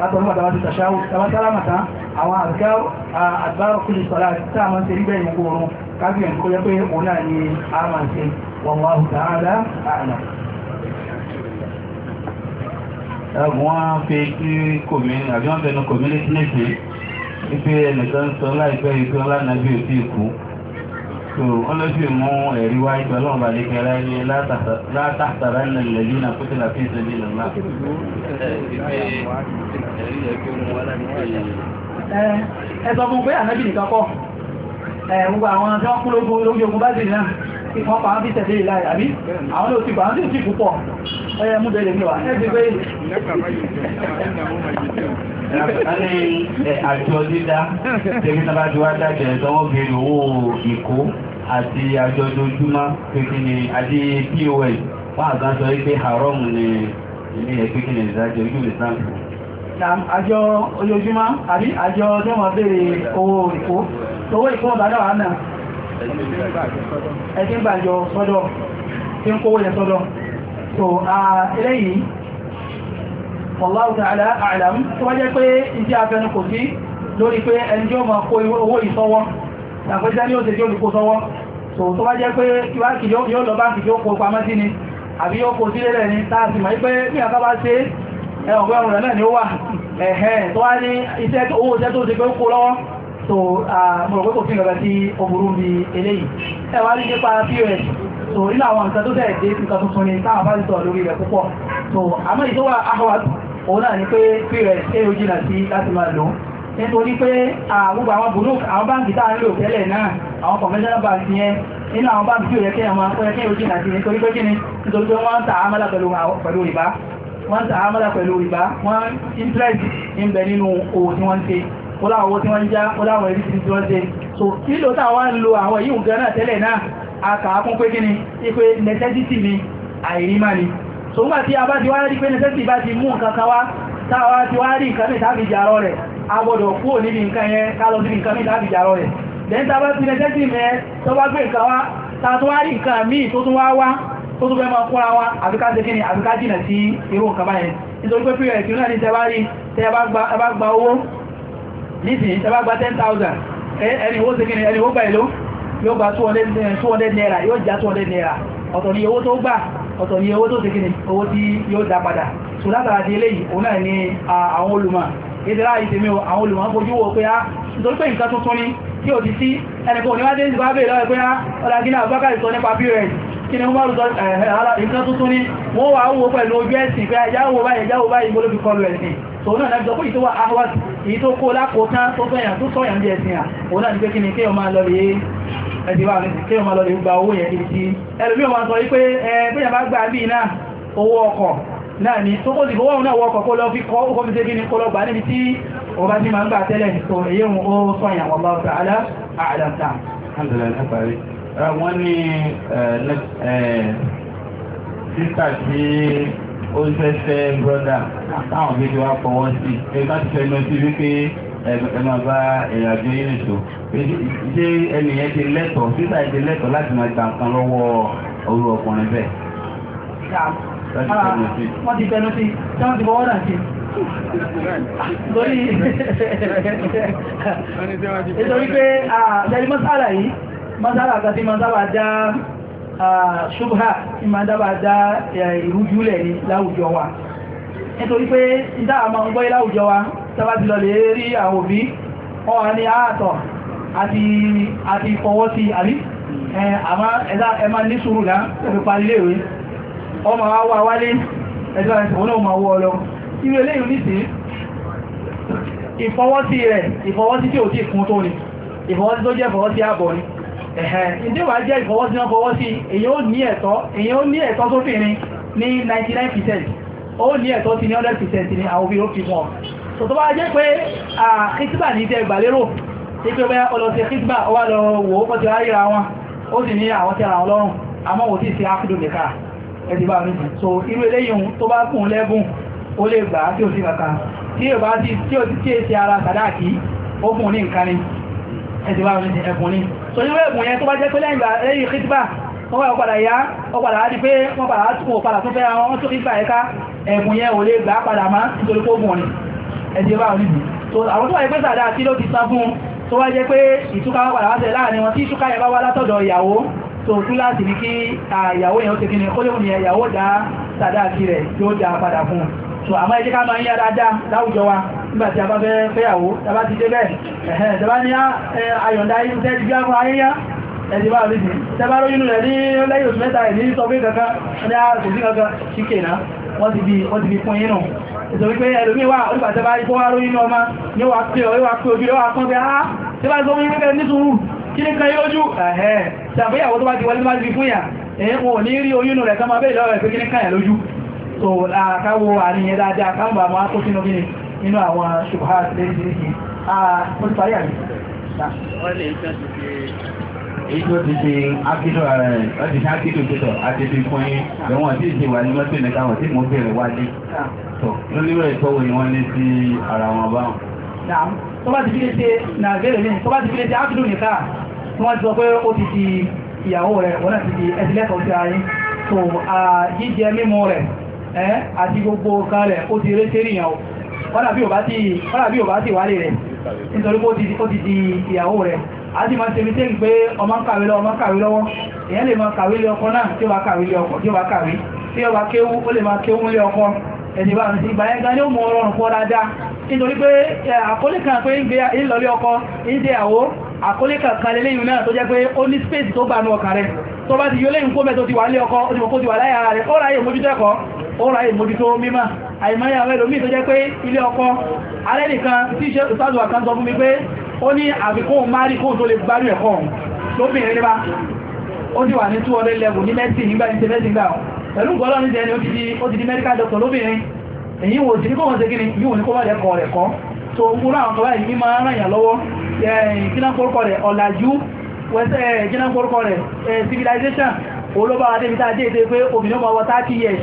látọ̀ nígbàtà wá ti tàṣáwù tàbá sálámàtà àwọn àríkà àdúbárò kúlù sọ́lá tá a máa ṣe nígbà ìmú oorun kábíyàn kó yẹ pé òun náà ni a máa ṣe wallahu ta'ala a'lam. wọ́n fi kí kòmí àbí wọ́n fẹnu kòmí létí nìkan wípé ẹnìkan sọ láìpẹ́ ìgbọ́n lánàá bí òfin ìkú so ọlọ́sì mú ẹ̀rí wáyé pẹ̀lú ọba lẹ́kẹ́ láyé látàtàrà ilẹ̀ lẹ́yìn náà kó tẹ́lá fi ṣe nílẹ̀ ńlá. ẹ sọ fún pé ànábì nìkan kọ́ gbogbo àwọn tí wọ́n kú lójú ogun bá sì náà kí wọ́n pa á bí tẹ̀lé ìlà àbí àwọn olóòtí pa á sí òtí púpọ̀ ẹyẹ múdẹ̀ lè níwà ẹ́ ti pé àjọ dídá tẹ́bí tàbá jù wá dájẹ̀ tọwọ́ bèèrè owó ìkó àti àjọ dojúmá pẹ̀kìnì àti pos wọ́n àgbájọ wípé haram ni ilé ẹ̀pẹ̀kìnì ìdájọ́ ojú ìsáǹkù àjọ ojoojúmá àbí àjọ tí wọ́n bèèrè owó ìkó owó ìkó ọ̀dá náà ẹ̀sí ń gbàjọ sọ́dọ̀ tí ń kówó yẹ sọ́dọ̀ so eléyìí Allahu ta'ala a'lam tó wájẹ́ pé iṣẹ́ afẹ́nu kò sí lórí pé ẹni jọ ma kó owó ìsọwọ́ àpẹjá ní òṣèjì olùkó sọwọ́ so tó wájẹ́ pé kíwákì yóò lọ báńkì yóò kó pamọ́ sí ni àbí yóò kó sílẹ̀ rẹ̀ ni táàsì mọ̀ pé bí àkábá ṣe ẹ̀ọ̀gbẹ̀rún rẹ̀ náà ni ó wà ẹ̀hẹ́ tó wá ní iṣẹ́ owó iṣẹ́ tó ṣe pé ó kó lọ́wọ́ so mọ̀rọ̀kótó fi lọ́gbà tí ó burú bí eléyìí ẹwà rí nípa pos so nínú àwọn nǹkan tó tẹ́ẹ̀ dé nǹkan tuntun ni táwọn bá sọ lórí rẹ̀ púpọ̀ so àmọ́ ìtó wà ahọ́wàd òun náà ni pé pos ṣe ó jìnà sí láti máa lò nítorí pé ah, gbogbo àwọn burú àwọn báńkì tá à ń lò tẹ́lẹ̀ náà àwọn conventional bank yẹn nínú àwọn báńkì tí ó yẹ kí ẹ̀mọ́ ó yẹ kí ó jìnà sí nítorí pé kíni nítorí pé wọ́n ń ta àmàlà pẹ̀lú rìbá wọ́n ń ta àmàlà pẹ̀lú rìbá wọ́n interest ń bẹ nínú owó tí wọ́n ń ṣe wọ́n láwọn owó tí wọ́n ń já wọ́n láwọn ẹ̀rí tí wọ́n ṣe so nílò táwa ń lo àwọn yíò gan náà tẹ́lẹ̀ náà so nígbà tí a bá ti wá rí pé necessity bá ti mú nǹkan kan wá táwa ti wá rí nǹkan mìta fi jàrọ rẹ̀ a gbọ́dọ̀ kúrò níbi nǹkan yẹn ká lọ síbi nǹkan mìta fi jàrọ rẹ̀ lẹ́yìn tá a bá ti necessity mẹ́ tó bá gbé nǹkan wá ta tó wá rí nǹkan míì tó tún wá wá tó tún bẹ́ máa nísìnyí tẹbá gba 10,000 ẹni ó segini ẹni ó gbà èlò yóò gba 200 eh, naira yóò já 200 naira ọ̀tọ̀ ni owó tó gbà ọ̀tọ̀ ni owó tó segini owó tí yóò dá padà so látara di eléyìí òun náà ni àwọn olùmọ̀ ìdíra ìtẹ̀mí àwọn olùmọ̀ fojú wo pé á ah, nítorí pé nǹkan tuntun ni tí ò ti sí ẹnìkan òní wá dé ìgbà bèèrè lọ́wọ́ pé á ah, ọ̀dà gínà àbúkárí sọ nípa pírẹ̀sì kí ni wọ́n rúzọ ẹ̀hẹ̀ nǹkan tuntun ni wọ́n wà á wò pẹ̀lú ojú ẹ̀sìn pé ẹjáwò báyìí ẹjáwò báyìí kọlu ẹ̀sìn tòun náà lájọ pé ìtò wà ahwaz èyí tó kó lápò tán tó sọ́yàn tó sọ́yàn bí ẹ̀sìn à òun náà ní pé kí ni kéèyàn máa lọ rí ẹ̀dìwà rẹ̀ kéèyàn máa lọ rí gba owó yẹn ibi tí ẹlòmí ò máa sọ wípé ẹgbẹ́yàn bá gbà bí náà owó ọkọ̀ náà ni tó kó sì tí ó fẹ́ fẹ́ brọ́dà táwọn méjì wá fọwọ́ sí ẹ ká ti fẹnu sí wípé ẹ máa bá ìrìn àjò yín nìṣó ṣé ẹnìyẹn ti lẹ́tọ̀ọ́ sísà ẹ ti lẹ́tọ̀ọ́ láti máa gbà nǹkan lọ́wọ́ orú ọkùnrin bẹ́ẹ̀. Ah, wọ́n ti fẹnu sí tí wọ́n ti fọwọ́ dà sí nítorí pé àjẹ́rí ah, mọ́sálà yìí mọ́sálà kan sí mọ́sálà já ṣubha tí ma dábà dá ìrújúlẹ̀ ní láwùjọ wa nítorí pé ìdá àmà ń gbọ́yí láwùjọ wa tàbá ti lọ lè rí àwọn òbí wọ́n wà ní ààtọ̀ àti fọwọ́ sí àrí ẹ̀mà ní sùúrù náà pẹ̀lú paríléèwé ọmọ wa wálé ẹjọ́ ẹ̀sùn náà ma wọ́ ọlọ irú eléyìí nìsí ìfọwọ́sí rẹ̀ ìfọwọ́sí tí ò tí kún tó ní ìfọwọ́sí tó jẹ́ ìfọwọ́sí àbọ̀ ni ìdí wà jẹ́ ìfọwọ́sí náà fọwọ́ sí èyàn ó ní ẹ̀tọ́ èyàn ó ní ẹ̀tọ́ tó fìrin ní 99% ó ní ẹ̀tọ́ ti ní 100% ní àwọn obìnrin ó fi wọn tó tó bá jẹ́ pé àkítíbà ní jẹ́ ìgbàlérò tí pé bẹ́ ọlọ́sí kítíbà wà lọ wò ó pọ̀tí ráyíra wọn ó sì ní àwọn tí ara wọn lọ́rùn àmọ́ ò tí sí áfídò nìka ẹ̀dì bá mi so irú eléyìn tó bá kùn lẹ́gùn ó lè gbà tí ò sí kàkà tí ò bá tí ò sí ara sàdáàkì ó kùn ní nǹkan ni ẹ̀sì bá wọn ní ẹkùn ní so ní ẹkùn yẹn tó bá jẹ́ pé lẹ́yìn kìtìbà wọ́n wà ọ̀padà yá ọ̀padà rí pé wọ́n padà tún ọ̀padà tún fẹ́ wọ́n tó kìtìbà ẹ̀ká ẹkùn yẹn ò lè gbà padà má nítorí pé ogun ọ̀rìn ẹ̀sì bá wọn níbi so àwọn tó wà pẹ́ sàdá tí ló ti sá fún tó wá jẹ́ pé ìtúká wọ́n padà wá tẹ̀ láàrin wọn tí ìtúká yẹn bá wá látọ̀dọ̀ ìyàwó so tún láti ní kí ìyàwó yẹn ó ti kí ni kó lè so àmá ẹjẹ́ ká máa ń yá dáadáa láwùjọ wa nígbàtí a bá fẹ́ fẹ́yàwó tàbá ti dé bẹ́ẹ̀ ẹ̀hẹ́ tàbá ní àyọ̀ndá ah, ilẹ̀ ti gbá fún ayéyá ẹ̀dì bá rí sí tàbá ló yínú rẹ̀ ní lẹ́yìn oṣù mẹ́ta ẹ̀ ní sọ pé kankan ní àkùn ah, sí kankan kíkè náà wọ́n ti bí fún yínú ìtòrí pé ẹlòmí wà onígbàtẹ́bá ikọ́ wá lórí inú ọmọ ní wà pé ojú rẹ̀ wà kán bẹ́ á tí bá gbọ́mí rẹ̀ ní sùúrù kí ní kan yóò jú ẹ̀ẹ́ tàbí àwọn tó bá ti wọlé má ti fi fún yà ẹ̀ẹ́ wọn ò ní rí oyún rẹ̀ kan máa bẹ́ẹ̀ lọ́rẹ̀ pé kí ní kan yà lójú so àkáwò àníyẹ dáadáa káàmbà máa kó sínú gíní nínú àwọn ṣùgbọ́n lẹ́yìnlẹ́yìn wọ́n ti parí àmì èyí tó ti ṣe ákídọ̀ rẹ̀ ọdí ṣe ákídọ̀ pẹ̀tọ̀ àti ibi fún yín lẹ́wọ̀n tí ìṣe wà ní mọ́tò nìkan wọ̀n tí mo bẹ̀rẹ̀ wájú tọ̀ lórí rẹ̀ tọ́wọ́ ìwọ́n ní sí ara wọn báwọn. tó bá ti fi lè ṣe nàgbẹ́rẹ̀ mi tó bá ti fi lè ṣe ákídọ̀ nìkan wọ́n ti sọ pé ó ti di ìyàwó rẹ̀ wọ́n náà ti di ẹ̀sìlẹ́kọ̀ọ́ sí ara a tó jíjẹ mímu rẹ̀ àti gbogbo kan rẹ̀ ó ti ré sérí ìyàwó wọ́nà bí ò bá ti wálé rẹ̀ nítorí ó ti di ìyàwó rẹ̀ a ti máa tẹ̀mí tẹ́lì pé ọmọ ń kàwé lọ́wọ́ kàwé lọ́wọ́ èyàn lè máa kàwé lé ọkọ náà tí ó bá kàwé lé ọkọ tí ó bá kàwé tí ó bá kéwú ó lè máa kéwú lé ọkọ ẹ̀sìn bá ti gbà ẹgbà ní òmù ọrọ̀rùn fún ọdáadáa nítorí pé àkólé kan pé ìlọlé ọkọ ìdíyàwó àkólé kankan lélẹ́yìn náà tó jẹ́ pé ó ní space tó bá nú ọkàn rẹ̀ tó bá ti yọ lẹ́yìn kó mẹ́ ti wà lé ọkọ ó ti mọ̀ kó ti wà láyà rẹ̀ ó ráyè mójútẹ́kọ̀ọ́ ó ra ìmójútó mímá àìmáyà rẹ̀ lómi tó jẹ́ pé ilé ọkọ alẹ́nìkan tí ṣe ìsáàdùwà kan sọ fún mi pé ó ní àfikún márì kóò tó lè gbárù ẹ̀kọ́ lóbìnrin nípa ó ti wà ní 200 level ní mẹ́sìn nígbà ní tẹ́mẹ́sìn gbà pẹ̀lú gọ́lọ́ ní jẹni ó ti di medical doctor lóbìnrin èyí wò sí ní kó wọ́n ṣe gíní yíò ní kó bá lẹ́kọ̀ọ́ rẹ̀ kọ́ tó múrú àwọn kọ̀wá yìí máa ń ràyàn lọ́wọ́ ìjìnàpọ̀rọ̀kọ̀ rẹ̀ ọ̀làjú ìjìnàpọ̀rọ̀kọ̀ rẹ̀ civilization olóbáwádé bí táa dé pé obìnrin ọmọ wọ 30 years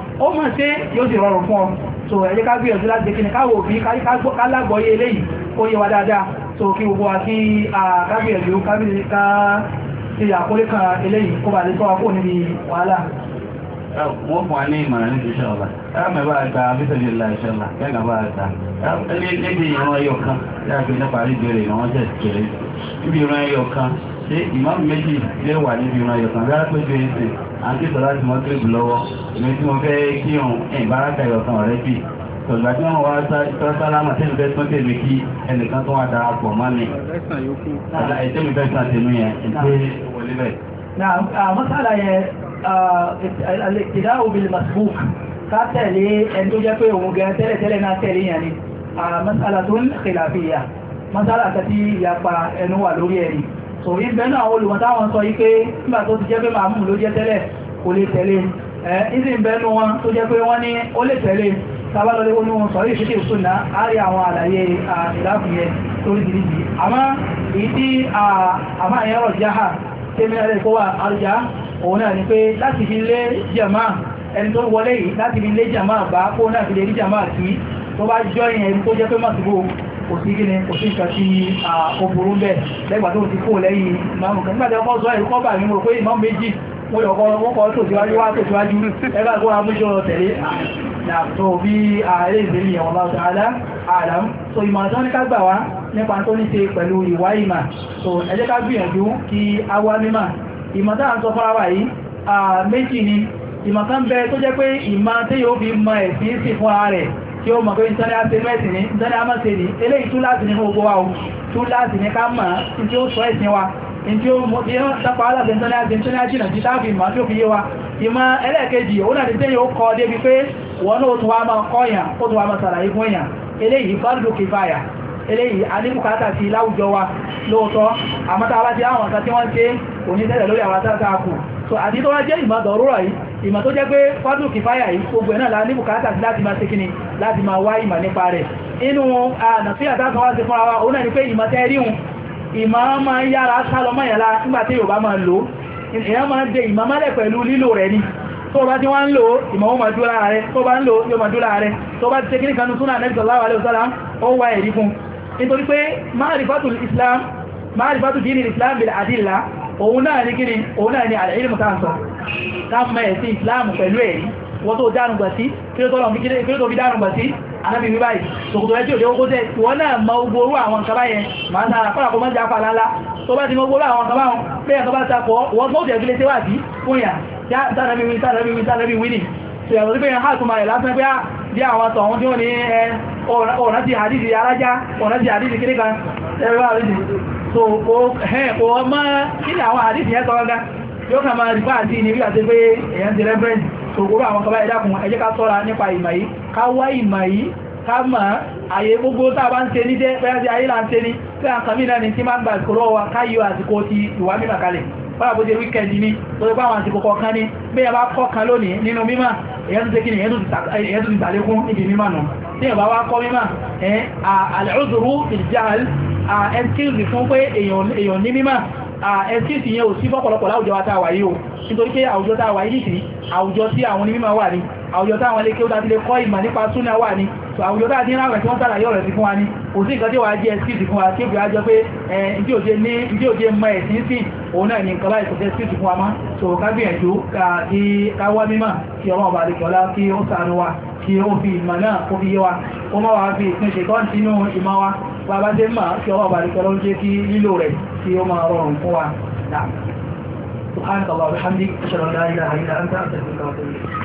ó mọ̀ sí yóò sì rọrùn fún ọ so ẹ jẹ́ ká gbìyànjú láti kí ni káwò bí kálágbọ́yé eléyìí ó yé wa dáadáa so kí gbogbo wa kí kágbìyànjú ká ṣe àkólé kan eléyìí kó bà lè sọ́wọ́ kó níbi wàhálà wọ́n fún wa ní ìmọ̀ràn ní ìṣẹ́ ọ̀la ẹ̀rọ̀mẹ̀ bá gba bíṣẹ̀lì ìlà ìṣẹ́ ọ̀la kẹ́gà bá gba níbi ìran ẹyọ kan láàbí nípa ìbéèrè ìran jẹ́ kéré níbi ìran ẹyọ kan ṣé ìmọ̀ràn méjì lè wà níbi ìran ẹyọ kan rárá pé bí ẹ̀sìn àǹtí sọ láti mọ́tírìbù lọ́wọ́ èmi tí mo fẹ́ kí òun ìbáraka ìrọ̀kan ọ̀rẹ́ bì sọ̀gbà tí wọ́n wá sálámà tẹ́lẹ̀ fẹ́ tún tèmi kí ẹnìkan tó wà darapọ̀ mọ́ mi ẹ̀tẹ́mi fẹ́ sàn tèmi yẹn ìpè wọlé bẹ́ẹ̀. mọ́sálà yẹn ìdáhùn bíi masbuk ká tẹ̀lé ẹni tó jẹ́ pé òun gẹ̀ẹ́ tẹ́lẹ̀ tẹ́lẹ̀ náà tẹ̀lé yẹn ni mọ́sálà tó ń khilafiyya mọ́sálà kẹtí ìyapa ẹnu wà lórí ẹ̀rí so rí bẹ́ẹ̀ náà olùmọ̀táwọn sọ yí pé nígbà tó ti jẹ́ pé màmú ló jẹ́ tẹ́lẹ̀ kò lè tẹ̀lé ìsìn bẹ́ẹ̀nu wọn tó jẹ́ pé wọ́n ní ó lè tẹ̀lé sábàlọ́lé ó ní wọn sọ̀rí ìṣẹ́kẹ̀ ìṣúná àárí àwọn àlàyé ìdáfìyẹ tó rí dìrídì àmá èyí tí àmá ìyẹ́rọ̀ jáhà tẹ́mìnàlẹ̀ kó ni pé láti fi lé jàmá ẹni tó wọlé yìí láti fi lé jàmá bá kó náà fi lè rí jàmá kí tó jọ ìyẹn tó jẹ́ pé mọ̀ kò sí gíní kò sí nǹkan tí ọkùnrin bẹ̀ lẹ́gbà tó ti kó lẹ́yìn ìmáàmù kan nígbàtí ọkọ̀ sọ ẹ̀kọ́ bà ní mo pé ìmáàmù méjì wọ́n yọ̀kọ́ wọ́n kọ́ tó síwájú wá tó síwájú ẹgbà tó amúṣọ́ tẹ̀lé àtò bí ààrẹ ìbẹ̀rẹ̀ so ìmọ̀ tó ní ká gbà wá nípa tó ní ṣe so ẹ jẹ́ ká gbìyànjú kí a wá mímà ìmọ̀ tá à ń sọ fọ́ra wà yìí méjì ni ìmọ̀ kan bẹ tó jẹ́ pé ìmọ̀ tí yóò kí ó mọ̀ pé ìtọ́lẹ̀ á ṣe mẹ́sì ní ìtọ́lẹ̀ á mọ́sẹ̀ ní eléyìí tú láti ní gbogbo wa ohun tú láti ní ká mọ̀ ní tí ó sọ ẹ̀sìn wa ní tí ó mọ̀ bí wọ́n tọ́pọ̀ aláṣẹ ìtọ́lẹ̀ á ṣe ìtọ́lẹ̀ á jìnà tí táàbì mọ̀ tí ó fi yé wa ìmọ̀ ẹlẹ́ẹ̀kejì ó náà ti tẹ́yìn ó kọ débi pé wọ́n náà tún wá máa kọ́yàn ó tún wá máa sàlàyé fún èèyàn eléyìí fọ́dù kìfàyà eléyìí alíbùkátà sí láwùjọ wa lóòótọ́ àmọ́ta bá ti àwọn nǹkan tí wọ́n ń ṣe oníṣẹ́lẹ̀ lórí àwọn àtàkà kù so àti tó wá jẹ́ ìmọ̀ dọ̀rúrọ̀ yìí ìmọ̀ tó jẹ́ pé fádùn kìfáyà yìí gbogbo ẹ̀nà láti bùkátà sí láti máa tẹ́kíní láti máa wá ìmọ̀ nípa rẹ̀ inú ànàfíà táwọn wá sí fún ara òun náà ni pé ìmọ̀ tẹ́ ríhun ìmọ̀ máa ń yára sálọ mọ́yànlá nígbàtí yóò de ìmọ̀ mọ́lẹ̀ pẹ̀lú lílò rẹ̀ ni tó bá ti wá ń lò ìmọ̀ ó máa dúrà rẹ̀ tó bá ń lò yóò máa dúrà rẹ̀ tó bá ti ṣe kíní kanú súnà nẹ́bí sallallahu alaihi wasallam ó wá ẹ̀rí fún nítorí pé ma'rifatul káàmà ẹ̀sìn islam pẹ̀lú ẹ̀rí wọ́n tó dárùngbà sí kí ló tó fi dárùngbà sí anábi wí báyìí tòkòtò ẹjọ́ òjò ogójẹ́ wọ́n náà ma ogoro àwọn nǹkan báyẹn ma ń sára fọ́nà kó mọ́ jápa lálá tó bá ti mọ́ ogoro àwọn nǹkan báwọn bẹ́ẹ̀ tó bá sapọ̀ wọ́n tó jẹ́ gílé tíwájú fún yà tánàbí wí tánàbí wí tánàbí wí nì tó yàtọ̀ sí pé yàn hàtùmà rẹ̀ lásán pé ah, bí àwọn tọ̀hún tí ó ní ọ̀nà ti àdíjì arájá ọ̀nà ti àdíjì yóò kà máa rí bá àti ìnírí àti pé èyàn ti rẹ́bẹ̀rẹ̀ tó gbogbo àwọn kọba ẹ̀dàkùn ẹ jẹ́ ká sọ́ra nípa ìmọ̀ yìí ká wá ìmọ̀ yìí ká mọ̀ àyè gbogbo tá a bá ń ṣe ní jẹ́ pẹ́yà ayé là ń ṣe ní pé àǹkan ni tí máa ń gba ìkòrò wa ká yọ àsìkò ti ìwà mímọ̀ kalẹ̀ fọ́nà bó ṣe wíkẹ́ndì ní tó tó pàwọn àsìkò kọ̀ọ̀kan ní bí ẹ bá kọ́ kan lónìí nínú mímọ̀ èyàn tó ṣe kí ni èyàn tó ti tàlékún ibi mímọ̀ nù tí ẹ bá wá kọ́ mímọ̀ ẹ̀ ẹ̀sìsì yẹn ò sí fọ́pọ̀lọpọ̀ láwùjọ wa táwà yìí o nítorí pé àwùjọ táwà yìí sí àwùjọ tí àwọn onímọ̀ wà ní àwùjọ táwọn ilé kí ó dá sílé kọ́ ìmọ̀ nípa súnà wà ní so àwùjọ tá àti ìrànwẹ̀ tí wọ́n sàlàyé ọ̀rẹ̀ sí fún wa ní o sí nǹkan tí wà á jẹ́ síìtì fún wa tí ó fi ájọ pé ìdí òjé mọ ẹ̀sìn sí òun náà ní nǹkan báyìí kò jẹ́ síìtì fún wa mọ́ so ká gbìyànjú ká wá mímọ̀ kí ọmọ ọba àdìkọ́lá kí ó sàánú wa kí ó fi ìmọ̀ náà kó fi yé wa ó má wá fi ìpín ṣètọ́ sínú ìmọ̀ wa bàbá tẹ́ mọ̀ kí ọmọ ọba àdìkọ́lá ó jẹ́ kí lílò rẹ̀ kí ó máa rọrùn fún wa. سبحانك اللهم وبحمدك اشهد ان لا اله الا انت استغفرك واتوب اليك